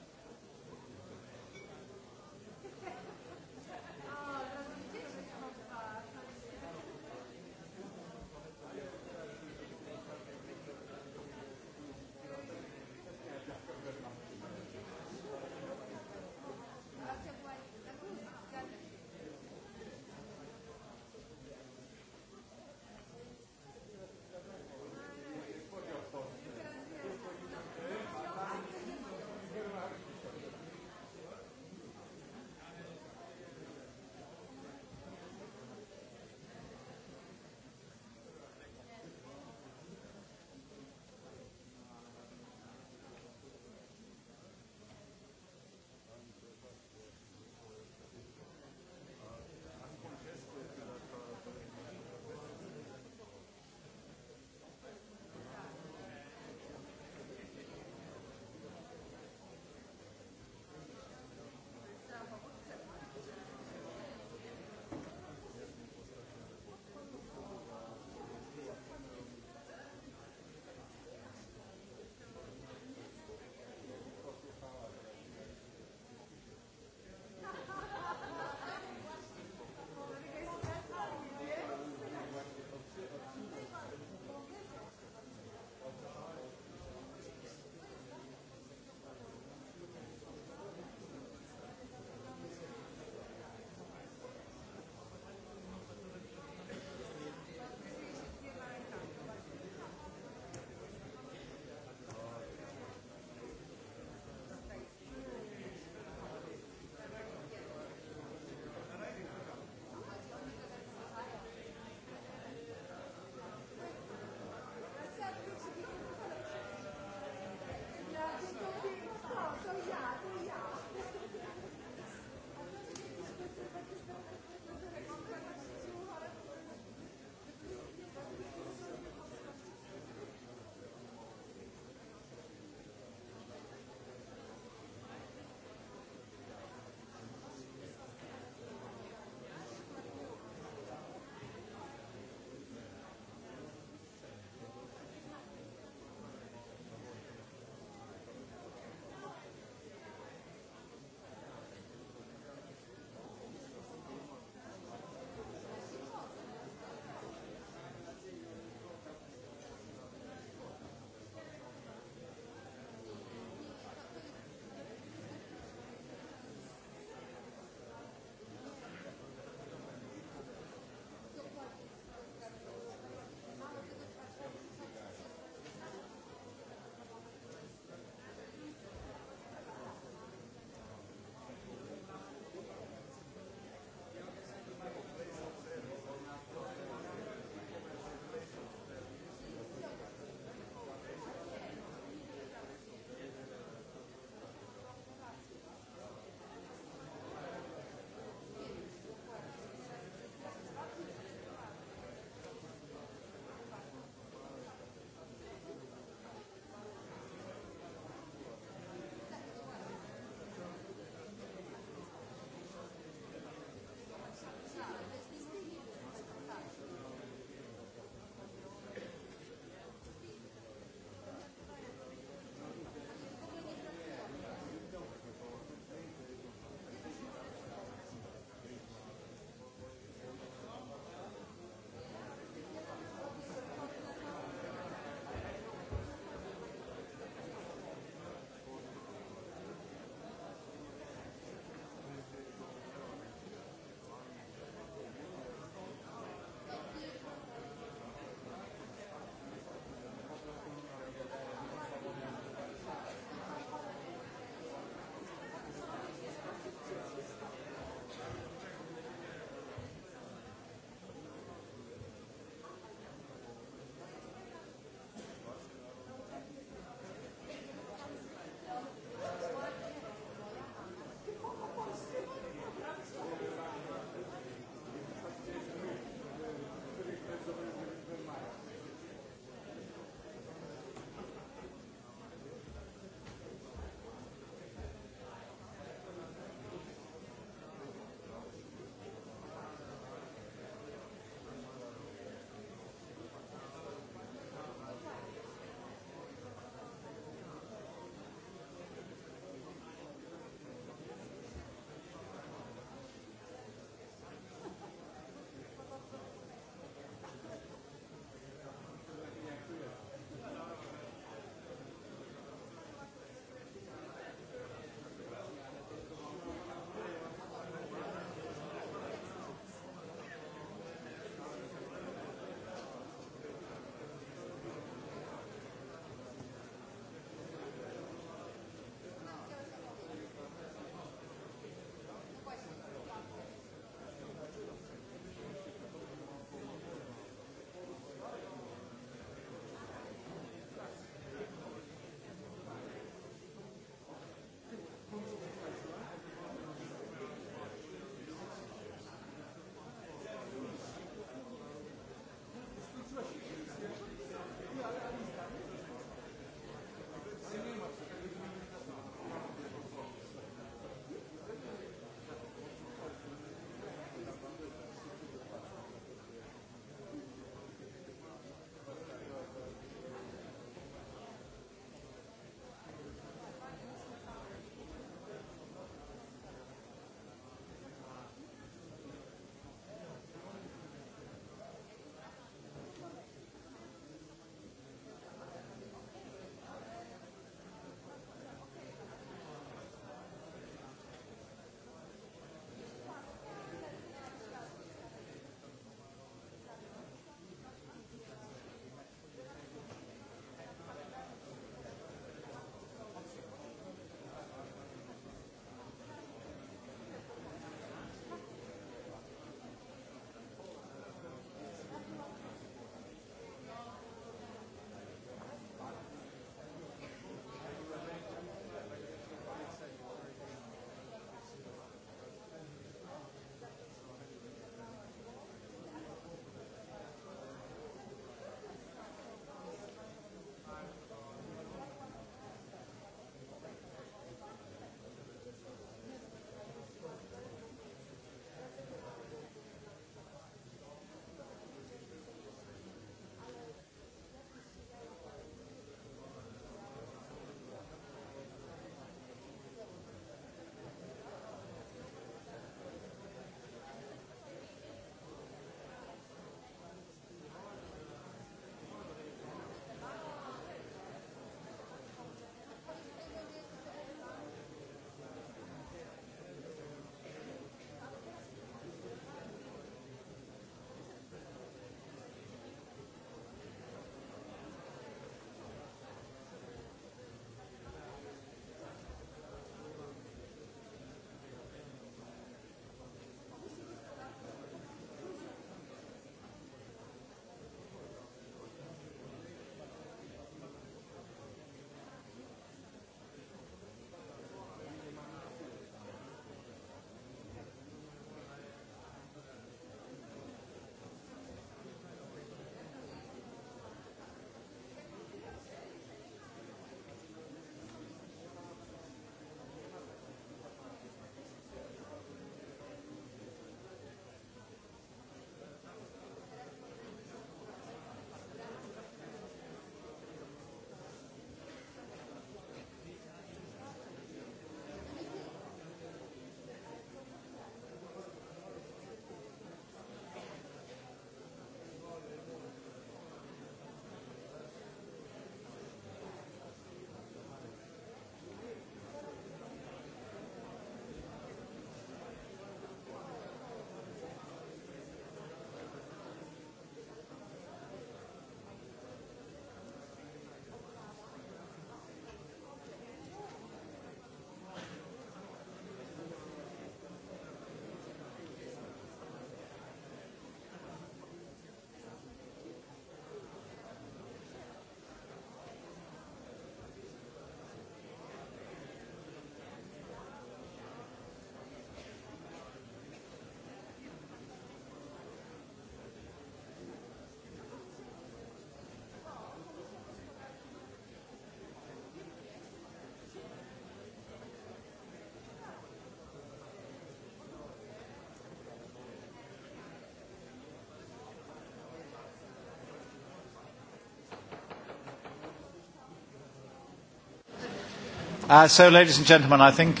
Uh, so, ladies and gentlemen, I think...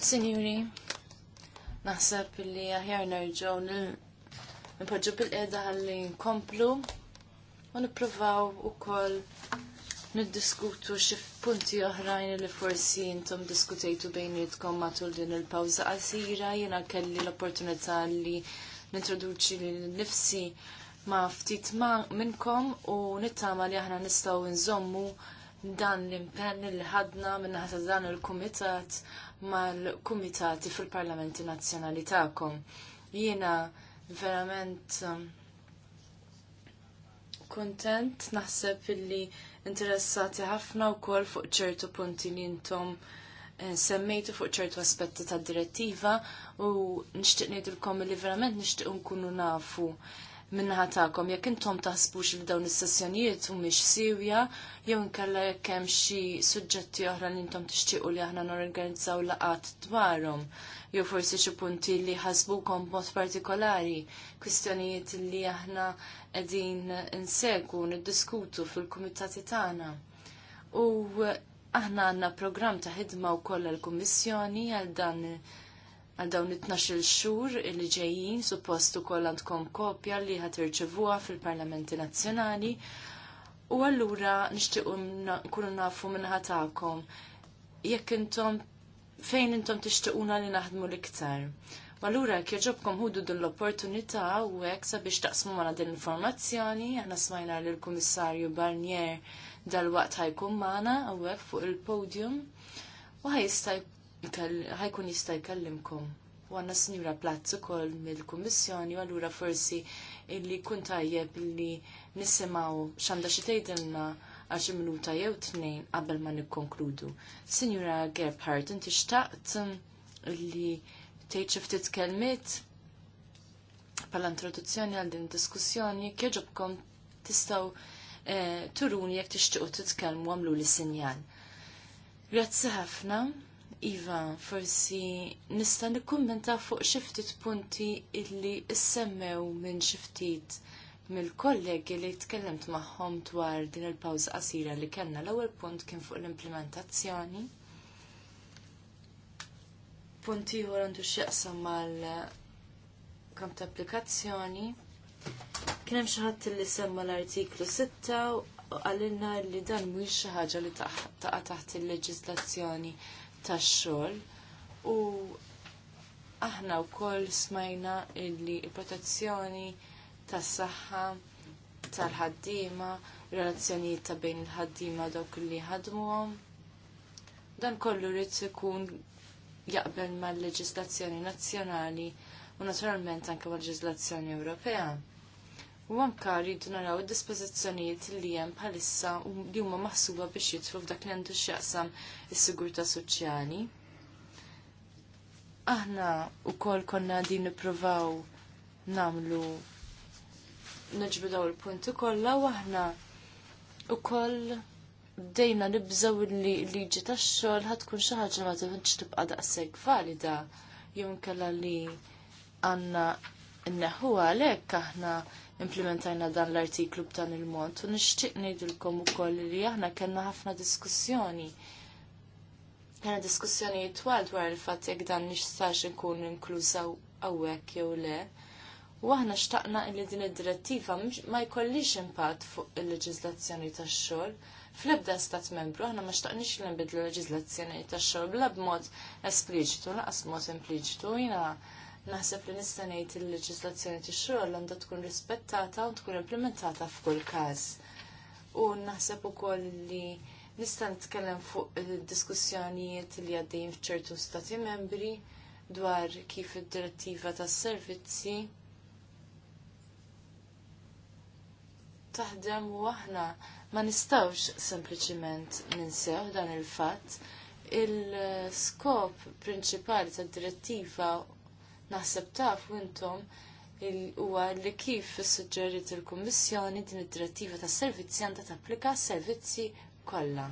Signori, naħseb li aħjar nerġaw nipoġġu bil-qeda għalli nkomplu u nippruvaw ukoll niddiskutu xi punti oħrajn li forsi intom diskutejtu bejnietkom matul din il pawza qasira jiena kelli l-opportunità li nintroduċi lil nifsi ma ftit ma minnkom u nittama li aħna nistgħu nżommu dan l-impenn li ħadna minnaħat dan il-kumitat mal-kumitati fil-parlamenti nazzjonali tagħkom. Jiena verament um, kontent naħseb illi interessati ħafna wkoll fuq ċertu punti li intom eh, semmejtu fuq ċertu aspetti ta' direttiva u nixtieq ngħidilkom li verament nixtieq nkunu nafu minnaħa ta'kom, jekk intom taħsbux li dawn is-sessjonijiet mhumiex sewja jew inkella jekk hemm xi suġġetti oħra li intom tixtiequ li aħna norganizzaw laqat dwarhom jew forsi xi punti li ħasbukom b'mod partikolari, kwistjonijiet li aħna qegħdin insegu niddiskutu fil-kumitati tagħna. U aħna għandna programm ta' ħidma wkoll għall-Kummissjoni għal dan għal dawn it il xhur li ġejjin suppost ukoll għandkom kopja li irċevuha fil-Parlamenti Nazzjonali u allura nixtiequ nkunu nafu minnaħa jekk intom fejn intom tixtiequna li naħdmu l-iktar. U allura jekk jogħġobkom ħudu din l-opportunità u hekk sabiex taqsmu magħna din l-informazzjoni, aħna smajna lill kummissarju Barnier dal-waqt ħajkun magħna hawnhekk fuq il-podium u ħajista' ħajkun jista' jkellimkom. U għanna Sinjura Platz ukoll mill-Kummissjoni u allura forsi illi kun tajjeb illi nisimgħu x'għandha xi tgħidilna għal xi minuta jew tnejn qabel ma nikkonkludu. Sinjura Gerhardt, inti xtaqt illi tgħid xi ftit kelmiet bħala introduzzjoni għal din diskussjoni kieġobkom tistgħu eh, turuni jekk tixtiequ titkellmu għamlu li sinjal. Grazzi ħafna. Iva, forsi nista' nikkummenta fuq xi ftit punti illi issemmew minn xi ftit mill-kollegi li tkellimt magħhom dwar din il-pawża qasira li kellna l-ewwel punt kien fuq l-implementazzjoni. Punt ieħor għandu x'jaqsam mal-kamp ta' applikazzjoni. Kien hemm xi ħadd li semma l-artiklu 6 u qalilna li dan mhuwiex xi ħaġa li taqa' taħt il-leġiżlazzjoni tax-xogħol u aħna wkoll smajna illi protezzjoni tas-saħħa tal-ħaddiema, relazzjonijiet ta' bejn il-ħaddiema dawk li ħadmuhom. Dan kollu rrid ikun jaqbel mal-leġislazzjoni nazzjonali u naturalment anke mal-leġislazzjoni Ewropea. U anka rridu naraw id-dispożizzjonijiet li hemm bħalissa li huma maħsuba biex jidħlu f'dak li għandu x'jaqsam is-sigurtà soċjali. Aħna wkoll konna din nippruvaw nagħmlu neġbu daw il-punti kollha u aħna wkoll bdejna nibżaw li liġi tax-xogħol tkun xi ħaġa ma tibqax tibqa' daqseg valida jew inkella li għandna nneħħuha għalhekk aħna implementajna dan l-artiklu b'dan il-mod. U nixtieq ngħidilkom ukoll li aħna kellna ħafna diskussjoni. Kellna diskussjoni twal dwar il-fatt jekk dan nistax inkun inkluża hawnhekk jew le. U aħna xtaqna li din id-direttiva ma jkollix impatt fuq il-leġiżlazzjoni tax-xogħol fl-ebda stat membru, aħna ma xtaqnix li nbidlu l-leġiżlazzjoni tax-xogħol bla b'mod espliċitu, naqas mod impliċitu, jina naħseb li nista' ngħid il-leġislazzjoni tix-xogħol għandha tkun rispettata u tkun implementata f'kull każ. U naħseb ukoll li nista' nitkellem fuq id-diskussjonijiet li għaddejjin f'ċertu stati membri dwar kif id-direttiva tas-servizzi taħdem u aħna ma nistawx sempliċiment ninsew dan il-fatt il-skop prinċipali tad direttiva Naħseb taf intom huwa li kif suġġeriet il-Kummissjoni din id-direttiva tas servizzi għandha tapplika servizzi kollha.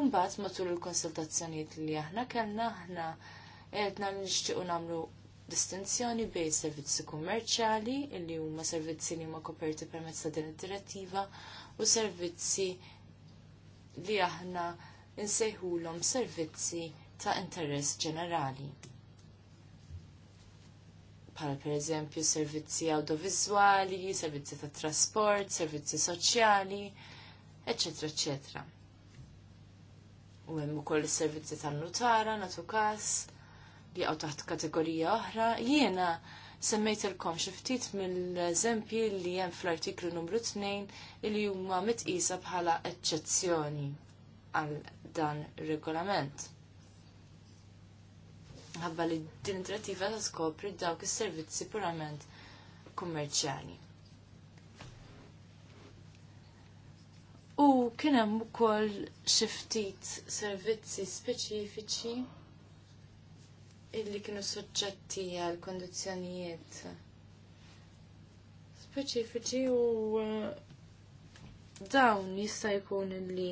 Umbagħad matul il-konsultazzjonijiet li aħna kellna aħna qedna nixtiequ nagħmlu distinzjoni bejn servizzi kummerċjali li huma servizzi li huma koperti permezz ta' din id-direttiva u servizzi li aħna insejħulhom servizzi ta' interess ġenerali per pereżempju servizzi audiovizwali, servizzi tat trasport, servizzi soċjali, eċetera, eċetera. U hemm ukoll is-servizzi tan-nutara, natu każ li għaw taħt kategorija oħra, jiena semmejtilkom xi ftit mill-eżempji li hemm fl-artiklu numru 2 li huma mitqisa bħala eċċezzjoni għal dan ir regolament ħabba li din id ta' skopri dawk is-servizzi purament kummerċjali. U kien hemm ukoll xi ftit servizzi speċifiċi illi kienu soġġetti għal kondizzjonijiet speċifiċi u eh, dawn jista' jkun illi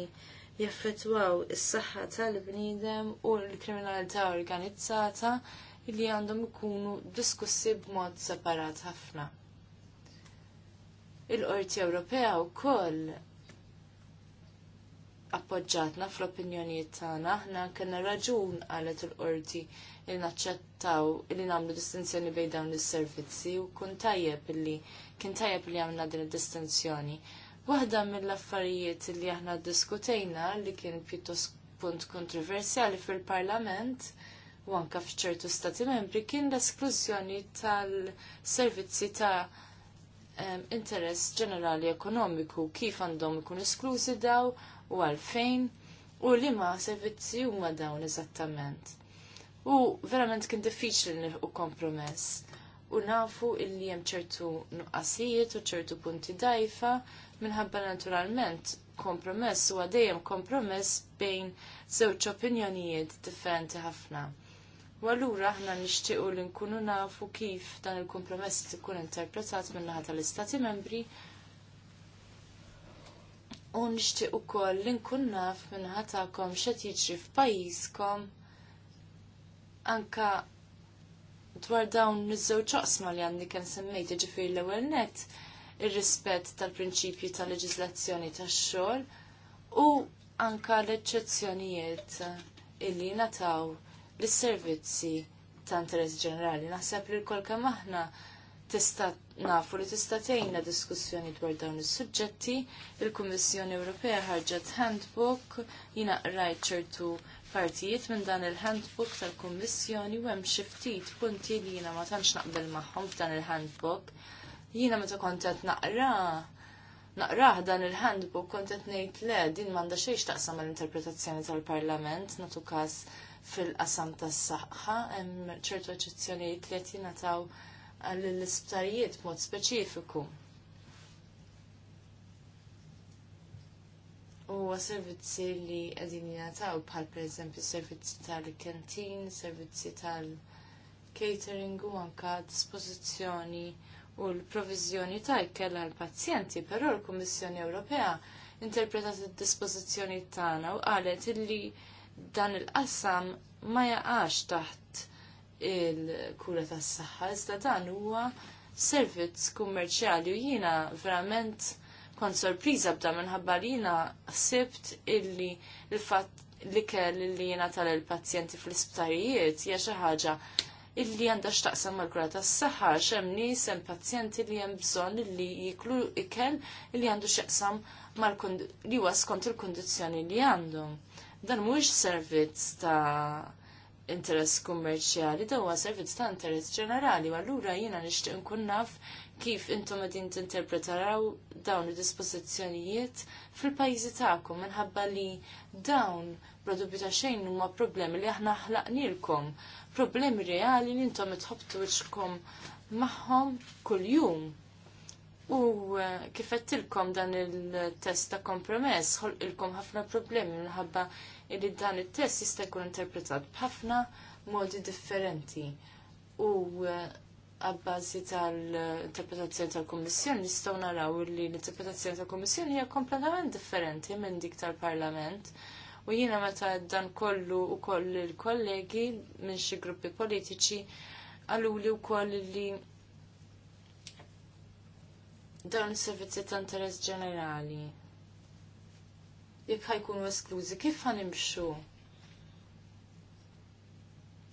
jaffetwaw is-saħħa tal-bniedem u l-kriminalità organizzata li għandhom ikunu diskussi b'mod separat ħafna. Il-Qorti Ewropea wkoll appoġġatna fl-opinjonijiet tagħna aħna kellna raġun qalet il-qorti li naċċettaw li nagħmlu distinzjoni bejn dawn is-servizzi u kun tajjeb li kien tajjeb li għamilna din id-distinzjoni. Waħda mill-affarijiet li aħna diskutejna li kien pjuttost punt kontroversjali fil-Parlament u anka f'ċertu stati membri kien l-esklużjoni tal-servizzi ta' interess ġenerali ekonomiku kif għandhom ikun esklużi daw u għalfejn u li ma servizzi huma dawn eżattament. U verament kien diffiċli nilħu kompromess u nafu illi hemm ċertu nuqqasijiet u ċertu punti dajfa minħabba naturalment kompromess huwa dejjem kompromess bejn żewġ opinjonijiet differenti ħafna. U allura aħna nixtiequ li nkunu nafu kif dan il-kompromess ikun interpretat minn naħa tal-Istati Membri u nixtieq ukoll li nkun naf minn naħa tagħkom jiġri f'pajjiżkom anka dwar dawn iż-żewġ oqsma li għandi kemm semmejt ġifier l-ewwel net ir-rispett tal prinċipju tal-leġislazzjoni tax-xogħol u anka l-eċċezzjonijiet illi nataw lis-servizzi ta' interess ġenerali. Naħseb li l-kol kemm aħna tista' nafu li tista' tgħinna diskussjoni dwar dawn is-suġġetti, il-Kummissjoni Ewropea ħarġet handbook, jina rajt ċertu partijiet minn dan il-handbook tal-Kummissjoni u hemm xi ftit punti li jiena ma tantx naqbel magħhom f'dan il-handbook. Jiena meta kont qed naqra naqrah dan il-handbook kont qed ngħid le din m'għandha xiex taqsam l interpretazzjoni tal-Parlament nagħtu każ fil-qasam tas-saħħa hemm ċertu eċezzjonijiet li qed jingħataw għall-isptarijiet b'mod speċifiku. U servizzi li qegħdin jingħataw bħal pereżempju servizzi tal-kantin, servizzi tal-catering u anka dispożizzjoni u l-provizjoni ta' kella l-pazjenti, però l-Kummissjoni Ewropea interpretat id-dispożizzjoni tagħna u qalet illi dan il-qassam ma jaqax taħt il-kura tas-saħħa, iżda dan huwa servizz kummerċjali u jiena verament kont sorpriża b'da minħabba li jiena sibt illi l-fatt li kell li jiena tal-pazjenti fl-isptarijiet hija xi ħaġa illi għandha x'taqsam mal-kura tas-saħħa għax hemm nies hemm pazjenti li hemm bżonn illi jiklu ikel illi għandu x'jaqsam li huwa skont il-kundizzjoni li għandhom. Dan mhuwiex servizz ta' interess kummerċjali, dan huwa servizz ta' interess ġenerali, u allura jiena nixtieq nkun naf kif intom għedin tinterpretaraw dawn il-dispozizjonijiet fil-pajzi tagħkom minħabba li dawn bla ta' xejn huma problemi li aħna ħlaqnilkom, problemi reali li intom itħobtu wiċkom magħhom kuljum. U eh, kifettilkom dan il-test ta' kompromess, ilkom ħafna problemi minħabba li dan il-test jista' jkun interpretat b'ħafna modi differenti. U eh, għabbażi tal-interpretazzjoni tal-Kommissjoni nistgħu naraw li l-interpretazzjoni tal-Kommissjoni hija kompletament differenti minn dik tal-Parlament. U jiena meta dan kollu u koll il-kollegi minn xi gruppi politiċi għaluli u koll li dawn servizzi ta' interess ġenerali. Jekk ħajkunu esklużi, kif imxu?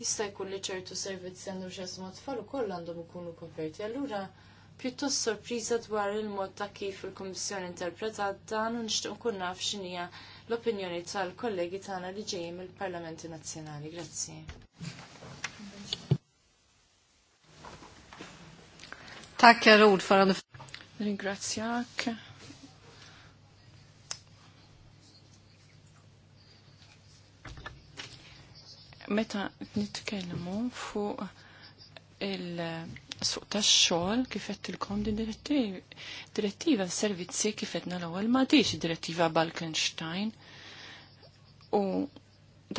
jista' jkun li ċertu servizzi għandu xesmu tfal u koll għandhom ikunu koperti. Allura, pjuttost sorpriża dwar il-mod ta' kif il-Kummissjoni interpretat dan u nixtieq nkun naf x'inhija l-opinjoni tal-kollegi tagħna li ġejjin mill-Parlamenti Nazzjonali. Grazzi. Tack, herr ordförande. Ringraziak. Meta nitkellmu fuq il- suq tax-xogħol kif il-kom din direttiva servizzi kif qedna l-ewwel ma tix direttiva Balkenstein. U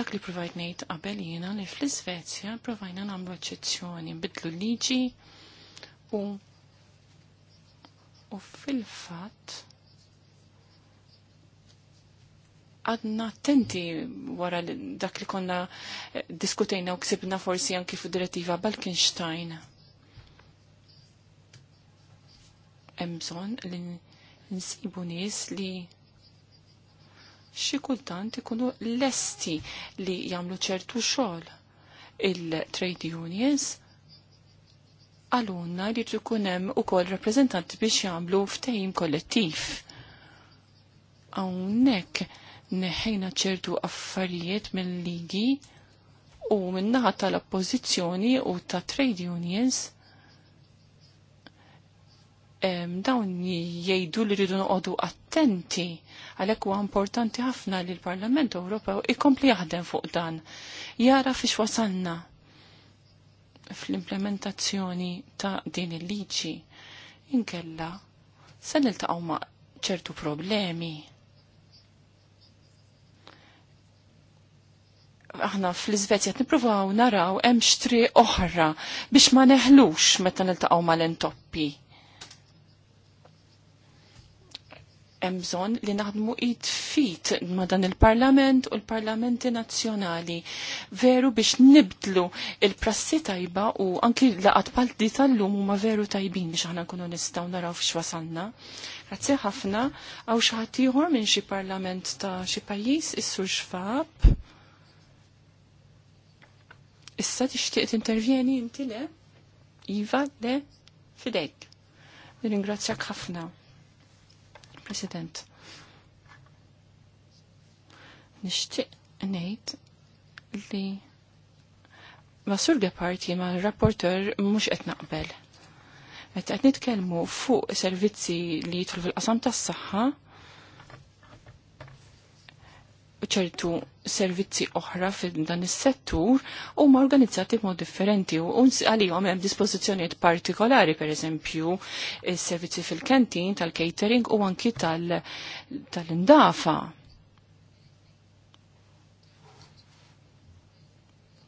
dak li provajt ngħid qabel jiena li fl-Iżvezja provajna nagħmlu eċċezzjoni nbidlu liġi u u fil-fatt għadna attenti wara dak li konna eh, diskutejna u ksibna forsi anki fu direttiva Balkenstein hemm bżonn li nsibu nies li xi kultant ikunu lesti li jagħmlu ċertu xogħol. Il-trade unions għalunna li ikun hemm ukoll rappreżentanti biex jagħmlu ftejim kollettiv. Hawnhekk neħejna ċertu affarijiet mill-ligi u minnaħa tal-oppożizzjoni u ta' trade unions dawn jgħidu li rridu noqogħdu attenti għalhekk huwa importanti ħafna li l-Parlament Ewropew ikompli jaħdem fuq dan. Jara fiex wasanna fl-implementazzjoni ta' din il-liġi inkella se niltaqgħu ma' ċertu problemi. aħna fl-Iżvezja nippruvaw naraw hemm xtri oħra biex ma neħlux meta niltaqgħu mal-intoppi. emżon li naħdmu id fit ma dan il-parlament u l-parlamenti nazzjonali veru biex nibdlu il-prassi tajba u anki laqat palti tal-lum u ma veru tajbin biex ħana kunu nistaw naraw fx wasanna. Grazzi ħafna għaw xaħatiħor minn xi parlament ta' xi pajis is-sur xfab. Issa tixtieq intervjeni inti le? Iva, le? Fidejk. Nirringrazzjak ħafna. President. Nishtiq nejt li Basur Gepard jima rapporter mux qed naqbel. Meta qed nitkellmu fuq servizzi li jidħlu fil-qasam tas-saħħa, ċertu servizzi oħra fil dan is-settur huma organizzati b'mod differenti u għalihom hemm dispożizzjonijiet partikolari pereżempju is-servizzi fil kentin tal-catering u anki tal-indafa.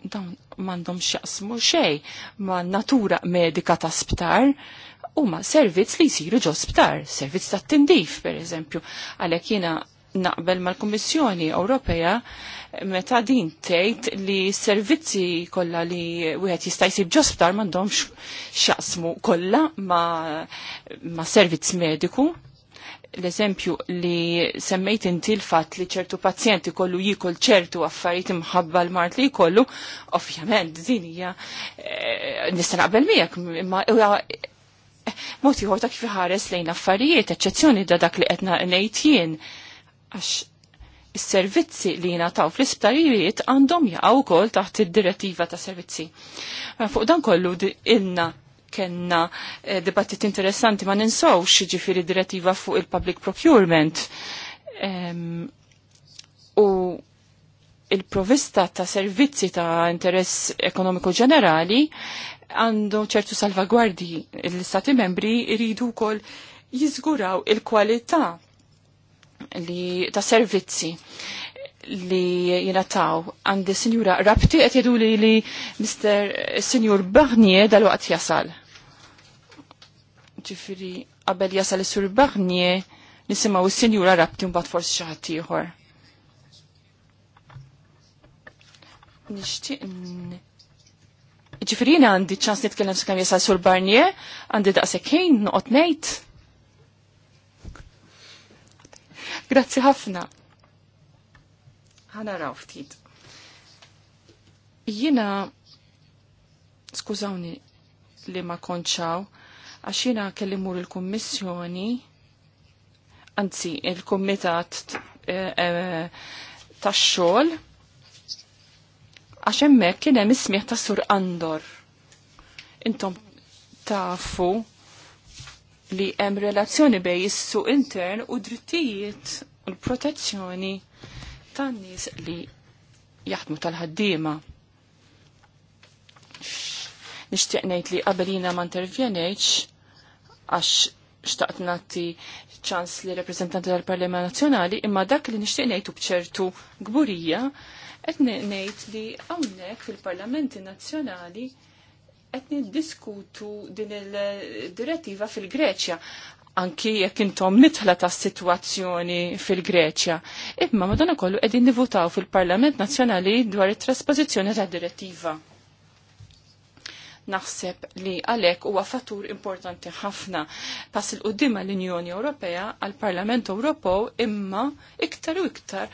Dawn m'għandhom x'jaqsmu xejn ma' natura medika ta' sptar, huma servizz li jsiru ġo sptar, servizz tat-tindif pereżempju. Għalhekk jiena naqbel mal-Kummissjoni Ewropea meta din tgħid li s servizzi kollha li wieħed jista' jsib ġosptar m'għandhomx x'jaqsmu kollha ma', ma servizz mediku. L-eżempju li semmejt inti l-fatt li ċertu pazjenti kollu jikol ċertu affarijiet imħabba l-mart li jkollu, ovvjament din hija e, nista' naqbel miegħek imma eh, mod ieħor ta' kif ħares lejn affarijiet, eċċezzjoni da dak li qed ngħid jien għax is-servizzi li taw fl-isptarijiet għandhom jaqgħu wkoll taħt id-direttiva ta' servizzi. Fuq dan kollu ilna kenna eh, dibattit interessanti ma ninsawx ġifiri direttiva fuq il-public procurement u il-provista ta' servizzi ta' interess ekonomiku ġenerali għandu ċertu salvagwardi l-istati membri iridu kol jizguraw il-kwalità li ta' servizzi li jinataw għandi sinjura rabti qed jedu li li Mr. Sinjur Barnier dal-waqt jasal. Ġifiri, qabel jasal is-Sur Barnier nisimaw is-sinjura rabti mbagħad forsi xi ħadd ieħor. Nixtieq ġifirina għandi ċans nitkellem s-kam jasal sur Barnier, għandi daqsek ħin, nuqot nejt. Grazzi ħafna. Ħana raw ftit. Jina, skużawni li ma konċaw, għax jina kelli mur il-kommissjoni, anzi, il-komitat ta' xol, eh, eh, tax-xogħol, għax hemmhekk kien hemm ta' Sur Andor. Intom tafu li hemm relazzjoni bej is-suq intern u drittijiet u l-protezzjoni tan-nies li jaħdmu tal-ħaddiema. Nixtieq ngħid li qabelina ma intervjenejx għax xtaqt nagħti ċans li reprezentanti tal-Parlament Nazzjonali imma dak li nixtieq ngħidu bċertu gburija qed ngħid li hawnhekk fil-Parlamenti Nazzjonali qed niddiskutu din il-direttiva fil-Greċja anki jekk intom mitħla ta' situazzjoni fil-Greċja. Imma madonna kollu qegħdin nivutaw fil-Parlament Nazzjonali dwar it-trasposizzjoni ta' direttiva. Naħseb li għalek huwa fatur importanti ħafna pass il qudiem l-Unjoni Ewropea għal-Parlament Ewropew imma iktar u iktar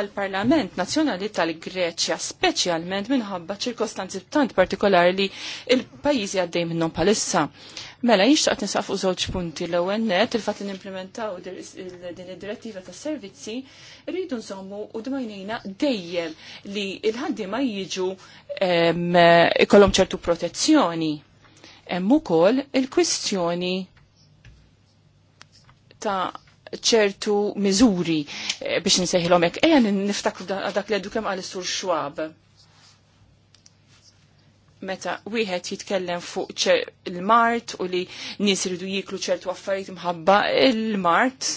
għal-Parlament Nazzjonali tal-Greċja, speċjalment minħabba ċirkostanzi tant partikolari li il-pajjiżi għaddej minnhom palissa. Mela, jinxtaqt nisaf u żewġ punti l ewwel net, il-fat li nimplementaw din id-direttiva tas servizzi, rridu nżommu u d-majnina dejjem li il-ħaddi ma jiġu ikollhom ċertu protezzjoni. Hemm ukoll il-kwistjoni ta' ċertu miżuri eh, biex nsejħilhom hekk ejja niftakru dak li għadu kemm għal sur xwab meta wieħed jitkellem fuq il-mart u li nies iridu jiklu ċertu affarijiet mħabba il-mart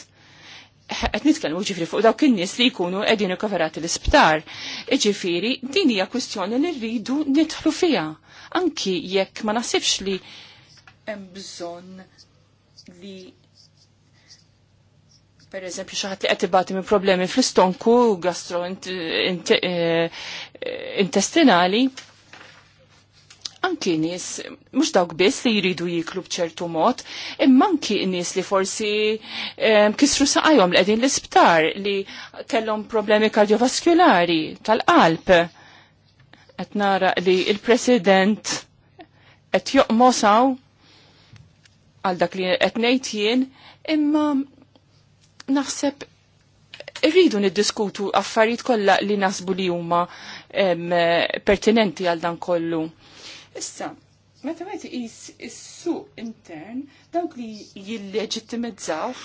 qed nitkellmu ġifri fuq dawk in-nies li jkunu qegħdin ikkaverati l-isptar. Ġifieri din hija kwistjoni li rridu nidħlu fiha. Anki jekk ma nasibx li hemm bżonn li per eżempju xaħat li għetibati minn problemi fl-istonku gastrointestinali, eh, int, anki nies mhux dawk biss li jridu jiklu b'ċertu mod, imma anki nies li forsi um, kisru saqajhom li qegħdin l-isptar li kellhom problemi kardiovaskulari tal-qalb. Qed nara li il-President qed joqmosaw għal dak li qed ngħid jien, imma naħseb irridu niddiskutu affarijiet kollha li nasbu li huma pertinenti għal dan kollu. Issa, meta ma iqis is-suq intern dawk li jilleġittimizzawh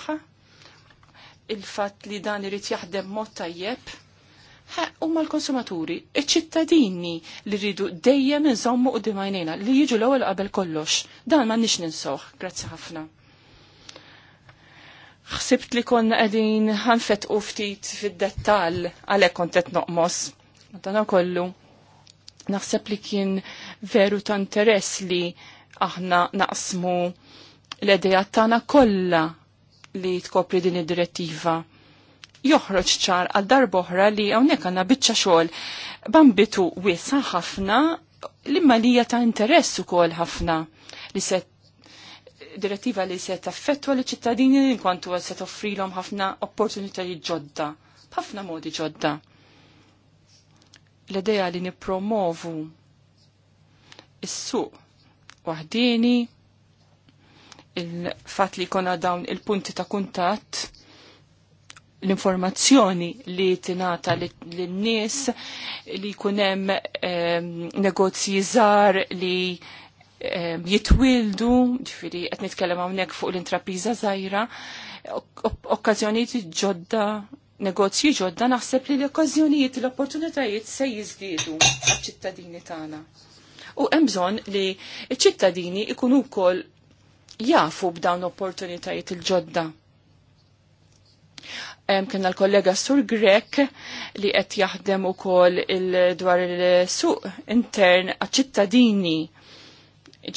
il-fatt li dan irid jaħdem mod tajjeb huma l-konsumaturi, iċ-ċittadini li rridu dejjem inżommu u dimajnejna li jiġu l-ewwel qabel kollox. Dan ma nix ninsoħ, grazzi ħafna. Xsibt li konna qegħdin ħanfet u ftit fid-dettall għalhekk kont qed noqmos. Dan kollu naħseb li kien veru ta' interess li aħna naqsmu l-edejat tagħna kollha li tkopri din id-direttiva. Joħroġ ċar għal darboħra li hawnhekk għandna biċċa xogħol bambitu wiesa ħafna li imma li ta' interess ukoll ħafna li se direttiva li se taffettwa li ċittadini inkwantu se toffrilhom ħafna opportunitajiet ġodda, b'ħafna modi ġodda. L-idea li nippromovu is-suq waħdini, il-fat li jkollna dawn il-punti ta' kuntatt, l-informazzjoni li tingħata lin nies li jkun hemm ehm, negozji żgħar li ehm, jitwildu, ġifiri, qed nitkellem hawnhekk fuq l intrapiza żgħira, okkażjonijiet ġodda, negozji ġodda naħseb li l okkażjonijiet l-opportunitajiet se jiżdiedu għal ċittadini tagħna u hemm bżonn li ċ-ċittadini ikunu wkoll jafu b'dawn opportunitajiet il-ġodda. Kenna l-kollega Sur Grek li qed jaħdem ukoll il-dwar il-suq intern għaċ-ċittadini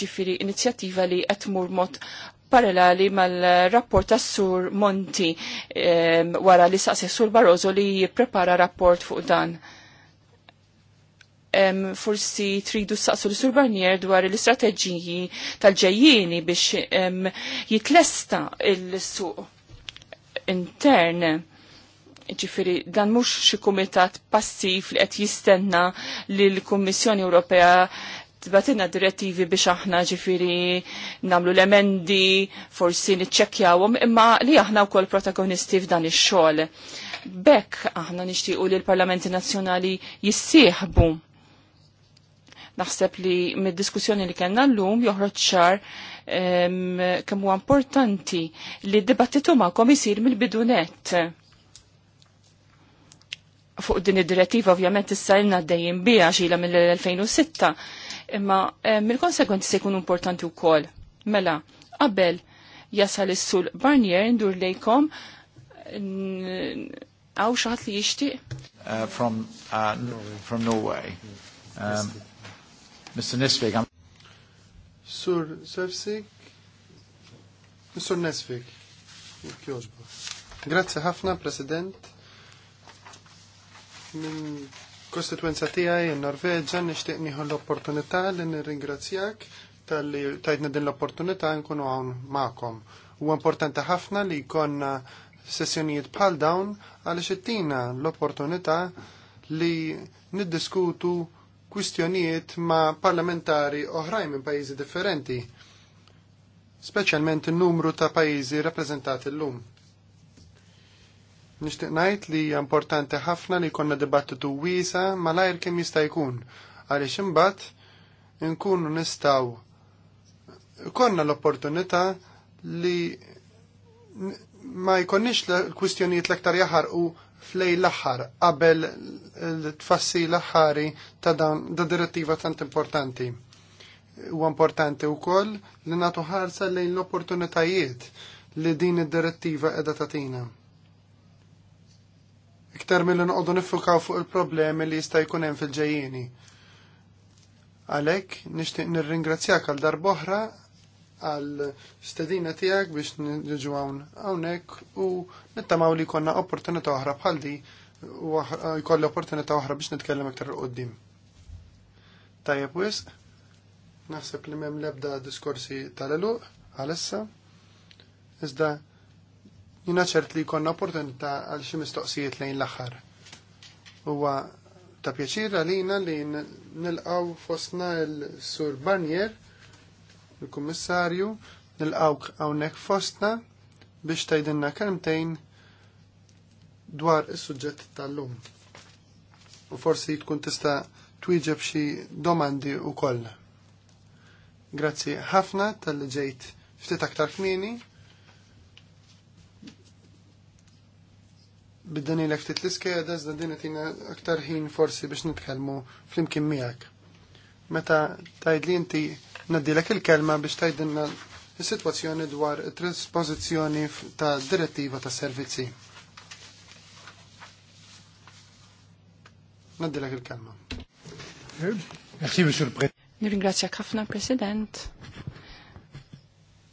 ġifiri inizjattiva li qed mur mod parallali mal-rapport tas Sur Monti wara li saqsi Sur Barroso li jipprepara rapport fuq dan forsi tridu saqsu l-Sur Barnier dwar l-istrateġiji tal-ġejjini biex jitlesta il-suq intern. Ġifiri, dan mux xi kumitat passiv li qed jistenna li l-Kummissjoni Ewropea tbatina direttivi biex aħna ġifiri namlu l-emendi, forsi nitċekjawhom, imma li aħna wkoll protagonisti f'dan ix-xogħol. Bekk aħna nixtiequ li l-Parlamenti Nazzjonali jissieħbu Naħseb li mid-diskussjoni li kellna llum joħroġ ċar kemm huwa importanti li d-dibattitu magħkom isir mill-bidunet. Fuq din id-direttiva ovvjament issa ilna dejjem biha xila mill-2006, imma mill konsegwenzi se jkunu importanti wkoll. Mela, qabel jasal is-sul Barnier ndur lejkom għaw xaħat li jixtieq. Uh, from, uh, from Norway. Um, Mr. Nesvig. Sur Sefsik, Mr. Nesvig, kjoġba. Grazie ħafna, President. Min kostituenza tijaj in Norveġa nishtiq nieħu l-opportunità li nirringrazzjak tal-li tajtna din l-opportunità nkunu hawn ma'kom. U importanti ħafna li konna sessjonijiet bħal dawn għaliex ittina l-opportunità li niddiskutu kwistjonijiet ma' parlamentari oħrajn minn pajjiżi differenti, speċjalment in-numru ta' pajjiżi rappreżentati llum. Nixtieq ngħid li hija importanti ħafna li jkollna dibattitu wiesa malajr kemm jista' jkun għaliex imbagħad nkunu nistgħu konna l-opportunità li ma jkonniex l-kwistjonijiet l-aktar jaħarqu flej l-aħħar qabel tfassi l axari ta' dan da direttiva tant importanti. U importanti wkoll li nagħtu ħarsa lejn l-opportunitajiet li din id-direttiva qiegħda tatina Iktar milli noqogħdu nifukaw fuq il-problemi li jista' jkun hemm fil-ġejjieni. Għalhekk nixtieq nirringrazzjak għal darboħra għal stedina tijak biex nġu għawn għawnek u nittamaw li konna opportunita oħra bħaldi, u jkolli opportunita oħra biex nitkellem aktar qoddim. Tajab wis, naħseb li mem lebda diskorsi tal-eluq għalessa, iżda jina ċert li konna opportunita għal xi mistoqsijiet lejn l-axar. Huwa ta' pjaċir għalina li nilqaw fosna l-sur Barnier il-Kummissarju, nilqawk hawnhekk fostna biex tajdinna kelmtejn dwar is-suġġett tal-lum. U forsi tkun tista' twieġeb xi domandi wkoll. Grazzi ħafna tal-li ġejt ftit aktar kmieni. biddani l ftit l-iskeda, zda din tina aktar ħin forsi biex nitkelmu fl-imkien miegħek. Meta tajd li inti Naddilek il-kelma biex tajdinna il-situazzjoni dwar trasposizjoni ta' direttiva ta' servizzi. Naddilek il-kelma. Merci, Monsieur ħafna, President.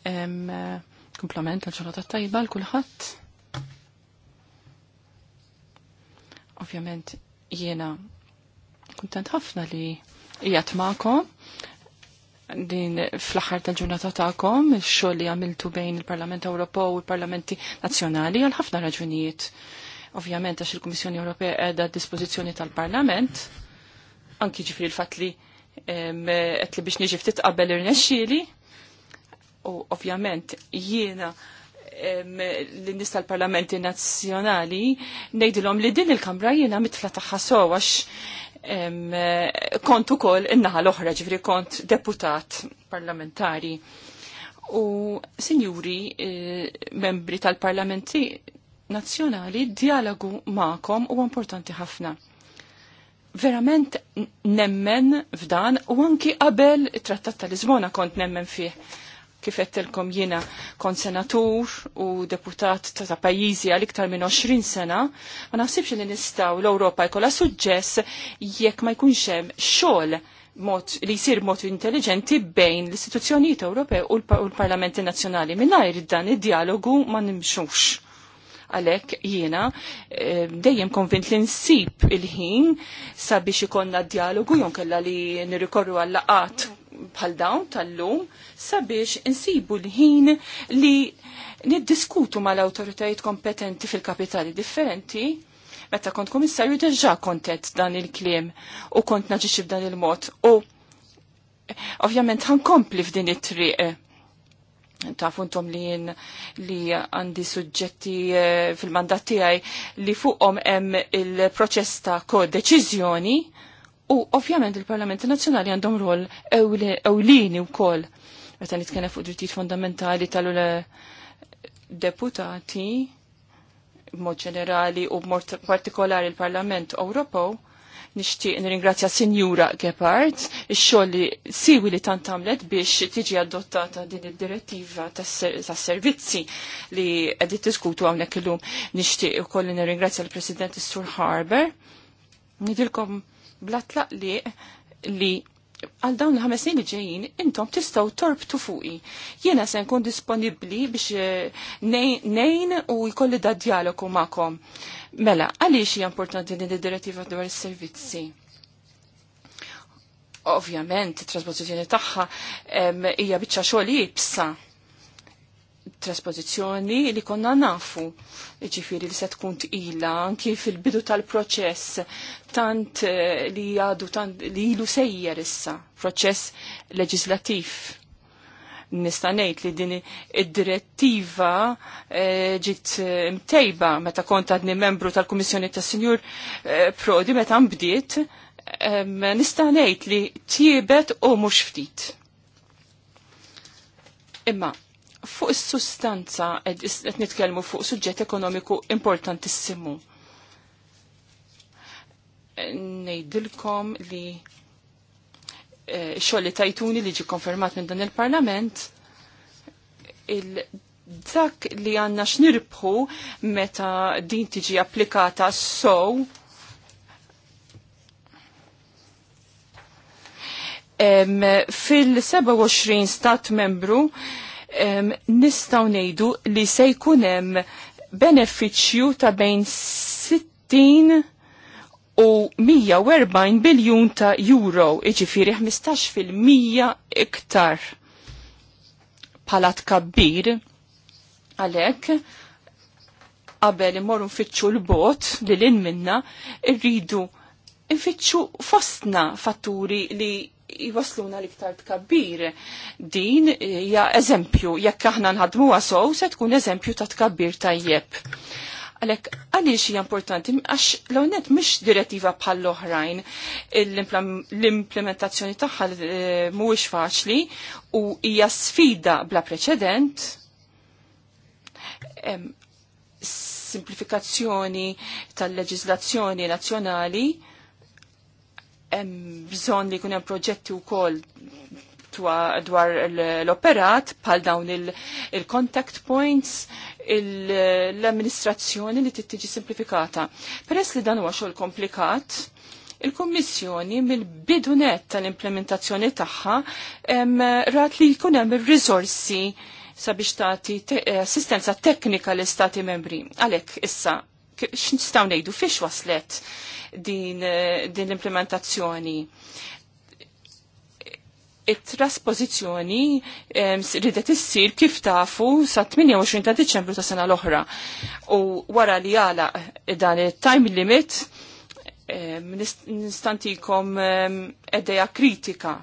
Eh, Komplement għal-ġurnata tajba l-kulħadd. Ovvjament jiena kuntent ħafna li jgħat ma'kom din fl-axar tal-ġurnata ta'kom, il xol li għamiltu bejn il-Parlament Ewropew u l-Parlamenti Nazzjonali għal ħafna raġunijiet. Ovvjament għax il-Kummissjoni Ewropea qiegħda dispożizzjoni tal-Parlament, anki ġifri l-fatt li għetli li biex niġi ftit qabel irnexxieli, u ovvjament jiena l-nis tal-parlamenti nazzjonali ngħidilhom li din il-kamra jiena mitfla tagħha sow kont ukoll in-naħa l-oħra ġifri kont deputat parlamentari. U sinjuri eh, membri tal-parlamenti nazzjonali dialogu ma'kom u importanti ħafna verament nemmen f'dan u anki qabel it-trattat tal Lisbona kont nemmen fih kifettilkom jina kon senatur u deputat ta', ta pajizi għal iktar minn 20 sena, ma naħsibx li nistaw l-Ewropa jkollha suġġess jekk ma jkunx hemm xogħol mod li jisir mod intelligenti bejn l-istituzzjonijiet Ewropew u l-Parlamenti Nazzjonali. Mingħajr dan id-dialogu ma nimxux. Għalek jiena eh, dejjem konvint li nsib il-ħin sabiex ikonna dialogu jonkella li nirrikorru għall-laqat bħal dawn tal-lum sabiex insibu l-ħin li niddiskutu mal awtoritajiet kompetenti fil-kapitali differenti. Meta kont komissarju deġa kontet dan il-klim u kont naġiċi f'dan il-mod u ovvjament ħankompli f'din it-triq ta' funtom li jien li għandi suġġetti eh, fil-mandat tiegħi li fuqhom hemm il-proċess ta' kodeċiżjoni U ovvjament il-Parlamenti Nazzjonali għandhom rol ewlieni wkoll meta nitkellem fuq drittijiet fondamentali tal-deputati b'mod ġenerali u b'mod partikolari l-Parlament Ewropew nixtieq nirringrazzja Sinjura Gepard ix-xogħol li siwi li tant għamlet biex tiġi adottata din id-direttiva tas-servizzi li qegħdin tiskutu hawnhekk illum. Nixtieq ukoll nirringrazzja l-President Sur Harber. Nidilkom bla tlaqliq li għal dawn l-ħames li ġejjin intom tistgħu torbtu fuqi. Jiena se nkun disponibbli biex eh, nejn u jkolli da dialogu magħkom. Mela, għaliex hija importanti din id-direttiva dwar is-servizzi? Ovvjament, it-trasposizzjoni tagħha hija biċċa xogħol jibsa trasposizjoni li konna nafu ġifiri li se tkun tqila anki fil-bidu tal-proċess tant eh, li għadu tant li ilu sejjer issa proċess leġislativ. Nista' ngħid li din id-direttiva eh, ġiet eh, mtejba meta kont għadni membru tal-Kummissjoni tas-Sinjur Prodi meta nbdiet nista' ngħid li tiebet u mhux ftit. Imma fuq is-sustanza qed nitkellmu fuq suġġett ekonomiku importantissimu. Ngħidilkom li eh, xogħol li tajtuni li ġi konfermat minn dan il-Parlament il dak li għanna xnirbħu meta din tiġi applikata sow fil-27 stat membru nistaw nejdu li se jkunem beneficju ta' bejn 60 u 140 biljun ta' euro, iġifiri 15% iktar palat kabbir. Għalek, qabel imorru nfittxu l-bot li l-in minna, irridu nfittxu fostna fatturi li jwasluna liktar tkabbir. Din hija eżempju, jekk aħna nħadmuha sow se tkun eżempju ta' tkabbir tajjeb. Għalek, għaliex hija importanti, għax l-għonet mux direttiva l oħrajn l-implementazzjoni tagħha eh, mhuwiex faċli u hija sfida bla preċedent simplifikazzjoni tal-leġizlazzjoni nazzjonali hemm bżonn li jkun hemm proġetti wkoll dwar l-operat bħal dawn il-contact points l-amministrazzjoni li tittiġi simplifikata. Peress li dan huwa xogħol komplikat, il-Kommissjoni mill-bidunet tal-implementazzjoni tagħha rat li jkun hemm ir-riżorsi sabiex tagħti assistenza teknika l istati membri. Għalhekk issa x'nistgħu ngħidu fiex waslet din, eh, din l-implementazzjoni it-trasposizjoni ridet issir kif tafu sa 28 ta' Diċembru ta' sena l-oħra. U wara li għala eh, dan il-time limit, nistantikom eddeja kritika.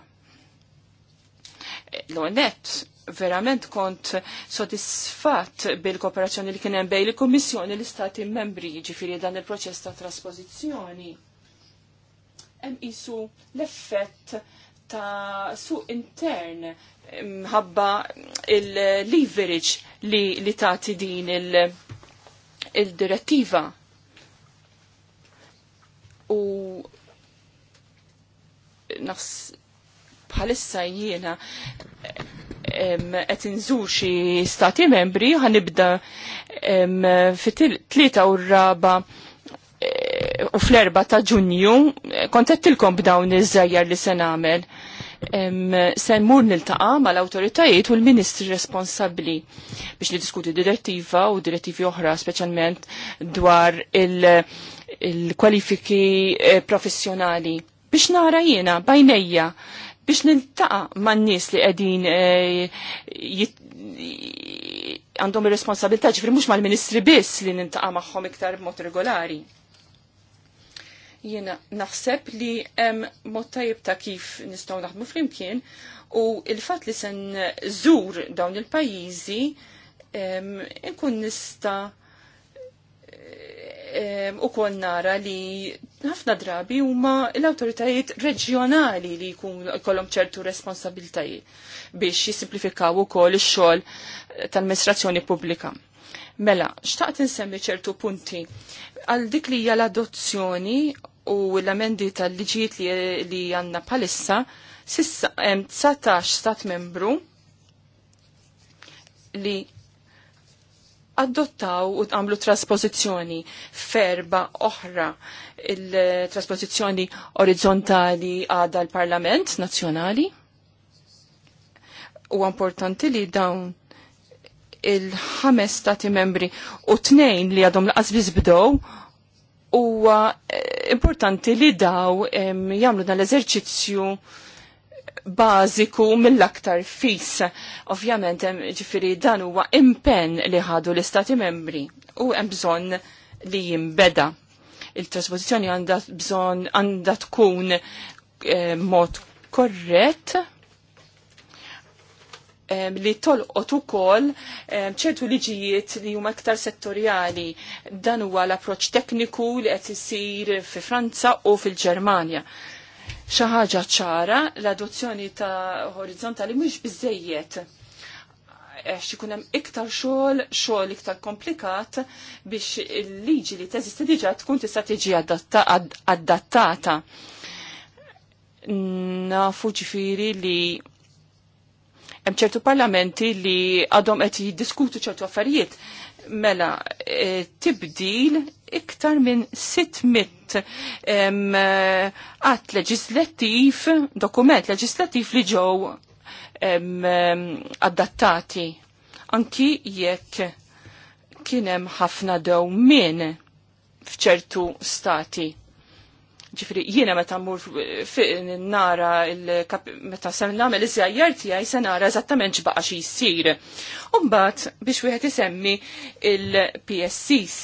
Eh, L-onet, verament kont sodisfatt bil-kooperazzjoni li kien hemm bejn il-Kummissjoni l-Istati membri ġifiri dan il-proċess ta' trasposizzjoni. Hemm isu l-effett ta' suq intern mħabba il-leverage li, li tagħti din il-direttiva. Il U nafs bħalissa jiena qed inżur xi stati membri ħanibda fit-tlieta u raba eh, u fl-erba ta' ġunju tilkom b'dawn iż żejjar li se nagħmel. Se mmur niltaqa' mal-awtoritajiet u l-ministri responsabbli biex diskuti direttiva u direttivi oħra speċjalment dwar il-kwalifiki eh, professjonali biex nara jiena bajnejja biex niltaqa man nies li qegħdin eh, għandhom il ir-responsabilità ġifri mhux mal-ministri biss li nintaqa' magħhom iktar b'mod regolari. Jiena naħseb li hemm mod tajjeb ta' kif nistgħu naħdmu flimkien u il-fatt li sen żur dawn il-pajjiżi nkun nista' ukoll nara li ħafna drabi huma l-awtoritajiet reġjonali li jkun kolom ċertu responsabiltajiet biex jisimplifikaw ukoll ix-xogħol tal-amministrazzjoni pubblika. Mela, xtaqt insemmi ċertu punti għal dik li hija l-adozzjoni u l-amendi tal-liġijiet li, li għanna palissa, sissa 19 stat membru li adottaw u għamlu trasposizjoni ferba oħra il-trasposizjoni orizzontali għada l-Parlament Nazzjonali. U importanti li dawn il-ħames stati membri u tnejn li għadhom laqas bdow u eh, importanti li daw jagħmlu dan l-eżerċizzju bażiku mill-aktar fis. Ovvjament hemm ġifieri dan huwa impenn li ħadu l-Istati membri u hemm bżonn li jimbeda. Il-trasposizzjoni għandha bżonn għandha tkun eh, mod korrett li tolqot ukoll ċertu liġijiet li huma aktar settorjali dan huwa l-approċċ tekniku li qed isir fi Franza u fil-Ġermanja xi ħaġa ċara l-adozzjoni ta' horizontali mhux biżejjed għax eh, ikun hemm iktar xogħol, xogħol iktar komplikat biex il-liġi li teżisti diġà tkun tista' tiġi adattata. Nafu ġifieri li hemm ċertu parlamenti li għadhom qed jiddiskutu ċertu affarijiet mela e, tibdil iktar minn 600 għat e, leġislattiv, dokument leġislattiv li ġew e, adattati. Anki jekk kienem ħafna dew minn fċertu stati. Ġifri, jiena meta mmur fiq nara meta sem nagħmel iż-żjajjar tiegħi se nara eżattament x'baqa' xi jsir. Umbat, biex wieħed isemmi il-PSCs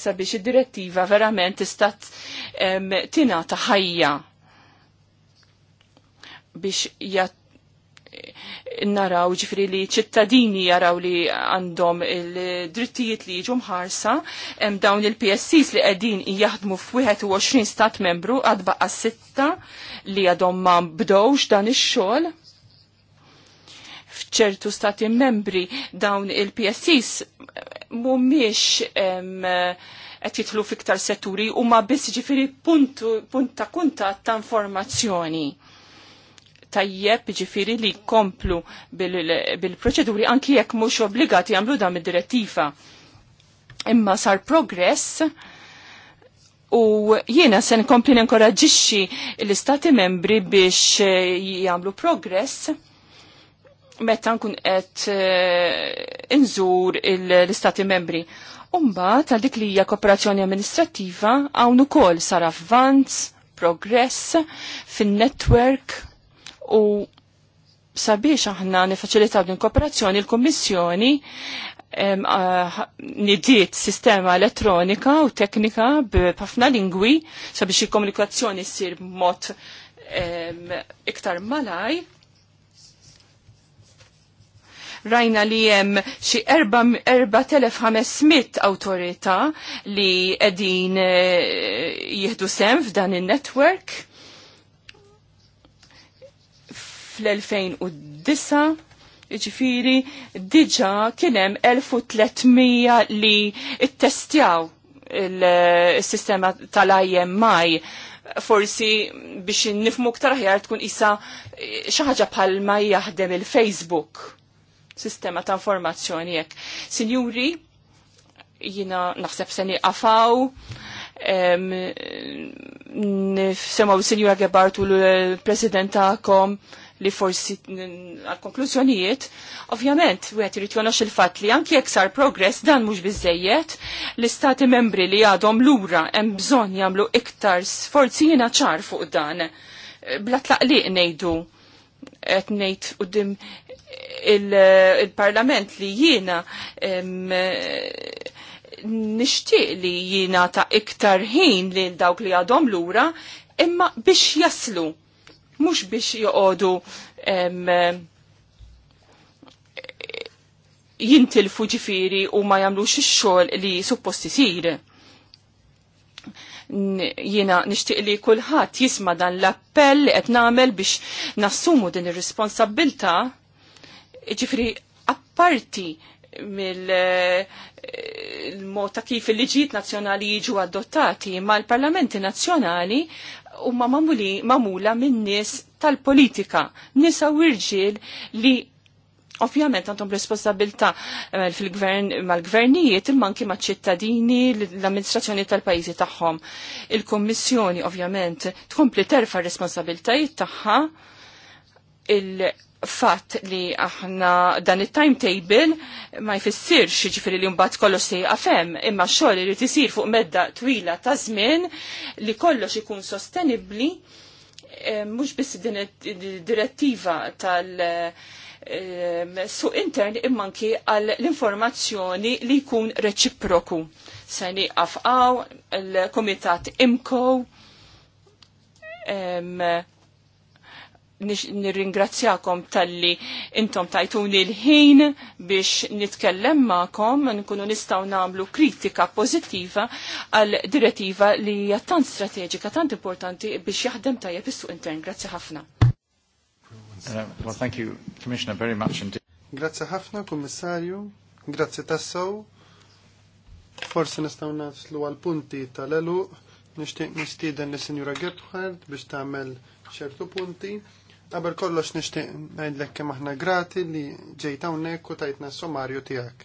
sabiex id-direttiva verament tista' tingħata ħajja biex jatt naraw ġifri li ċittadini jaraw li għandhom il-drittijiet li jiġu mħarsa, hemm dawn il-PSCs li qegħdin jaħdmu 21 stat membru għad baqa' sitta li għadhom ma bdowx dan ix-xogħol f'ċertu stati membri dawn il-PSCs mhumiex qed jitlu fiktar setturi u ma biss ġifiri punt ta' kuntat ta' informazzjoni tajjeb ġifiri li komplu bil-proċeduri anki jekk mhux obbligati jagħmlu dan id direttiva Imma sar progress u jiena se nkompli ninkoraġixxi l-istati membri biex eh, jagħmlu progress meta nkun qed eh, inżur l-istati membri. Umba tal dik li hija kooperazzjoni amministrattiva hawn ukoll sar avvanz, progress fin-network U sabiex aħna nifaċilitaw din kooperazzjoni l-Kommissjoni nidiet sistema elettronika u teknika b'ħafna lingwi sabiex il-komunikazzjoni ssir b'mod iktar malaj. Rajna li jem xi 4500 autorita li qegħdin eh, jihdu sem f'dan il-network fl-2009 ġifiri diġa kienem 1300 li testjaw eh, il-sistema tal-IMI forsi biex nifmu ktar ħjar tkun isa eh, xaħġa ma jaħdem il-Facebook sistema ta' informazzjoni jek. Sinjuri, jina naħseb se għafaw, nifsemaw Sinjura Gebart u l-President eh, ta'kom li forsi għal-konklużjonijiet, ovvjament, u għet irrit jonox il-fat li anki jeksar sar progress dan mux bizzejiet, l-istati membri li għadhom l-ura hemm bżon jamlu iktar sforzi jina ċar fuq dan. Eh, bla tlaqliq nejdu, għet nejt u il-parlament li jiena nixtieq li jina ta' iktar ħin li dawk li għadhom lura imma biex jaslu mhux biex joqogħdu jintilfu ġifiri u ma jagħmlux ix-xogħol li suppost isir. Jiena nixtieq li kulħadd jisma dan l-appell li qed nagħmel biex nassumu din ir-responsabbilta ġifri apparti mill il-mod ta' kif il-liġijiet nazzjonali jiġu adottati, ma l-parlamenti nazzjonali huma mamula minn nies tal-politika, nisa u irġiel li Ovvjament għandhom responsabilità eh, fil-gvern mal-gvernijiet imma anki maċ-ċittadini l-amministrazzjoni tal-pajjiżi tagħhom. Il-Kommissjoni ovvjament tkompli terfa' responsabiltajiet tagħha fatt li aħna dan it-timetable ma jfissirx ġifiri li mbagħad kollox se jaqfem, imma xogħol irid isir fuq medda twila ta' żmien li kollox ikun sostenibbli eh, mhux biss din id-direttiva tal- su eh, suq intern immanki għal l-informazzjoni li jkun reċiproku. Se għafqaw l-Komitat IMCO, nirringrazzjakom tal-li intom tajtuni l-ħin biex nitkellem ma'kom nkunu nistaw namlu kritika pozittiva għal direttiva li hija tant strateġika, tant importanti biex jaħdem tajjeb is-suq intern. Grazzi ħafna. Uh, well, thank you, Commissioner, very much indeed. Grazzi ħafna, Kummissarju. Grazzi tassaw. Forsi nistaw naslu għal punti tal-eluq. Nishtiq nistieden li senjura Gertħard biex tagħmel ċertu punti Qabel kollox nixtieq ngħidlek kemm aħna grati li ġejt hawnhekk u tajtna s-sommarju tiegħek.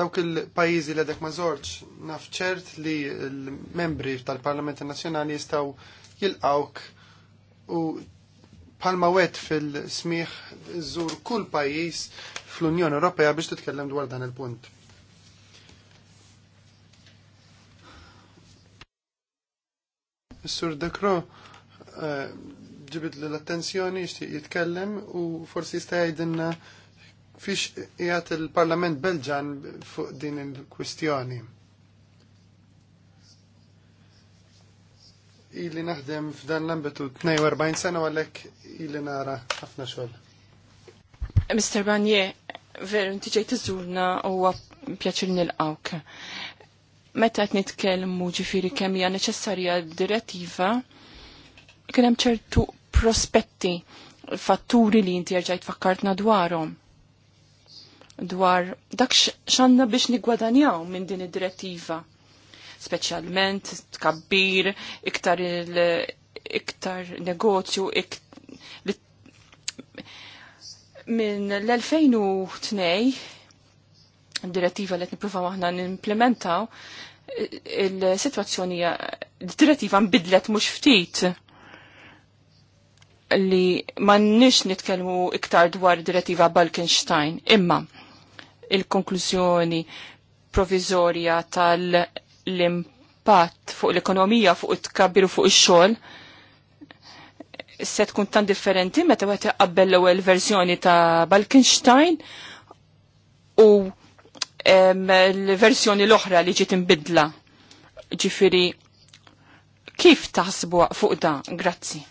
Dawk il-pajjiżi li għadek ma żorġ naf ċert li l-membri tal-Parlament Nazzjonali jistgħu jilqawk u palma wet fil-smiħ żur kull pajjiż fl-Unjoni Ewropea biex titkellem dwar dan il-punt. Sur Dekro, ġibit li l-attenzjoni jixtieq jitkellem u forsi jista' jgħidilna fiex jgħat il-Parlament Belġan fuq din il-kwistjoni. Ili naħdem f'dan l-ambitu 42 sena u għalhekk ili nara ħafna xogħol. Mr. Banje, veru inti ġejt iżurna u nil-għawk. Meta qed nitkellmu ġifieri kemm hija neċessarja direttiva, kien hemm ċertu prospetti fatturi li inti rġajt fakkartna dwarhom dwar dak xanna biex nigwadanjaw minn din id-direttiva. Speċjalment tkabbir, iktar il iktar negozju minn l-2002 direttiva li nipruvaw aħna nimplementaw il-situazzjoni direttiva nbidlet mhux ftit li mannix nitkellmu iktar dwar direttiva Balkenstein, imma il-konklużjoni provizorja tal-impatt fuq l-ekonomija, fuq it u fuq ix-xogħol se tkun tan differenti meta wieħed qabbel l-ewwel verżjoni ta' Balkenstein u l-verżjoni l-oħra li ġiet imbidla. Ġifieri kif taħsbu fuq da? Grazzi.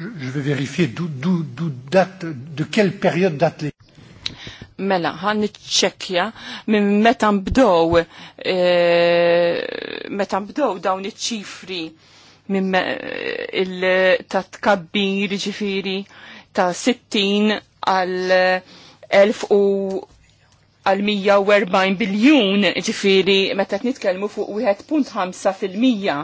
je vais vérifier d'où d'où, d'où date, de quelle période date les... Mela, għan iċċekja minn meta mbdow e, meta mbdow dawn iċ minn ta' tkabbir ġifiri ta' 60 għal 1000 u għal 140 biljun ġifiri meta t-nitkelmu fuq 1.5 fil-mija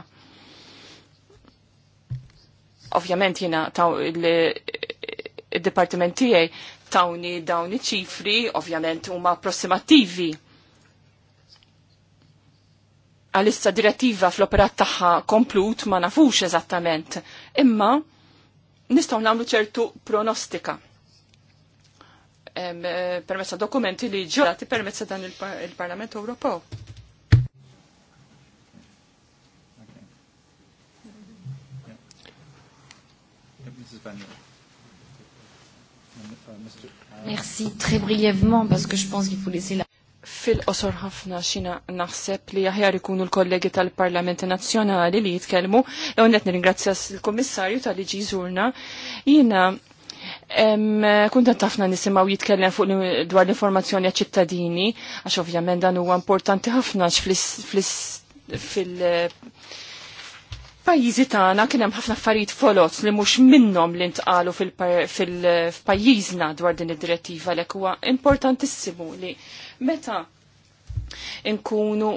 ovvjament jina taw il-departiment tiegħi tawni dawn ċifri ovvjament huma approssimativi. Għalissa direttiva fl-operat tagħha komplut ma nafux eżattament, imma nistgħu nagħmlu ċertu pronostika. Eh, permessa dokumenti li ġorati permessa dan il-Parlament Ewropew. Merci, très brièvement, parce que je pense qu'il faut laisser la... Fil-qosor ħafna xina naħseb li aħjar ikunu l-kollegi tal-Parlament Nazzjonali li jitkellmu, e għonet nirringrazzja l-Komissarju tal iġi żurna. Jina kunta ħafna nisimaw jitkellem fuq dwar l-informazzjoni ċittadini, għax ovvjament dan huwa importanti ħafna fil- fil-pajjiżi tagħna kien hemm ħafna affarijiet folot li mhux minnhom li ntqalu fil-pajjiżna dwar din id-direttiva lek huwa importantissimu li meta nkunu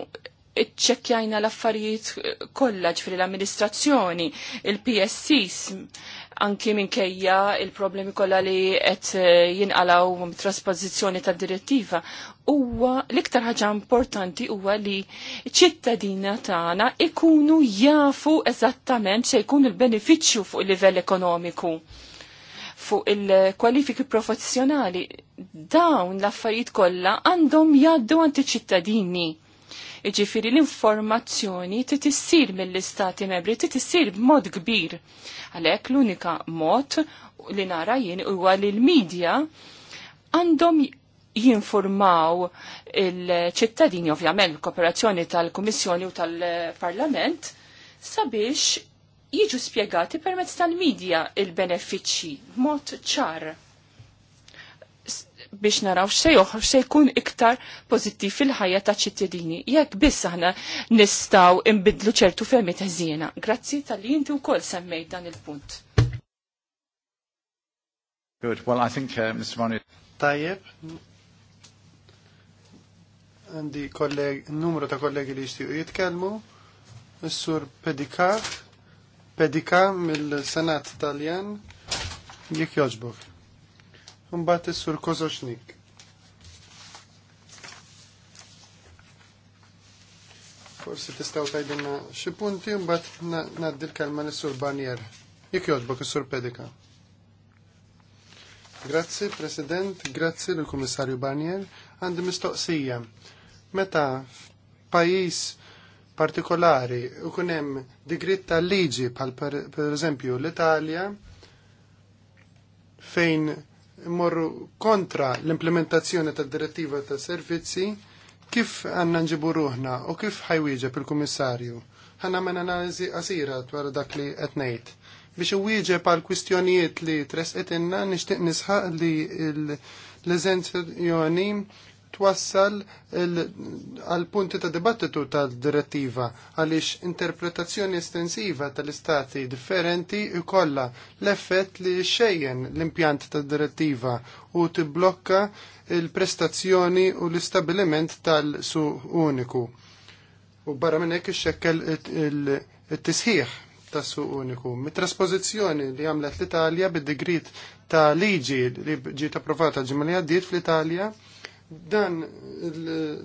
iċċekkjajna l-affarijiet kollha ġifri l-amministrazzjoni, il-PSCs, anki minkejja il-problemi kollha li qed jinqalaw trasposizzjoni tad direttiva huwa l-iktar ħaġa importanti huwa li ċittadina tagħna ikunu jafu eżattament se jkun il-benefiċċju fuq il-livell ekonomiku fuq il-kwalifiki professjonali dawn l-affarijiet kollha għandhom jgħaddu għandi ċittadini Iġifiri l-informazzjoni titissir tissir mill-istati membri, titissir b'mod kbir. Għalhekk l-unika mod li nara jien huwa li l-medja għandhom jinformaw il-ċittadini, ovvjament, kooperazzjoni tal-Komissjoni u tal-Parlament, sabiex jiġu spiegati permezz tal-medja il-benefiċċji b'mod ċar biex naraw xej oħra xej jkun iktar pozittiv fil-ħajja ta' ċittadini. Jekk biss aħna nistgħu imbidlu ċertu femi teżjena. Grazzi tal inti wkoll semmejt dan il-punt. Good. Well, I think uh, Mr. Tajjeb, għandi numru ta' kollegi li jistiju jitkelmu, s-sur Pedikar, Pedika mill-Senat Taljan, jek joġbok. Umbat s-sur Kozoċnik. Forsi tistaw tajdinna xie punti, umbat naddi l-kelma l-sur Banier. Jek joġbok s-sur Pedika. Grazzi, President, grazzi l-Komissarju Barnier. Għandi mistoqsija Meta pajis partikolari u kunem digrit liġi pal per, per esempio l-Italja fejn morru kontra l-implementazzjoni tal-direttiva ta' servizzi, kif għanna nġibu ruħna u kif ħajwieġeb il-Kummissarju? Ħanna men analizi qasira dwar dak li qed ngħid. Biex iwieġeb għal kwistjonijiet li tresqet inna nixtieq nisħaq li l-eżenzjoni twassal għal punti ta' dibattitu tal-direttiva għaliex interpretazzjoni estensiva tal-istati differenti ikolla l-effett li xejjen l-impjant ta' direttiva u tiblokka il-prestazzjoni u l-istabiliment tal-su uniku. U barra minn hekk ixxekkel it-tisħiħ tas-su uniku. Mit-traspożizzjoni li għamlet l-Italja bid-digrit ta' liġi li ġiet approvata ġimma li għaddiet fl-Italja dan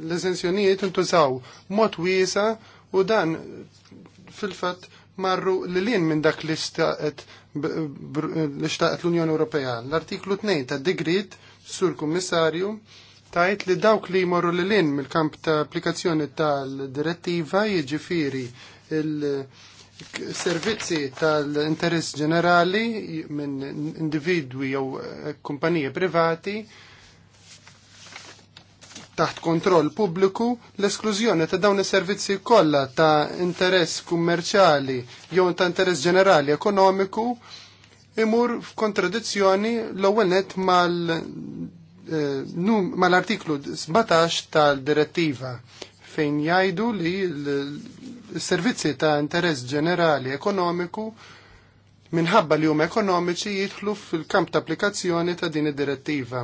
l ezenzjonijiet intużaw mod wiesa u dan fil-fatt marru li lin minn dak li staqet l-Unjoni Ewropea. L-artiklu 2 ta' digrit sur kummissarju tajt li dawk li jmorru li lin mill-kamp ta' applikazzjoni tal-direttiva jiġifieri il-servizzi tal-interess ġenerali minn individwi jew eh, kumpaniji privati taħt kontroll pubbliku l-esklużjoni ta' dawn is-servizzi kollha ta' interess kummerċjali jew ta' interess ġenerali ekonomiku imur f'kontradizzjoni l-ewwel net eh, mal-artiklu mal 17 tal-direttiva fejn jgħidu li l-servizzi ta' interess ġenerali ekonomiku minħabba li huma ekonomiċi jidħlu fil-kamp ta' applikazzjoni ta' din id-direttiva.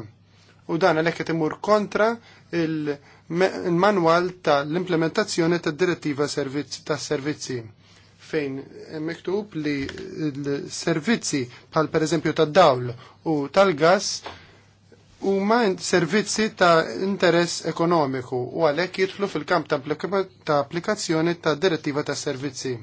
U dan għalhekk imur kontra il-manwal tal-implementazzjoni tad-direttiva tas-servizzi fejn mektub li l-servizzi pal per eżempju ta' dawl u tal-gas huma servizzi ta' interess ekonomiku u għalhekk jidħlu fil-kamp ta' applikazzjoni ta' direttiva ta' servizzi.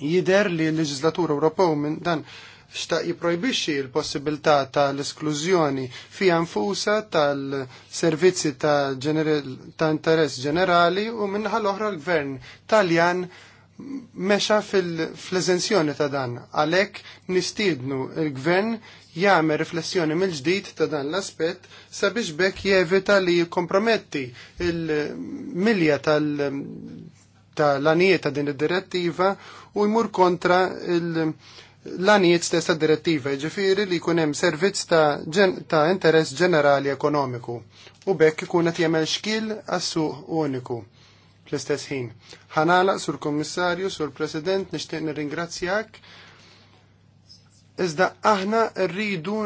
Jider li l leġizlatura Ewropew minn dan xtaq jiprojbixxi l-possibilità tal-esklużjoni fija nfusa tal-servizzi ta', ta interess ġenerali u minnaħa l-oħra l-gvern taljan mexa fil flezenzjoni ta' dan. Għalek nistidnu il-gvern jagħmel riflessjoni mill-ġdid ta' dan l-aspett sabiex bekk jevita li jikkomprometti il-milja tal-anijiet ta' din id-direttiva u jmur kontra il- l-għanijiet stessa direttiva, ġifiri li kunem servizz ta', ta interess ġenerali ekonomiku u bekk kunet jemel xkil għassu uniku fl-istess ħin. Ħanala sur kommissarju, sur president, nishtiq nirringrazzjak. Iżda aħna rridu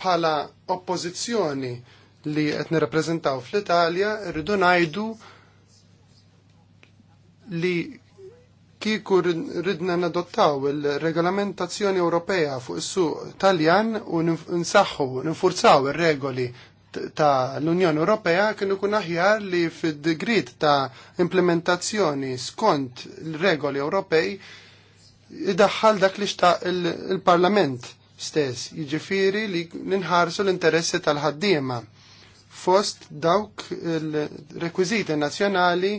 bħala oppożizzjoni li qed nirrappreżentaw fl-Italja, rridu ngħidu li kieku ridna nadottaw il-regolamentazzjoni Ewropea fuq is-suq Taljan u nsaħħu nfurzaw ir-regoli ta' l-Unjoni Ewropea kienu kun aħjar li fid-grid ta' implementazzjoni skont l-regoli Ewropej idaħħal dak li xta il-Parlament stess, jiġifieri li ninħarsu l-interessi tal-ħaddiema fost dawk il-rekwiziti nazzjonali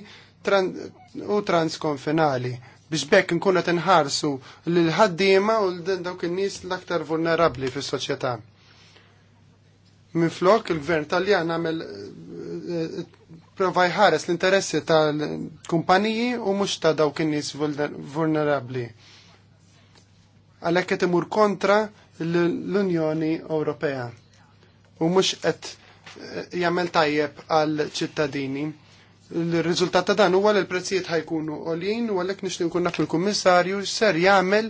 u transkonfinali biex bekk nkunet nħarsu l-ħaddima ħaddiema u lil dawk in-nies l-aktar vulnerabbli fis-soċjetà. Minflok il-gvern Taljan għamel prova jħares l-interessi tal-kumpaniji u mhux ta' dawk in-nies vulnerabbli. Għalhekk qed imur kontra l-Unjoni Ewropea u mhux qed jagħmel tajjeb għal ċittadini Il-riżultat ta' dan huwa li l-prezzijiet ħajkunu għolin u għalhekk nixtieq nkun naf il-kummissarju ser jagħmel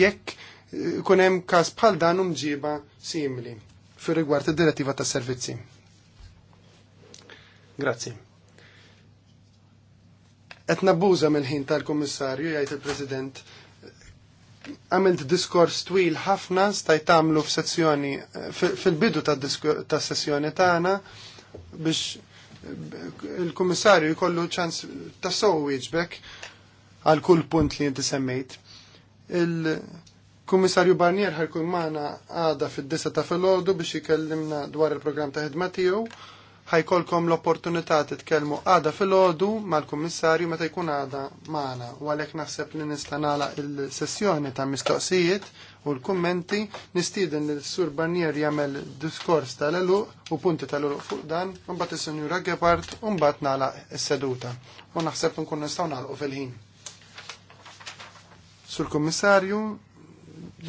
jekk eh, ikun hemm każ bħal dan u mġiba simili fir rigward id-direttiva tas servizzi. Grazzi. Qed nabbuża mill-ħin tal-Kummissarju jgħid il-President għamilt diskors twil ħafna stajt tagħmlu f'sezzjoni eh, fil-bidu tas-sessjoni tagħna biex il-kummissarju jkollu ċans tassow wieġbek għal kull punt li inti semmejt. Il-kummissarju Barnier ħarkun maħna għada fid-disa ta' fil-ordu biex jikellimna dwar il-program ta' ħidma tiegħu ħajkolkom l-opportunità titkellmu għada fil-ħodu mal-kummissarju meta jkun għada maħna. U għalek naħseb li nistanala il-sessjoni ta' mistoqsijiet u l-kummenti nistieden li sur Barnier jagħmel diskors tal-eluq u punti tal-eluq fuq dan, mbagħad is senjura Gepard u mbagħad nagħlaq is-seduta. U naħseb nkun nistgħu nagħlqu fil-ħin. Sur Kummissarju,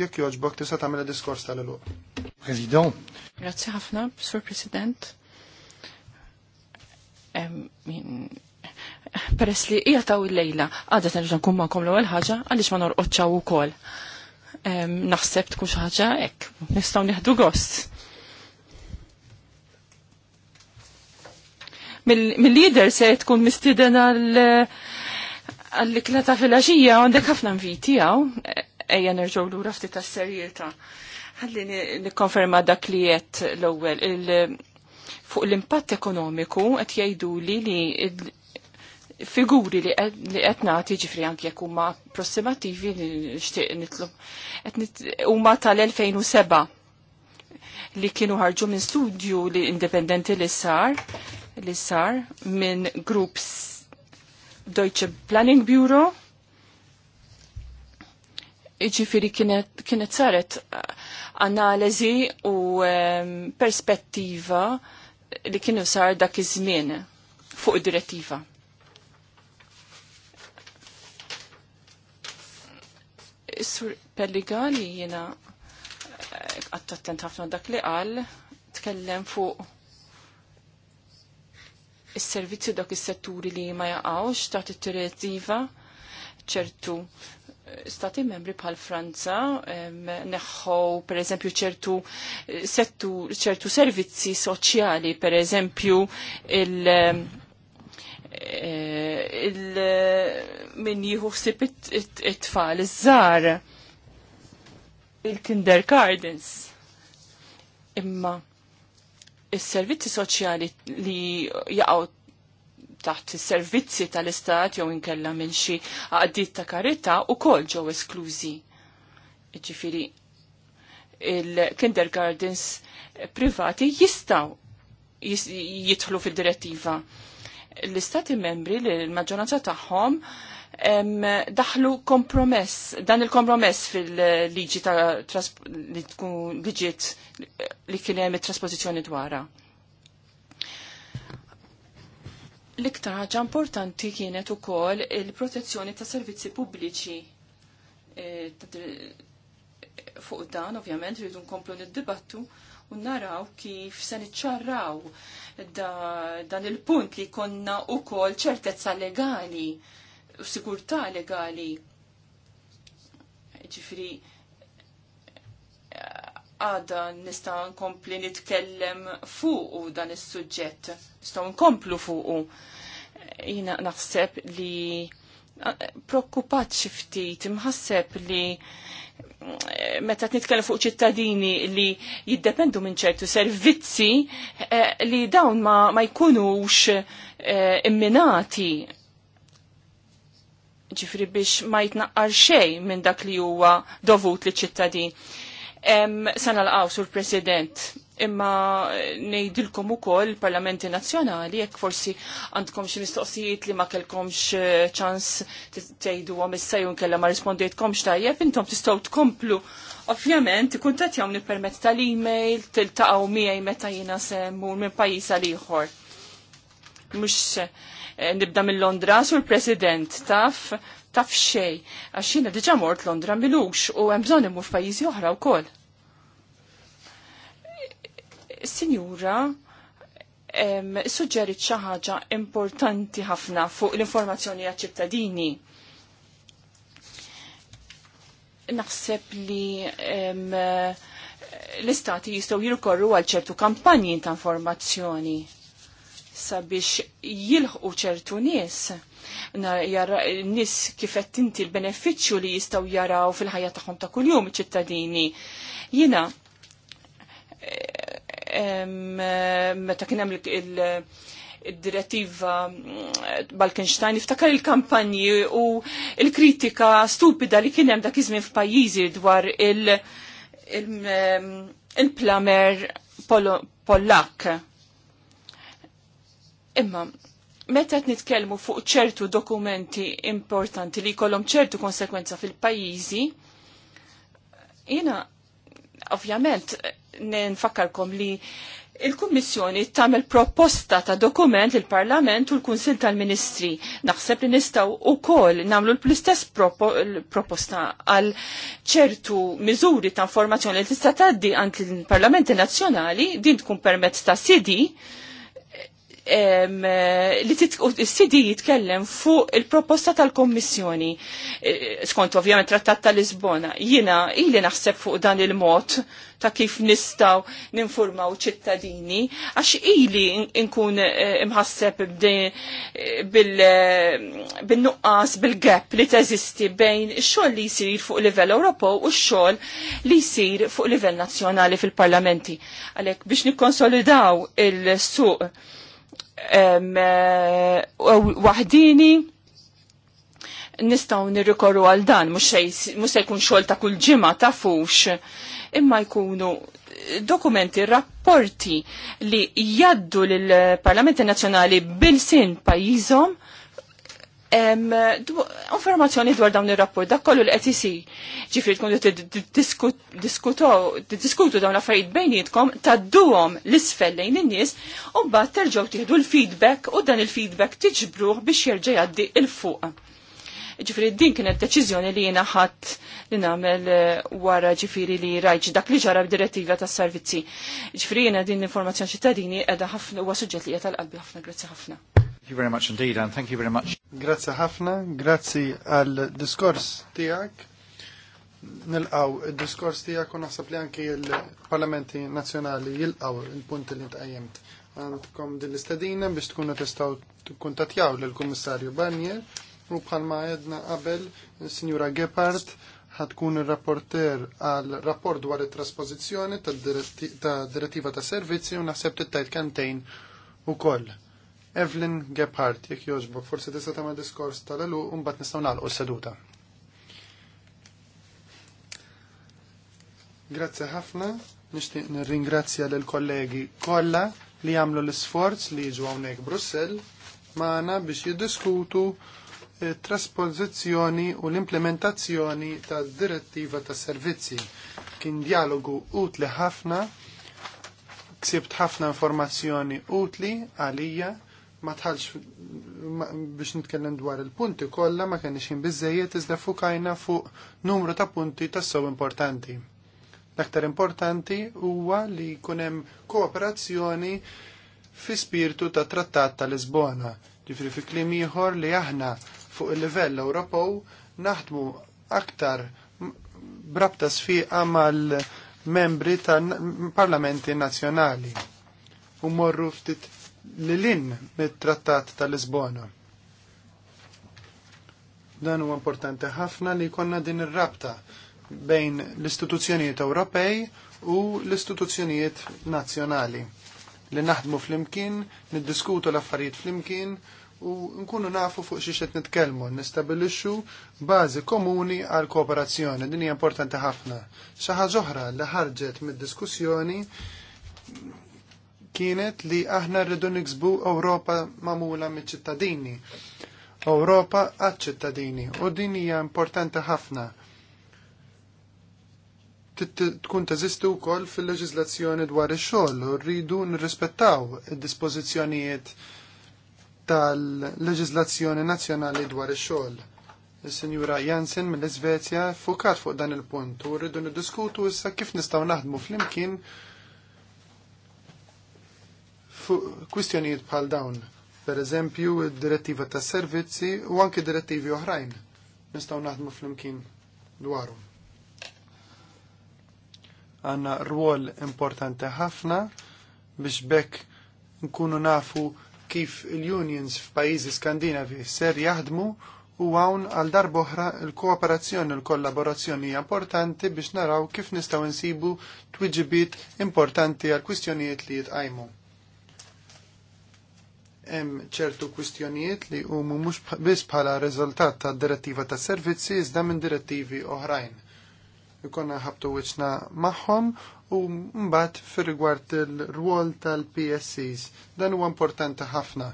jekk jogħġbok tista' tagħmel diskors tal-eluq. President. Grazzi ħafna, Sur President. Peress li jgħataw il-lejla, għadet nerġan kumma kom l-ewel ħagġa, għalix ma norqoċċaw u kol naħseb tkun xi ħaġa hekk nistgħu nieħdu gost. Mill-leader se tkun mistieden għall-ikla ta' filgħaxija għandek ħafna inviti għaw ejja nerġgħu lura ftit tas serjeta. Ħalli nikkonferma dak li qed l-ewwel fuq l-impatt ekonomiku qed jgħiduli li li figuri li qed nagħti ġifri anke jekk huma approssimativi li nixtieq Umma huma tal-2007 li kienu ħarġu minn studju li indipendenti li sar li sar minn groups Deutsche Planning Bureau ġifiri kienet, saret eh, analizi u perspettiva li kienu sar dak iż-żmien fuq id-direttiva. Is-sur Pelligani qatt għattattent eh, ħafna dak li qal, tkellem fuq is-servizzi dak is-setturi li ma jaqgħux taħt it-direttiva ċertu eh, stati membri bħal Franza neħħow per eżempju ċertu eh, settu ċertu servizzi soċjali per eżempju il- Eh, min jieħu ħsib it-tfal iż-żar il-kinder gardens. Imma is-servizzi soċjali li jaqgħu taħt is-servizzi tal-istat jew inkella minn xi għaddit ta' karità kol ġew esklużi. Ġifieri il-kindergardens privati jistaw jitħlu fil-direttiva l-istati membri li l-maġġoranza tagħhom daħlu kompromess, dan il-kompromess fil-liġi ta' liġiet li kien hemm it-trasposizzjoni dwarha. L-iktar ħaġa importanti kienet ukoll il-protezzjoni ta' servizzi pubbliċi. Eh, fuq dan, ovvjament, rridu nkomplu nid-dibattu u naraw kif se niċċarraw da, dan il-punt li konna u kol ċertezza legali u sigurtà legali. Ġifri, għada nista nkompli nitkellem fuq dan is suġġett nista nkomplu fuq jina naħseb li prokupat xiftit, imħasseb li meta nitkellem fuq ċittadini li jiddependu minn ċertu servizzi eh, li dawn ma, ma jkunux eh, imminati ġifri biex ma jitnaqqar xej minn dak li huwa dovut li ċittadin. Sanal għaw sur president imma ngħidilkom ukoll parlamenti nazzjonali jekk forsi għandkom xi mistoqsijiet li ma kelkomx eh, ċans tgħiduhom s-sajun kella ma rispondejtkomx tajjeb intom tistgħu tkomplu Ovvjament, kuntattjawni permet tal-email, tiltaqgħu mija meta jina semmur minn pajjiż għal ieħor. Mhux eh, nibda minn Londra, sur President, taf, taf xej, għax jiena mort Londra milux u hemm bżonn imur f'pajjiżi oħra wkoll. Sinjura, suġġeri xi ħaġa importanti ħafna fuq l-informazzjoni għal ċittadini. Naħseb li l-istati jistgħu jirkorru għal ċertu kampanji ta' informazzjoni sabiex jilħqu ċertu nies jara nis kifet inti l-beneficju li jistaw jaraw fil-ħajja tagħhom ta' kuljum iċ-ċittadini. Jina meta kien hemm il-direttiva Balkenstein iftakar il-kampanji u il-kritika stupida li kien hemm dak iż-żmien f'pajjiżi dwar il-plamer Pollak. Imma, meta qed nitkellmu fuq ċertu dokumenti importanti li jkollhom ċertu konsekwenza fil-pajjiżi, jiena Ovvjament, nfakkarkom li il-Kummissjoni tagħmel proposta ta' dokument il parlament u l-Kunsil tal-Ministri. Naħseb li nistgħu wkoll nagħmlu l-istess proposta għal ċertu miżuri ta' informazzjoni li tista' tgħaddi għand il-Parlamenti Nazzjonali din tkun permezz ta' CD Eh, li s-sidi jitkellem fuq il-proposta tal-Kommissjoni. Eh, skont ovvjament trattat tal-Lisbona, jina ili naħseb fuq dan il-mod ta' kif nistaw ninformaw ċittadini, għax ili nkun eh, imħasseb bil-nuqqas, bil-gap li teżisti bejn xogħol li jsir fuq livell Ewropew u xogħol li jsir fuq livell nazzjonali fil-parlamenti. Għalhekk biex nikkonsolidaw il-suq Eh, waħdini nistaw nirrikorru għal dan, mux jkun xol ta' kull ġima ta' fux, imma jkunu dokumenti, rapporti li jaddu l-Parlamenti Nazjonali bil-sin pajizom informazzjoni dwar dawn ir-rapport, dak kollu l-ETC. Ġifri tkun diskutu dawn l-affarijiet bejnietkom, tadduhom l-isfel lejn in-nies, u mbagħad terġgħu tieħdu l-feedback u dan il-feedback tiġbruh biex jerġa' jgħaddi il-fuq. Ġifri din kienet deċiżjoni li jiena ħadd li nagħmel eh, wara ġifiri li rajġ dak li ġara b'direttiva tas-servizzi. Ġifri jiena din l-informazzjoni ċittadini qiegħda ħafna huwa suġġett li qiegħed tal-qalbi ħafna, grazzi ħafna. Thank you very much indeed and thank you very much. Grazzi ħafna, grazzi għal diskors tiegħek. Nilqaw id-diskors tiegħek u naħseb li anki il parlamenti Nazzjonali jilqaw il-punti li tqajjemt. Għandkom din l-istadina biex tkunu testaw kuntatjaw lill-Kummissarju Barnier u bħalma għedna qabel signora Gephardt ħatkun il-rapporter għal rapport dwar it-trasposizjoni ta' direttiva ta' servizzi u naħseb t-tajt kantejn u koll. Evelyn Gebhardt, jek joġbok, forse tista tagħmel diskors tal-elu mbagħad nistgħu nagħlqu s-seduta. Grazzi ħafna, nixtieq nirringrazzja lill kollegi kollha li jagħmlu l-isforz li jiġu hawnhekk Brussell magħna biex jiddiskutu trasposizzjoni u l-implementazzjoni tad direttiva tas servizzi. Kien dialogu utli ħafna, ksibt ħafna informazzjoni utli għalija ma tħalx biex nitkellem dwar il-punti kollha ma kenniex jien biżejjed iżda fukajna fuq numru ta' punti tassew importanti. L-aktar importanti huwa li jkun hemm kooperazzjoni fi spiritu ta' trattat ta' Lisbona, ġifri fi klim ieħor li aħna fuq il-livell Ewropew naħdmu aktar brabta sfiqa mal-membri tal parlamenti nazzjonali u morru ftit li lin mit-trattat tal-Lisbona. Dan huwa importanti ħafna li konna din ir-rabta bejn l-istituzzjonijiet Ewropej u l-istituzzjonijiet nazzjonali li naħdmu fl-imkien, niddiskutu l-affarijiet fl-imkien u nkunu nafu fuq xi qed nitkellmu, nistabilixxu bażi komuni għal kooperazzjoni. Din hija importanti ħafna. Xi ħaġa oħra li ħarġet mid-diskussjoni kienet li aħna rridu niksbu Ewropa mamula mill-ċittadini. Ewropa għad-ċittadini u din hija importanti ħafna. Tkun teżisti wkoll fil-leġiżlazzjoni dwar ix-xogħol u rridu nirrispettaw id-dispożizzjonijiet tal-leġiżlazzjoni nazzjonali dwar ix-xogħol. il sinjura Jansen mill-Iżvezja fukat fuq dan il-punt u rridu niddiskutu issa kif nistgħu naħdmu flimkien fuq kwistjonijiet bħal dawn, per eżempju id-direttiva ta' servizzi u anki direttivi oħrajn nistgħu naħdmu flimkien dwarhom. Għanna rwol importanti ħafna biex bekk nkunu nafu kif il-unions f'pajjiżi Skandinavi ser jaħdmu u għawn għal darboħra il-kooperazzjoni il-kollaborazzjoni hija importanti biex naraw kif nistgħu nsibu twiġibiet importanti għal kwistjonijiet li jitqajmu hemm ċertu kwistjonijiet li huma mhux biss bħala riżultat ta' direttiva ta' servizzi iżda minn direttivi oħrajn. Ikonna ħabtu wiċċna magħhom u mbagħad fir-rigward il-rwol tal-PSCs. Dan huwa importanti ħafna.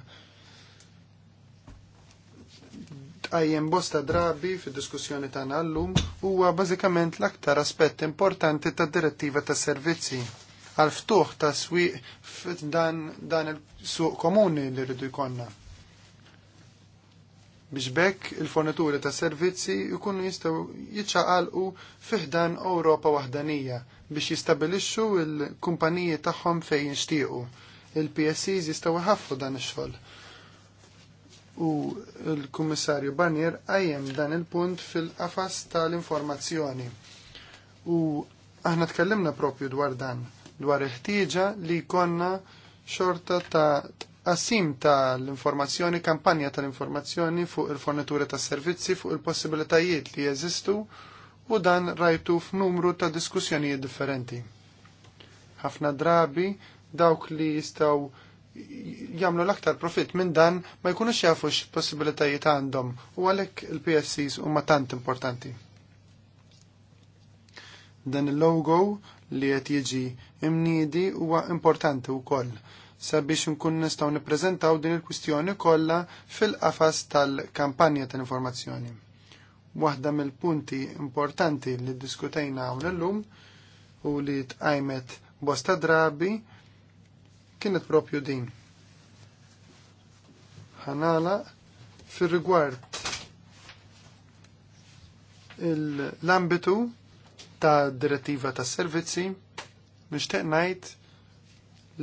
Ajjem bosta drabi fid diskussjoni tagħna llum huwa bażikament l-aktar aspett importanti tad direttiva tas servizzi għal ftuħ ta' swiq f'dan dan il-suq komuni li rridu jkollna. Biex bekk il-fornituri ta' servizzi jkunu jistgħu jiċċaqalqu fiħdan Ewropa waħdanija biex jistabilixxu il-kumpaniji tagħhom fejn jinxtiequ. Il-PSCs jistgħu jħaffu dan ix-xogħol u l-Kummissarju Barnier għajjem dan il-punt fil-qafas tal-informazzjoni. U aħna tkellimna propju dwar dan dwar il-ħtieġa li jkollna xorta ta' qasim ta' l-informazzjoni, kampanja tal-informazzjoni fuq il-fornituri ta' servizzi fuq il-possibilitajiet li jeżistu u dan rajtu f'numru ta' diskussjonijiet differenti. Ħafna drabi dawk li jistaw jamlu l-aktar profit minn dan ma jkunux jafux x-possibilitajiet għandhom u għalek il-PSCs u ma tant importanti. Dan il-logo li qed jiġi imniedi huwa importanti wkoll sabiex nkun nistgħu nippreżentaw din il-kwistjoni kollha fil-qafas tal-kampanja ta' informazzjoni. Waħda mill-punti importanti li diskutejna hawn illum u li tqajmet bosta drabi kienet propju din. Ħanala fir-rigward l-ambitu ta' direttiva ta' servizzi, nixtieq ngħid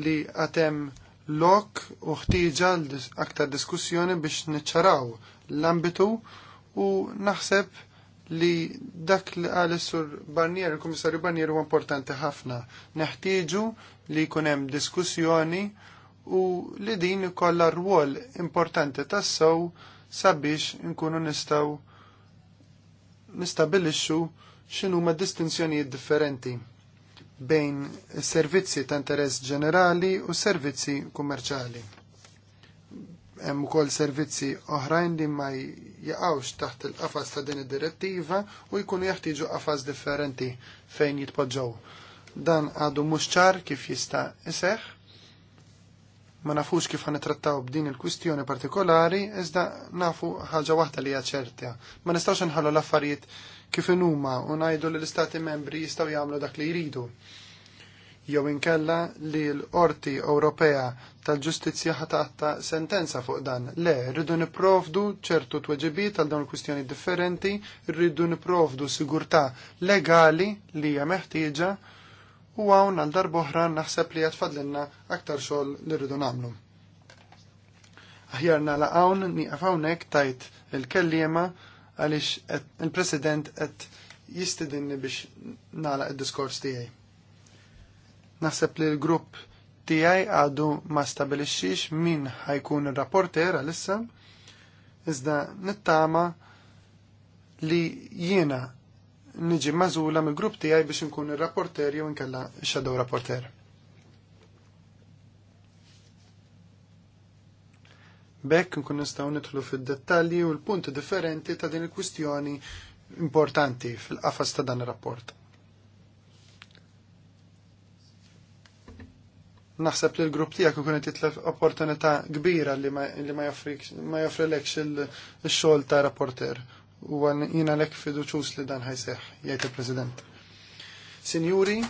li għatem lok u ħtieġa aktar diskussjoni biex niċċaraw l-ambitu u naħseb li dak li għal sur Barnier, il-Komissarju Barnier huwa importanti ħafna. Neħtieġu li jkun hemm diskussjoni u li din ikollha rwol importanti tassaw sabiex nkunu nistgħu nistabilixxu xinu ma distinzjonijiet differenti bejn servizzi ta' interess ġenerali u servizzi kummerċali. Hemm ukoll servizzi oħrajn li ma jaqgħux taħt il-qafas ta' din id-direttiva u jkunu jeħtieġu qafas differenti fejn jitpoġġew. Dan għadu mhux ċar kif jista' iseħħ, ma nafux kif ħanitrattaw b'din il-kwistjoni partikolari, iżda nafu ħaġa waħda li hija ċerta. Ma nistgħux inħallu l-affarijiet kif inuma u ngħidu li l-istati membri jistgħu jagħmlu dak li jridu. Jew inkella li l-Qorti Ewropea tal-Ġustizzja ħatatta sentenza fuq dan. Le, rridu nipprovdu ċertu tweġibiet għal dawn kwistjoni differenti, rridu nipprovdu sigurtà legali li hija meħtieġa u hawn għal darboħra naħseb li jatfadlinna aktar xogħol li rridu nagħmlu. Aħjarna la hawn nieqaf hawnhekk tajt il kelliema għaliex il-President qed jistidinni biex nagħlaq id-diskors tiegħi. Naħseb li l-grupp tiegħi għadu ma stabilixxix min ħajkun ir-rapporter għalissa, iżda nittama li jiena niġi mażula mill-grupp tiegħi biex nkun ir-rapporter jew nkella shadow rapporter. Bekk nkun nistgħu nidħlu fid-dettalji u l-punti differenti ta' din il-kwistjoni importanti fil-qafas ta' dan ir-rapport. Naħseb li l-grupp tiegħek ikun qed jitlef opportunità kbira li ma, ma joffrilekx il-xogħol ta' rapporter u jiena lek fiduċus li dan ħajseħ, jgħid il-President. Sinjuri,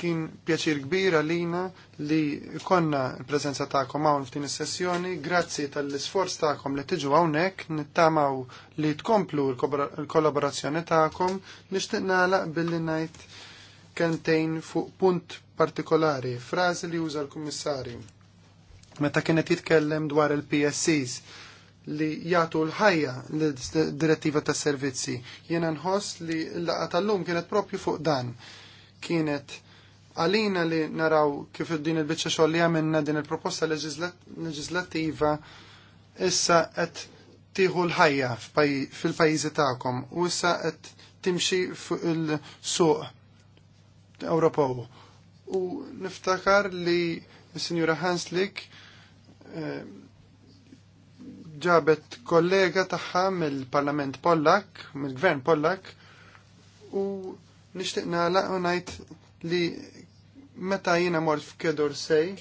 Kien pjaċir kbir għalina li konna l-prezenza ta'kom hawn f'din is-sessjoni. Grazzi tal-isforz ta'kom li tiġu hawnhekk, nittamaw li tkomplu l-kollaborazzjoni ta'kom. Nixtieq nagħlaq billi ngħid kentejn fuq punt partikolari, frażi li juża l-Kummissarju. Meta kienet jitkellem dwar il-PSCs, li jgħatu l-ħajja l-direttiva ta' servizzi. Jena nħoss li l-laqa tal-lum kienet propju fuq dan. Kienet Għalina li naraw kif din il-bicċa xogħol li għamilna din il-proposta leġislattiva issa qed tieħu l-ħajja fil-pajjiżi tagħkom u issa qed timxi fuq il-suq Ewropew. U niftakar li s-Sinjura Hanslik eh, ġabet kollega tagħha mill-Parlament Pollak, mill-Gvern Pollak, u nixtieq nagħlaq u ngħid li meta jiena mort f'Kedor Sej,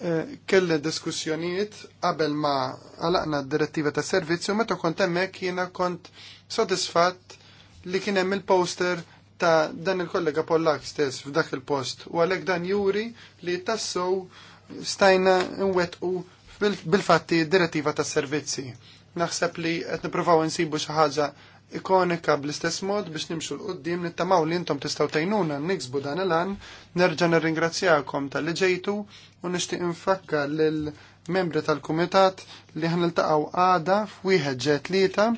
eh, kelli diskussjonijiet qabel ma għalaqna d-direttiva ta' servizzi u meta kont hemmhekk jiena kont sodisfatt li kien hemm il-poster ta' dan il-kollega Pollak stess f'dak il-post u għalhekk dan juri li tassow stajna nwettqu bil-fatti direttiva ta' servizzi. Naħseb li qed nippruvaw insibu xi ħaġa ikonika bl-istess mod biex nimxu l-qoddim nittamaw li intom tistaw tajnuna niksbu dan il-an, nerġa nirringrazzjakom tal-li ġejtu u nishtiq infakka l-membri tal-kumitat li ħan l taqaw għada f'wieħed ġet lieta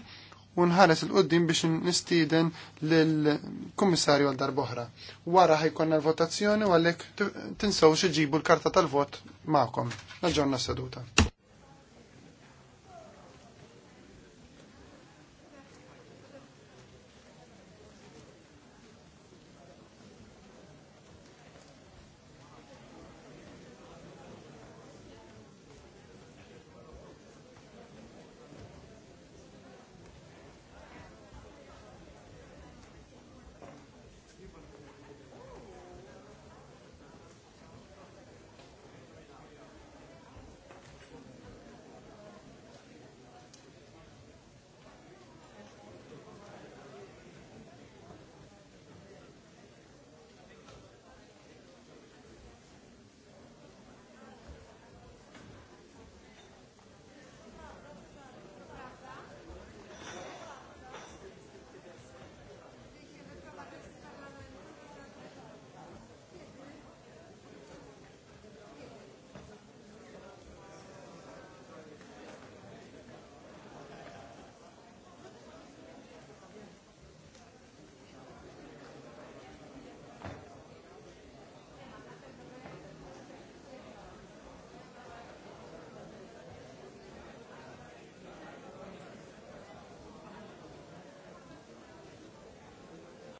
u nħares il-qoddim biex nistiden l-kummissarju għal darboħra. Wara ħajkonna l-votazzjoni u għalek tinsaw xieġibu l-karta tal-vot ma'kom. Naġġorna seduta.